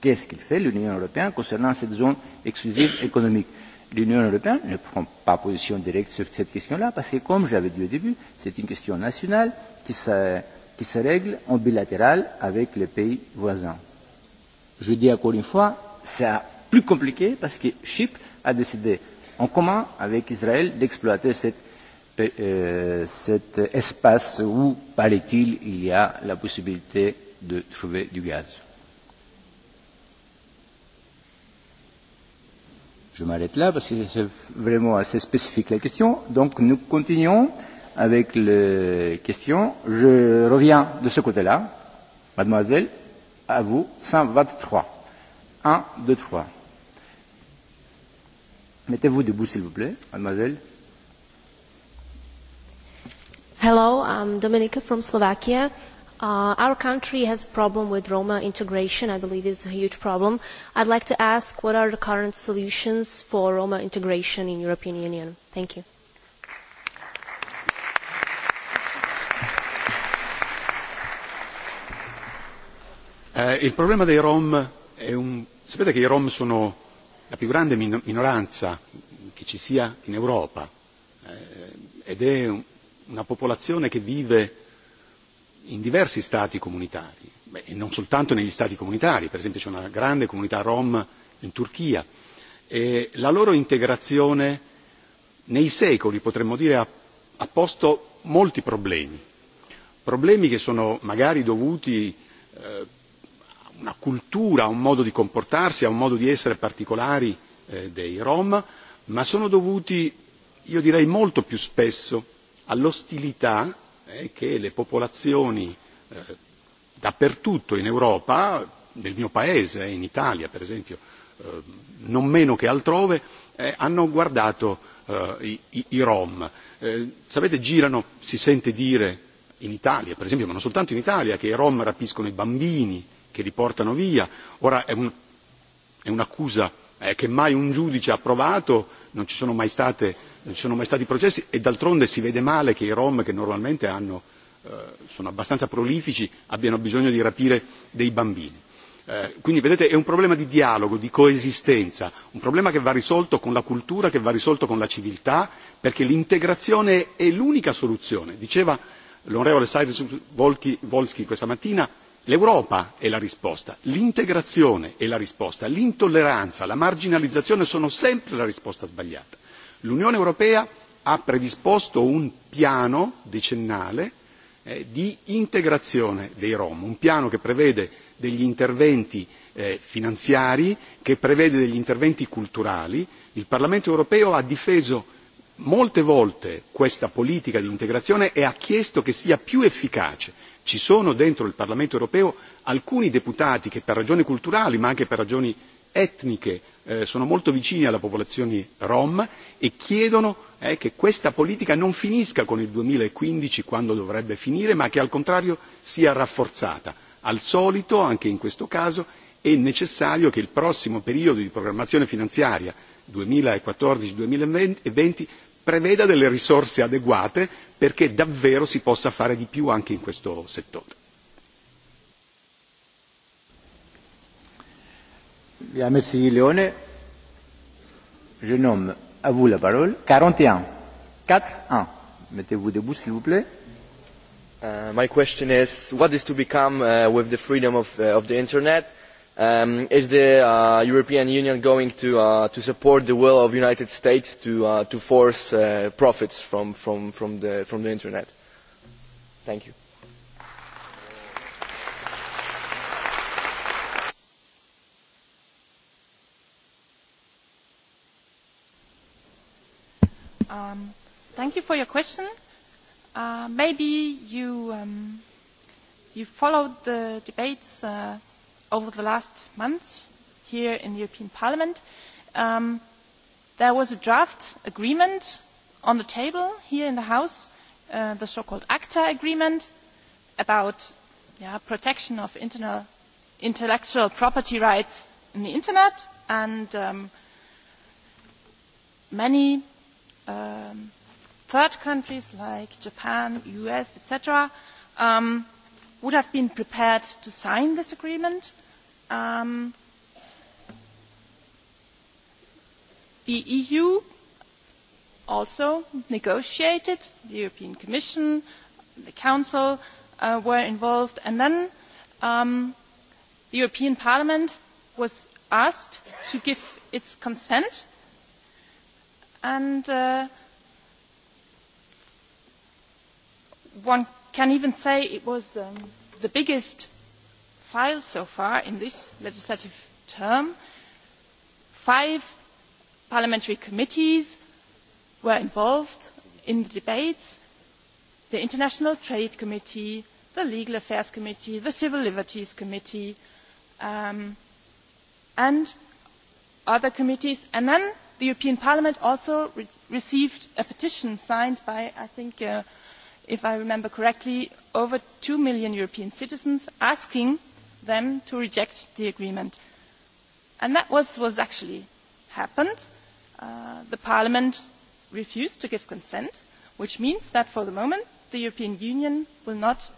Qu'est-ce qu'il fait l'Union européenne concernant cette zone exclusive économique L'Union européenne ne prend pas position directe sur cette question-là, parce que, comme j'avais dit au début, c'est une question nationale qui se, qui se règle en bilatéral avec les pays voisins. Je dis encore une fois, c'est plus compliqué parce que Chypre a décidé en commun avec Israël d'exploiter cet espace où, paraît-il, il y a la possibilité de trouver du gaz. Je m'arrête là parce que c'est vraiment assez spécifique la question. Donc nous continuons avec les questions. Je reviens de ce côté-là. Mademoiselle, à vous, 123. 1, 2, 3. Mettez-vous debout, s'il vous plaît, mademoiselle. Hello, I'm Dominika from Slovakia. Uh, our country has a problem with Roma integration. I believe it's a huge problem. I'd like to ask what are the current solutions for Roma integration in European Union? Thank you. Uh, il problema dei Rom è un... Sapete che i Rom sono la più grande minoranza che ci sia in Europa ed è una popolazione che vive in diversi stati comunitari e non soltanto negli stati comunitari, per esempio c'è una grande comunità rom in Turchia e la loro integrazione nei secoli, potremmo dire, ha posto molti problemi, problemi che sono magari dovuti una cultura, a un modo di comportarsi, a un modo di essere particolari dei Rom, ma sono dovuti, io direi molto più spesso, all'ostilità che le popolazioni dappertutto in Europa, nel mio paese, in Italia per esempio, non meno che altrove, hanno guardato i, Rom. sapete, girano, si sente dire in Italia, per esempio, ma non soltanto in Italia, che i Rom rapiscono i bambini, che li portano via. Ora è, un, è un'accusa eh, che mai un giudice ha provato, non ci sono mai, state, non ci sono mai stati processi e d'altronde si vede male che i Rom che normalmente hanno, eh, sono abbastanza prolifici abbiano bisogno di rapire dei bambini. Eh, quindi vedete è un problema di dialogo, di coesistenza, un problema che va risolto con la cultura, che va risolto con la civiltà, perché l'integrazione è l'unica soluzione. Diceva l'onorevole Cyrus Volsky questa mattina, L'Europa è la risposta, l'integrazione è la risposta, l'intolleranza, la marginalizzazione sono sempre la risposta sbagliata. L'Unione Europea ha predisposto un piano decennale di integrazione dei Rom, un piano che prevede degli interventi finanziari, che prevede degli interventi culturali. Il Parlamento europeo ha difeso molte volte questa politica di integrazione ha chiesto che sia più efficace ci sono dentro il parlamento europeo alcuni deputati che per ragioni culturali ma anche per ragioni etniche sono molto vicini alla popolazione rom e chiedono che questa politica non finisca con il duemilaquindici quando dovrebbe finire ma che al contrario sia rafforzata. al solito anche in questo caso è necessario che il prossimo periodo di programmazione finanziaria duemilaquattordici duemilaventi preveda delle risorse adeguate perché davvero si possa fare di più anche in questo settore. Bien, merci Je nomme à vous la parole. 41. 4-1. Mettez-vous debout, s'il vous plaît. Uh, my question is, what is to become uh, with the freedom of, uh, of the Internet? is the European Union going to, support the will of the United States to, force profits from, the, internet? Thank you. thank you for your question. maybe you, followed the debates over the last months here in the European Parliament, um, there was a draft agreement on the table here in the House, uh, the so-called ACTA agreement about yeah, protection of internal intellectual property rights in the Internet and um, many um, third countries like Japan, US, etc., um, would have been prepared to sign this agreement – the EU also negotiated, the European Commission, the Council were involved, and then the European Parliament was asked to give its consent, and one can even say it was the biggest filed so far in this legislative term five parliamentary committees were involved in the debates the international trade committee the legal affairs committee the civil liberties committee and other committees and then the european parliament also received a petition signed by i think if i remember correctly over two million european citizens asking them to reject the agreement. And that was what actually happened. the Parliament refused to give consent, which means that for the moment the European Union will not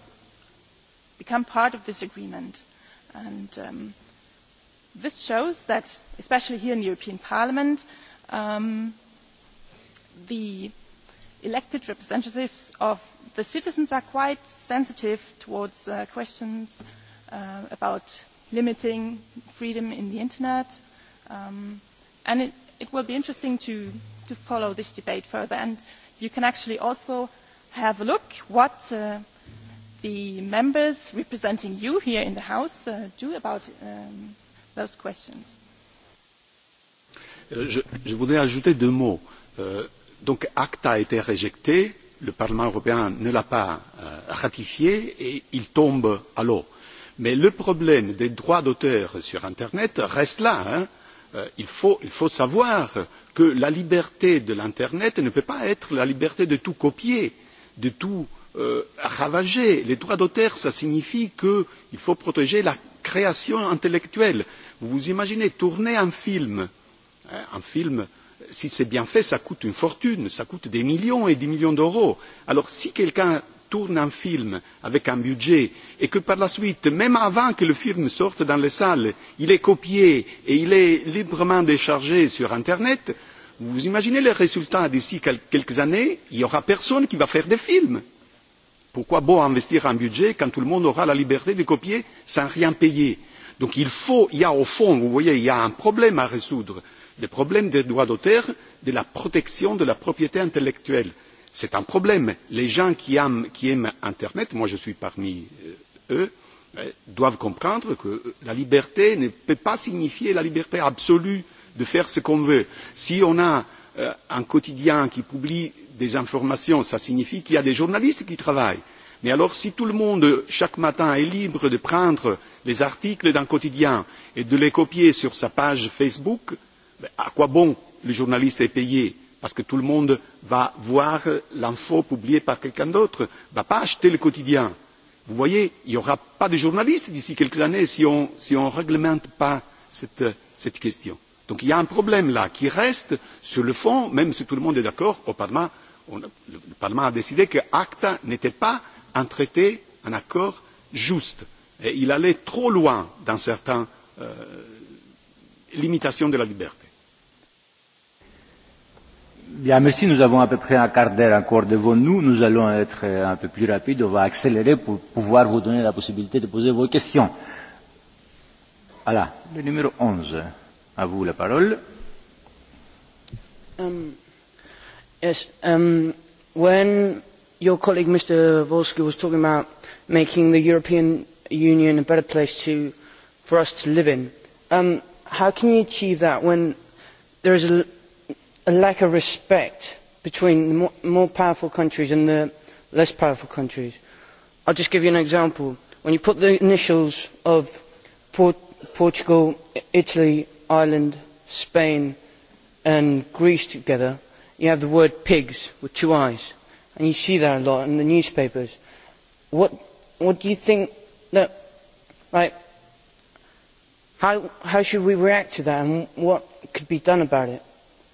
become part of this agreement. And this shows that, especially here in the European Parliament, the elected representatives of the citizens are quite sensitive towards questions uh, uh, about limiting freedom in the internet. Um, and it, it will be interesting to, to follow this debate further. And you can actually also have a look what uh, the members representing you here in the House uh, do about um, those questions. Je, je voudrais ajouter deux mots. Euh, donc ACTA a été rejeté, le Parlement européen ne l'a pas euh, ratifié et il tombe à l'eau. Euh, mais le problème des droits d'auteur sur internet reste là. il faut savoir que la liberté de l'internet ne peut pas être la liberté de tout copier de tout ravager. les droits d'auteur signifie qu'il faut protéger la création intellectuelle. vous imaginez tourner un film un film si c'est bien fait ça coûte une fortune ça coûte des millions et des millions d'euros. alors si quelqu'un tourne un film avec un budget et que par la suite, même avant que le film sorte dans les salles, il est copié et il est librement déchargé sur Internet, vous imaginez les résultats d'ici quelques années, il n'y aura personne qui va faire des films. Pourquoi bon investir un budget quand tout le monde aura la liberté de copier sans rien payer Donc il faut, il y a au fond, vous voyez, il y a un problème à résoudre, le problème des droits d'auteur, de la protection de la propriété intellectuelle c'est un problème. Les gens qui aiment, Internet, moi je suis parmi eux, doivent comprendre que la liberté ne peut pas signifier la liberté absolue de faire ce qu'on veut. Si on a un quotidien qui publie des informations, cela signifie qu'il y a des journalistes qui travaillent. Mais alors, si tout le monde, chaque matin, est libre de prendre les articles d'un quotidien et de les copier sur sa page Facebook, à quoi bon le journaliste est payé? parce que tout le monde va voir l'info publiée par quelqu'un d'autre, ne va pas acheter le quotidien. Vous voyez, il n'y aura pas de journalistes d'ici quelques années si on ne réglemente pas cette, question. Donc il y a un problème là qui reste sur le fond, même si tout le monde est d'accord, au Parlement, le Parlement a décidé que ACTA n'était pas un traité, un accord juste. Et il allait trop loin dans certaines limitations de la liberté Bien, merci. Nous avons à peu près un quart d'heure encore devant nous. Nous allons être un peu plus rapides. On va accélérer pour pouvoir vous donner la possibilité de poser vos questions. Voilà, le numéro 11. À vous la parole. Um, yes, um, when your colleague Mr. Volsky was talking about making the European Union a better place to, for us to live in, um, how can you achieve that when there is a a lack of respect between the more powerful countries and the less powerful countries. I will just give you an example. When you put the initials of Portugal, Italy, Ireland, Spain and Greece together, you have the word pigs with two eyes. And you see that a lot in the newspapers. What, what do you think that, like, how, how should we react to that and what could be done about it?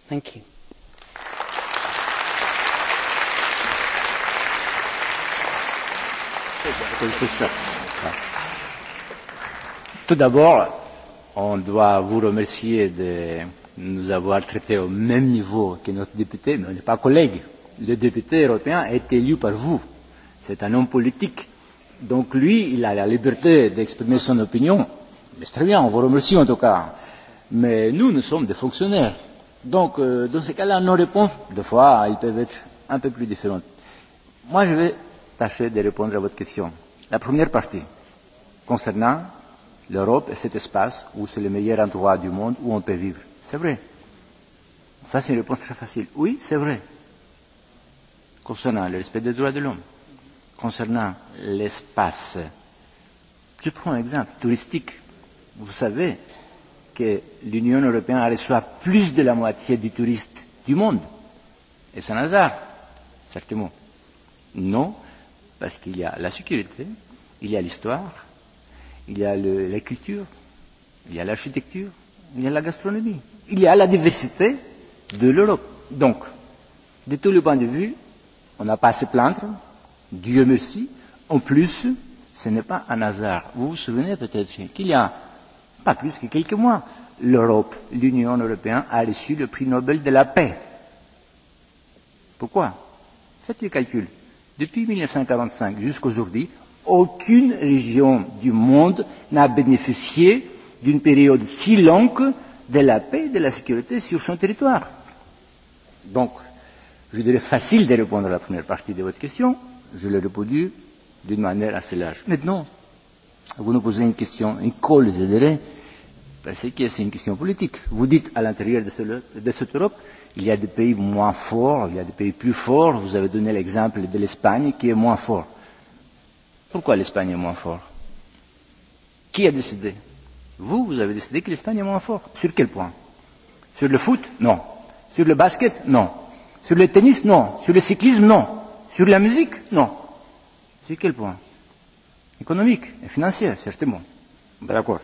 Thank you. système. Tout d'abord, on doit vous remercier de nous avoir traités au même niveau que notre député, mais on n'est pas collègues. Le député européen est élu par vous. C'est un homme politique. Donc lui, il a la liberté d'exprimer son opinion. Mais c'est très bien, on vous remercie en tout cas. Mais nous, nous sommes des fonctionnaires. Donc, euh, dans ces cas-là, nos réponses, des fois, elles peuvent être un peu plus différentes. Moi, je vais tâcher de répondre à votre question La première partie concernant l'Europe et cet espace où c'est le meilleur endroit du monde où on peut vivre. C'est vrai. Ça, c'est une réponse très facile. Oui, c'est vrai. Concernant le respect des droits de l'homme, concernant l'espace, je prends un exemple touristique. Vous savez que l'Union européenne reçoit plus de la moitié des touristes du monde. Et c'est un hasard, certainement. Non, parce qu'il y a la sécurité, Il y a l'histoire, il y a le, la culture, il y a l'architecture, il y a la gastronomie, il y a la diversité de l'Europe. Donc, de tous les points de vue, on n'a pas à se plaindre, Dieu merci. En plus, ce n'est pas un hasard. Vous vous souvenez peut-être qu'il y a pas plus que quelques mois, l'Europe, l'Union européenne a reçu le prix Nobel de la paix. Pourquoi Faites le calcul. Depuis 1945 jusqu'à aujourd'hui, Aucune région du monde n'a bénéficié d'une période si longue de la paix et de la sécurité sur son territoire. Donc, je dirais facile de répondre à la première partie de votre question. Je l'ai répondu d'une manière assez large. Maintenant, vous nous posez une question, une colle, je dirais, parce que c'est une question politique. Vous dites à l'intérieur de, ce, de cette Europe, il y a des pays moins forts, il y a des pays plus forts. Vous avez donné l'exemple de l'Espagne qui est moins fort Pourquoi l'Espagne est moins forte Qui a décidé Vous, vous avez décidé que l'Espagne est moins forte. Sur quel point Sur le foot Non. Sur le basket Non. Sur le tennis Non. Sur le cyclisme Non. Sur la musique Non. Sur quel point Économique et financier, certainement. Ben D'accord.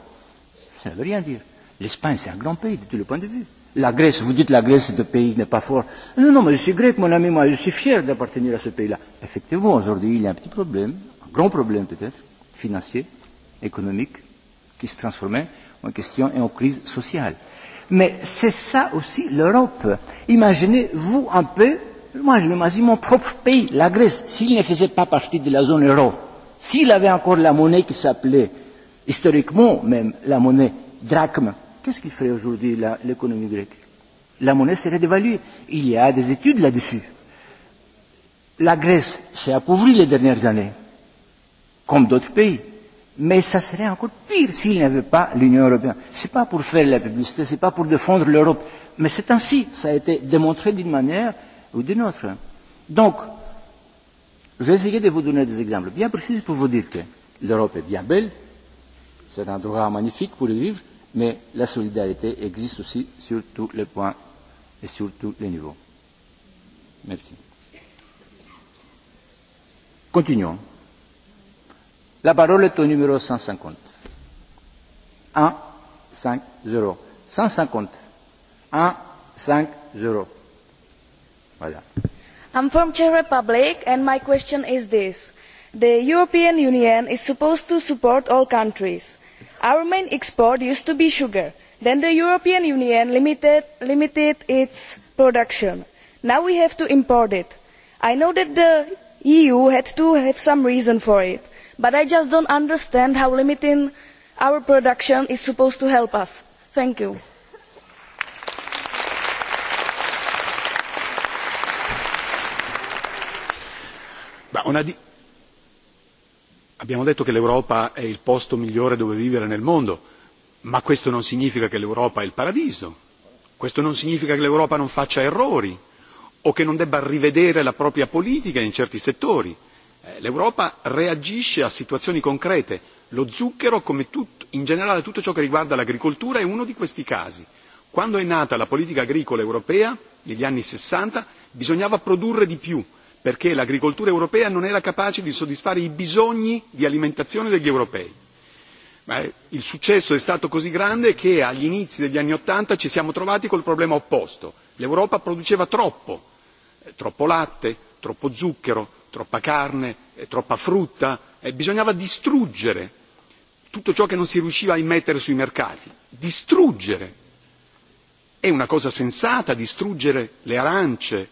Ça ne veut rien dire. L'Espagne, c'est un grand pays de tous les points de vue. La Grèce, vous dites la Grèce, ce pays n'est pas fort. Non, non, mais je suis grec, mon ami, moi, je suis fier d'appartenir à ce pays-là. Effectivement, aujourd'hui, il y a un petit problème grand problème peut-être, financier, économique, qui se transformait en question et en crise sociale. Mais c'est ça aussi l'Europe. Imaginez-vous un peu, moi je m'imagine mon propre pays, la Grèce, s'il ne faisait pas partie de la zone euro, s'il avait encore la monnaie qui s'appelait, historiquement même, la monnaie drachme, qu'est-ce qu'il ferait aujourd'hui l'économie grecque La monnaie serait dévaluée. Il y a des études là-dessus. La Grèce s'est appauvrie les dernières années comme d'autres pays. Mais ça serait encore pire s'il n'y avait pas l'Union européenne. Ce n'est pas pour faire la publicité, ce n'est pas pour défendre l'Europe. Mais c'est ainsi, ça a été démontré d'une manière ou d'une autre. Donc, j'ai essayé de vous donner des exemples bien précis pour vous dire que l'Europe est bien belle, c'est un endroit magnifique pour y vivre, mais la solidarité existe aussi sur tous les points et sur tous les niveaux. Merci. Continuons. La parole est au numéro 150. 1, 5, 0. 150. 1, 5, 0. Voilà. I'm from Czech Republic and my question is this. The European Union is supposed to support all countries. Our main export used to be sugar. Then the European Union limited, limited its production. Now we have to import it. I know that the EU had to have some reason for it but i just do not understand how limiting our production is supposed to help us. thank you. abbiamo detto che l'europa è il posto migliore dove vivere nel mondo ma questo non significa che l'europa è il paradiso questo non significa che l'europa non faccia errori o che non debba rivedere la propria politica in certi settori l'Europa reagisce a situazioni concrete. Lo zucchero, come in generale tutto ciò che riguarda l'agricoltura, è uno di questi casi. Quando è nata la politica agricola europea, negli anni sessanta, bisognava produrre di più perché l'agricoltura europea non era capace di soddisfare i bisogni di alimentazione degli europei. Ma il successo è stato così grande che agli inizi degli anni Ottanta ci siamo trovati col problema opposto. L'Europa produceva troppo, troppo latte, troppo zucchero, troppa carne, troppa frutta, bisognava distruggere tutto ciò che non si riusciva a immettere sui mercati. Distruggere. È una cosa sensata distruggere le arance,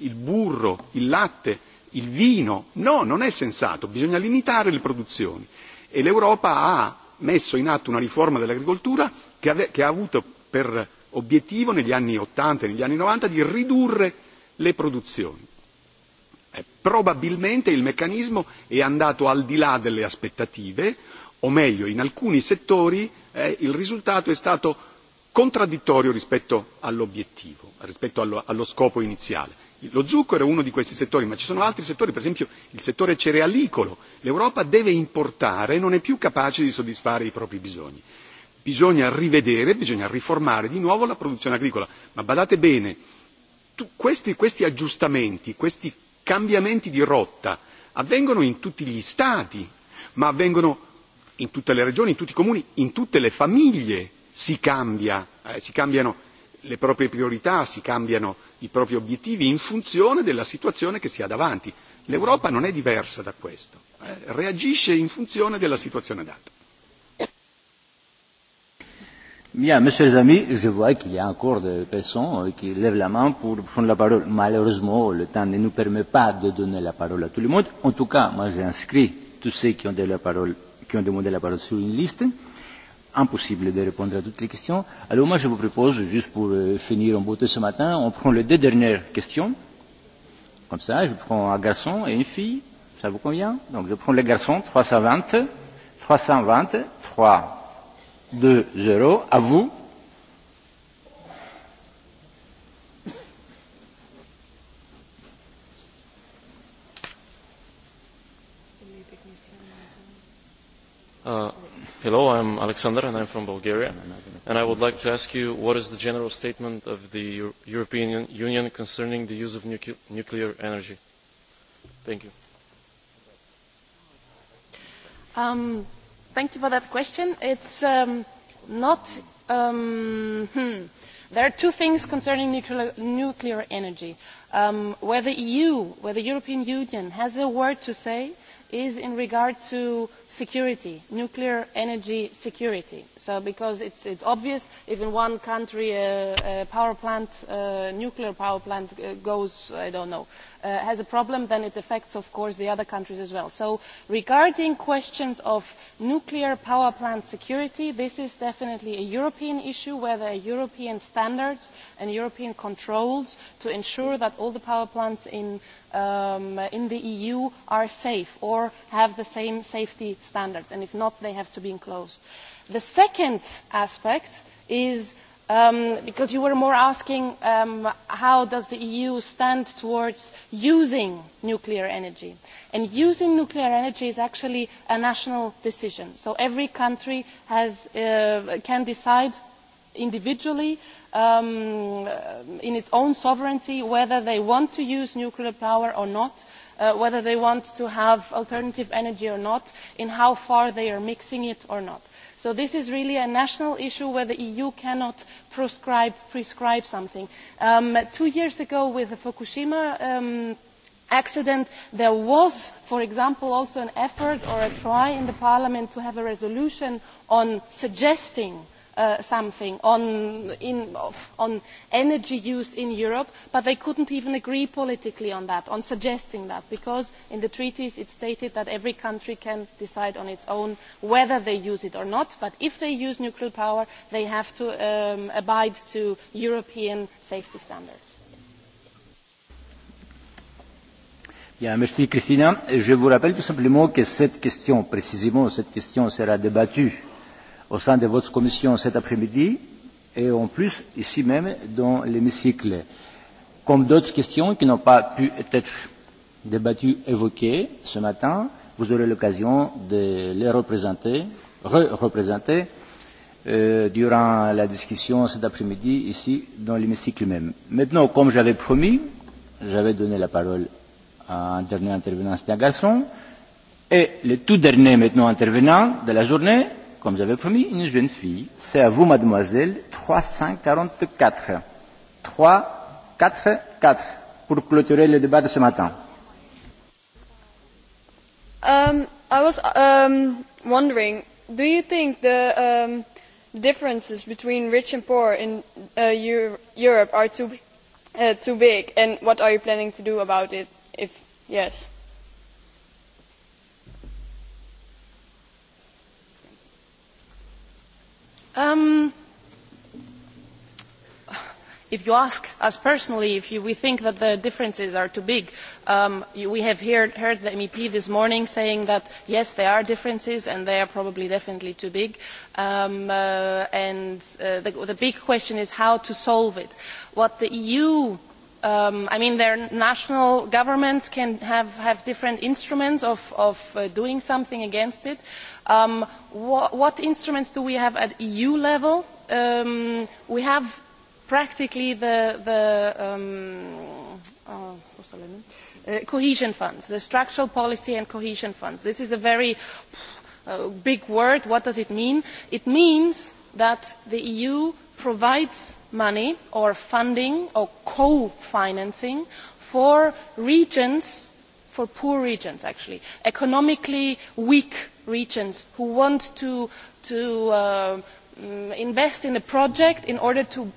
il burro, il latte, il vino. No, non è sensato, bisogna limitare le produzioni. E l'Europa ha messo in atto una riforma dell'agricoltura che ha avuto per obiettivo negli anni ottanta e negli anni novanta di ridurre le produzioni probabilmente il meccanismo è andato al di là delle aspettative, o meglio, in alcuni settori il risultato è stato contraddittorio rispetto all'obiettivo, rispetto allo scopo iniziale. Lo zucchero è uno di questi settori, ma ci sono altri settori, per esempio il settore cerealicolo. L'Europa deve importare e non è più capace di soddisfare i propri bisogni. Bisogna rivedere, bisogna riformare di nuovo la produzione agricola. Ma badate bene, questi, aggiustamenti, questi cambiamenti di rotta avvengono in tutti gli Stati, ma avvengono in tutte le regioni, in tutti i comuni, in tutte le famiglie si, cambiano le proprie priorità, si cambiano i propri obiettivi in funzione della situazione che si ha davanti. L'Europa non è diversa da questo, reagisce in funzione della situazione data. Bien, mes chers amis, je vois qu'il y a encore des personnes qui lèvent la main pour prendre la parole. Malheureusement, le temps ne nous permet pas de donner la parole à tout le monde. En tout cas, moi, j'ai inscrit tous ceux qui ont, la parole, qui ont demandé la parole sur une liste. Impossible de répondre à toutes les questions. Alors moi, je vous propose, juste pour finir en beauté ce matin, on prend les deux dernières questions. Comme ça, je prends un garçon et une fille. Ça vous convient Donc, je prends les garçons, 320, 320, 3 À vous. Uh, hello, I'm Alexander and I'm from Bulgaria. And I would like to ask you what is the general statement of the Euro European Union concerning the use of nuclear energy? Thank you. Um, Thank you for that question. It's um, not. Um, hmm. There are two things concerning nuclear, nuclear energy. Um, where the EU, where the European Union has a word to say is in regard to security, nuclear energy security. So because it is obvious, if in one country a, power plant, nuclear power plant goes, I don't know, has a problem, then it affects, of course, the other countries as well. So regarding questions of nuclear power plant security, this is definitely a European issue where there are European standards and European controls to ensure that all the power plants in in the EU are safe or have the same safety standards, and if not, they have to be enclosed. The second aspect is because you were more asking how does the EU stand towards using nuclear energy. And using nuclear energy is actually a national decision. So every country can decide individually in its own sovereignty whether they want to use nuclear power or not whether they want to have alternative energy or not and how far they are mixing it or not. so this is really a national issue where the eu cannot prescribe something. two years ago with the fukushima accident there was for example also an effort or a try in parliament to have a resolution on suggesting something on energy use in europe but they could not even agree politically on that on suggesting that because in the treaties it is stated that every country can decide on its own whether they use it or not but if they use nuclear power they have to abide by european safety standards. je vous rappelle tout simplement que cette question précisément cette question sera débattue au sein de votre commission cet après-midi et en plus ici même dans l'hémicycle. Comme d'autres questions qui n'ont pas pu être débattues, évoquées ce matin, vous aurez l'occasion de les représenter, re-représenter euh, durant la discussion cet après-midi ici dans l'hémicycle même. Maintenant, comme j'avais promis, j'avais donné la parole à un dernier intervenant, c'était un garçon, et le tout dernier maintenant intervenant de la journée, comme j'avais promis, une jeune fille. C'est à vous, mademoiselle, 344. 3, 4, 4, pour clôturer le débat de ce matin. Um, I was um, wondering, do you think the um, differences between rich and poor in uh, Europe are too, uh, too big? And what are you planning to do about it, if yes? Um, if you ask us personally if we think that the differences are too big we have heard the mep this morning saying that yes there are differences and they are probably definitely too big and the big question is how to solve it. what the eu I mean, their national governments can have, have different instruments of, of uh, doing something against it. Um, wh what instruments do we have at EU level? Um, we have practically the, the um, uh, cohesion funds, the structural policy and cohesion funds. This is a very uh, big word. What does it mean? It means that the EU provides money or funding or co-financing for regions, for poor regions actually, economically weak regions who want to invest in a project in order to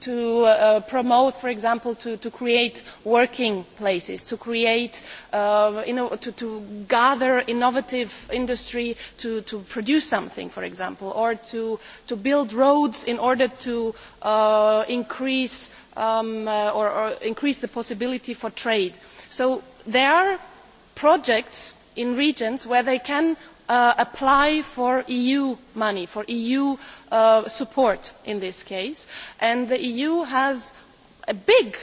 to promote, for example, to, create working places, to create, to, gather innovative industry to, produce something, for example, or to, build roads in order to increase or, increase the possibility for trade. So there are projects in regions where they can apply for eu money for eu support in this case and the eu has a big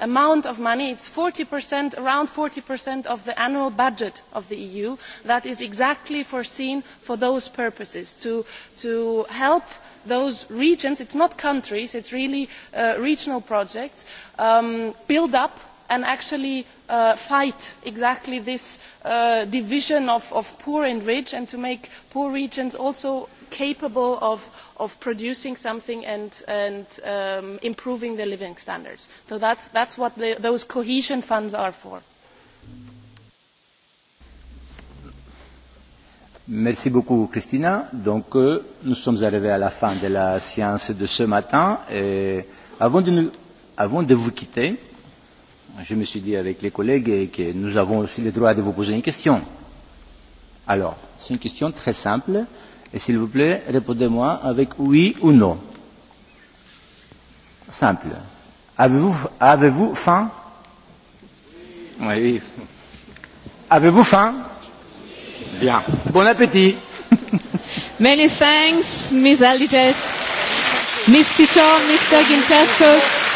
amount of money it is around forty of the annual budget of the eu that is exactly foreseen for those purposes to help those regions it is not countries it is really regional projects build up and actually fight exactly this division of poor and rich and to make poor regions also capable of producing something and improving their living standards. So that is what those cohesion funds are for. Merci beaucoup, Christina. Donc, euh, nous sommes arrivés à la fin de la séance de ce matin. Et avant de, nous, avant de vous quitter, je me suis dit avec les collègues que nous avons aussi le droit de vous poser une question. Alors, c'est une question très simple, et s'il vous plaît, répondez-moi avec oui ou non. Simple. Avez-vous avez faim Oui. Avez-vous faim Bien. Bon appétit. Many thanks, Ms. Alites, Ms. Tito, Mr. Gintasos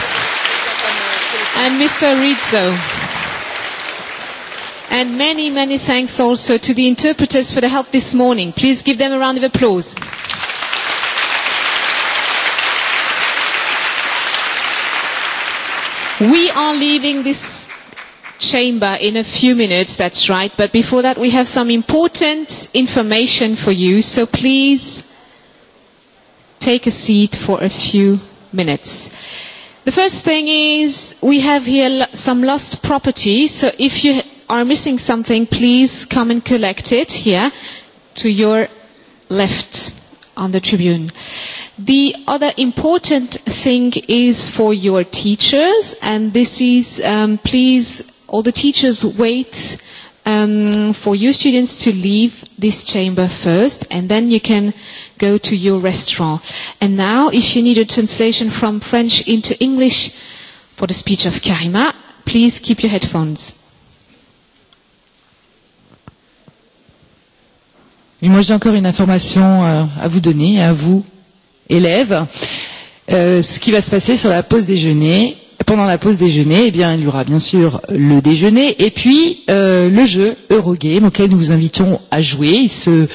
and Mr. Rizzo. And many, many thanks also to the interpreters for the help this morning. Please give them a round of applause. We are leaving this chamber in a few minutes, that's right. But before that, we have some important information for you. So please take a seat for a few minutes. The first thing is we have here some lost property. So if you are missing something, please come and collect it here to your left on the tribune. The other important thing is for your teachers, and this is um, please all the teachers wait um, for you students to leave this chamber first, and then you can go to your restaurant. And now, if you need a translation from French into English for the speech of Karima, please keep your headphones. Et moi, j'ai encore une information à vous donner, à vous, élèves. Euh, ce qui va se passer sur la pause déjeuner, pendant la pause déjeuner, eh bien, il y aura bien sûr le déjeuner et puis euh, le jeu Eurogame auquel nous vous invitons à jouer. Il se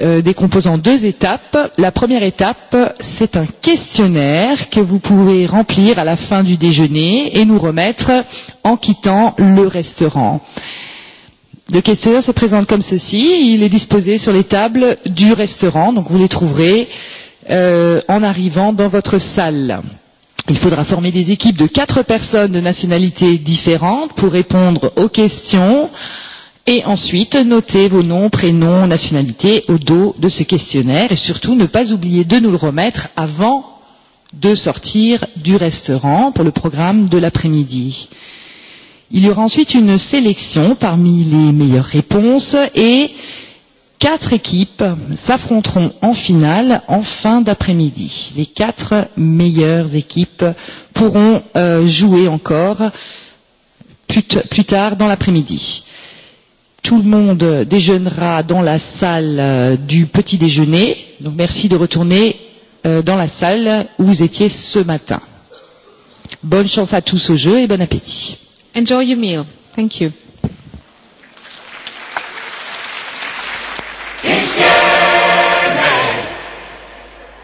euh, décompose en deux étapes. La première étape, c'est un questionnaire que vous pouvez remplir à la fin du déjeuner et nous remettre en quittant le restaurant. Le questionnaire se présente comme ceci. Il est disposé sur les tables du restaurant, donc vous les trouverez euh, en arrivant dans votre salle. Euh, Il faudra former des équipes de quatre personnes de nationalités différentes pour répondre aux questions et ensuite noter vos noms, prénoms, nationalités au dos de ce questionnaire et surtout ne pas oublier de nous le remettre avant de sortir du restaurant pour le programme de l'après-midi. Il y aura ensuite une sélection parmi les meilleures réponses et quatre équipes s'affronteront en finale en fin d'après-midi. Les quatre meilleures équipes pourront euh, jouer encore plus, plus tard dans l'après-midi. Tout le monde déjeunera dans la salle euh, du petit déjeuner. Donc merci de retourner euh, dans la salle où vous étiez ce matin. Bonne chance à tous au jeu et bon appétit. Enjoy your meal. Thank you.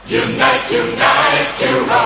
Unite, unite, to all.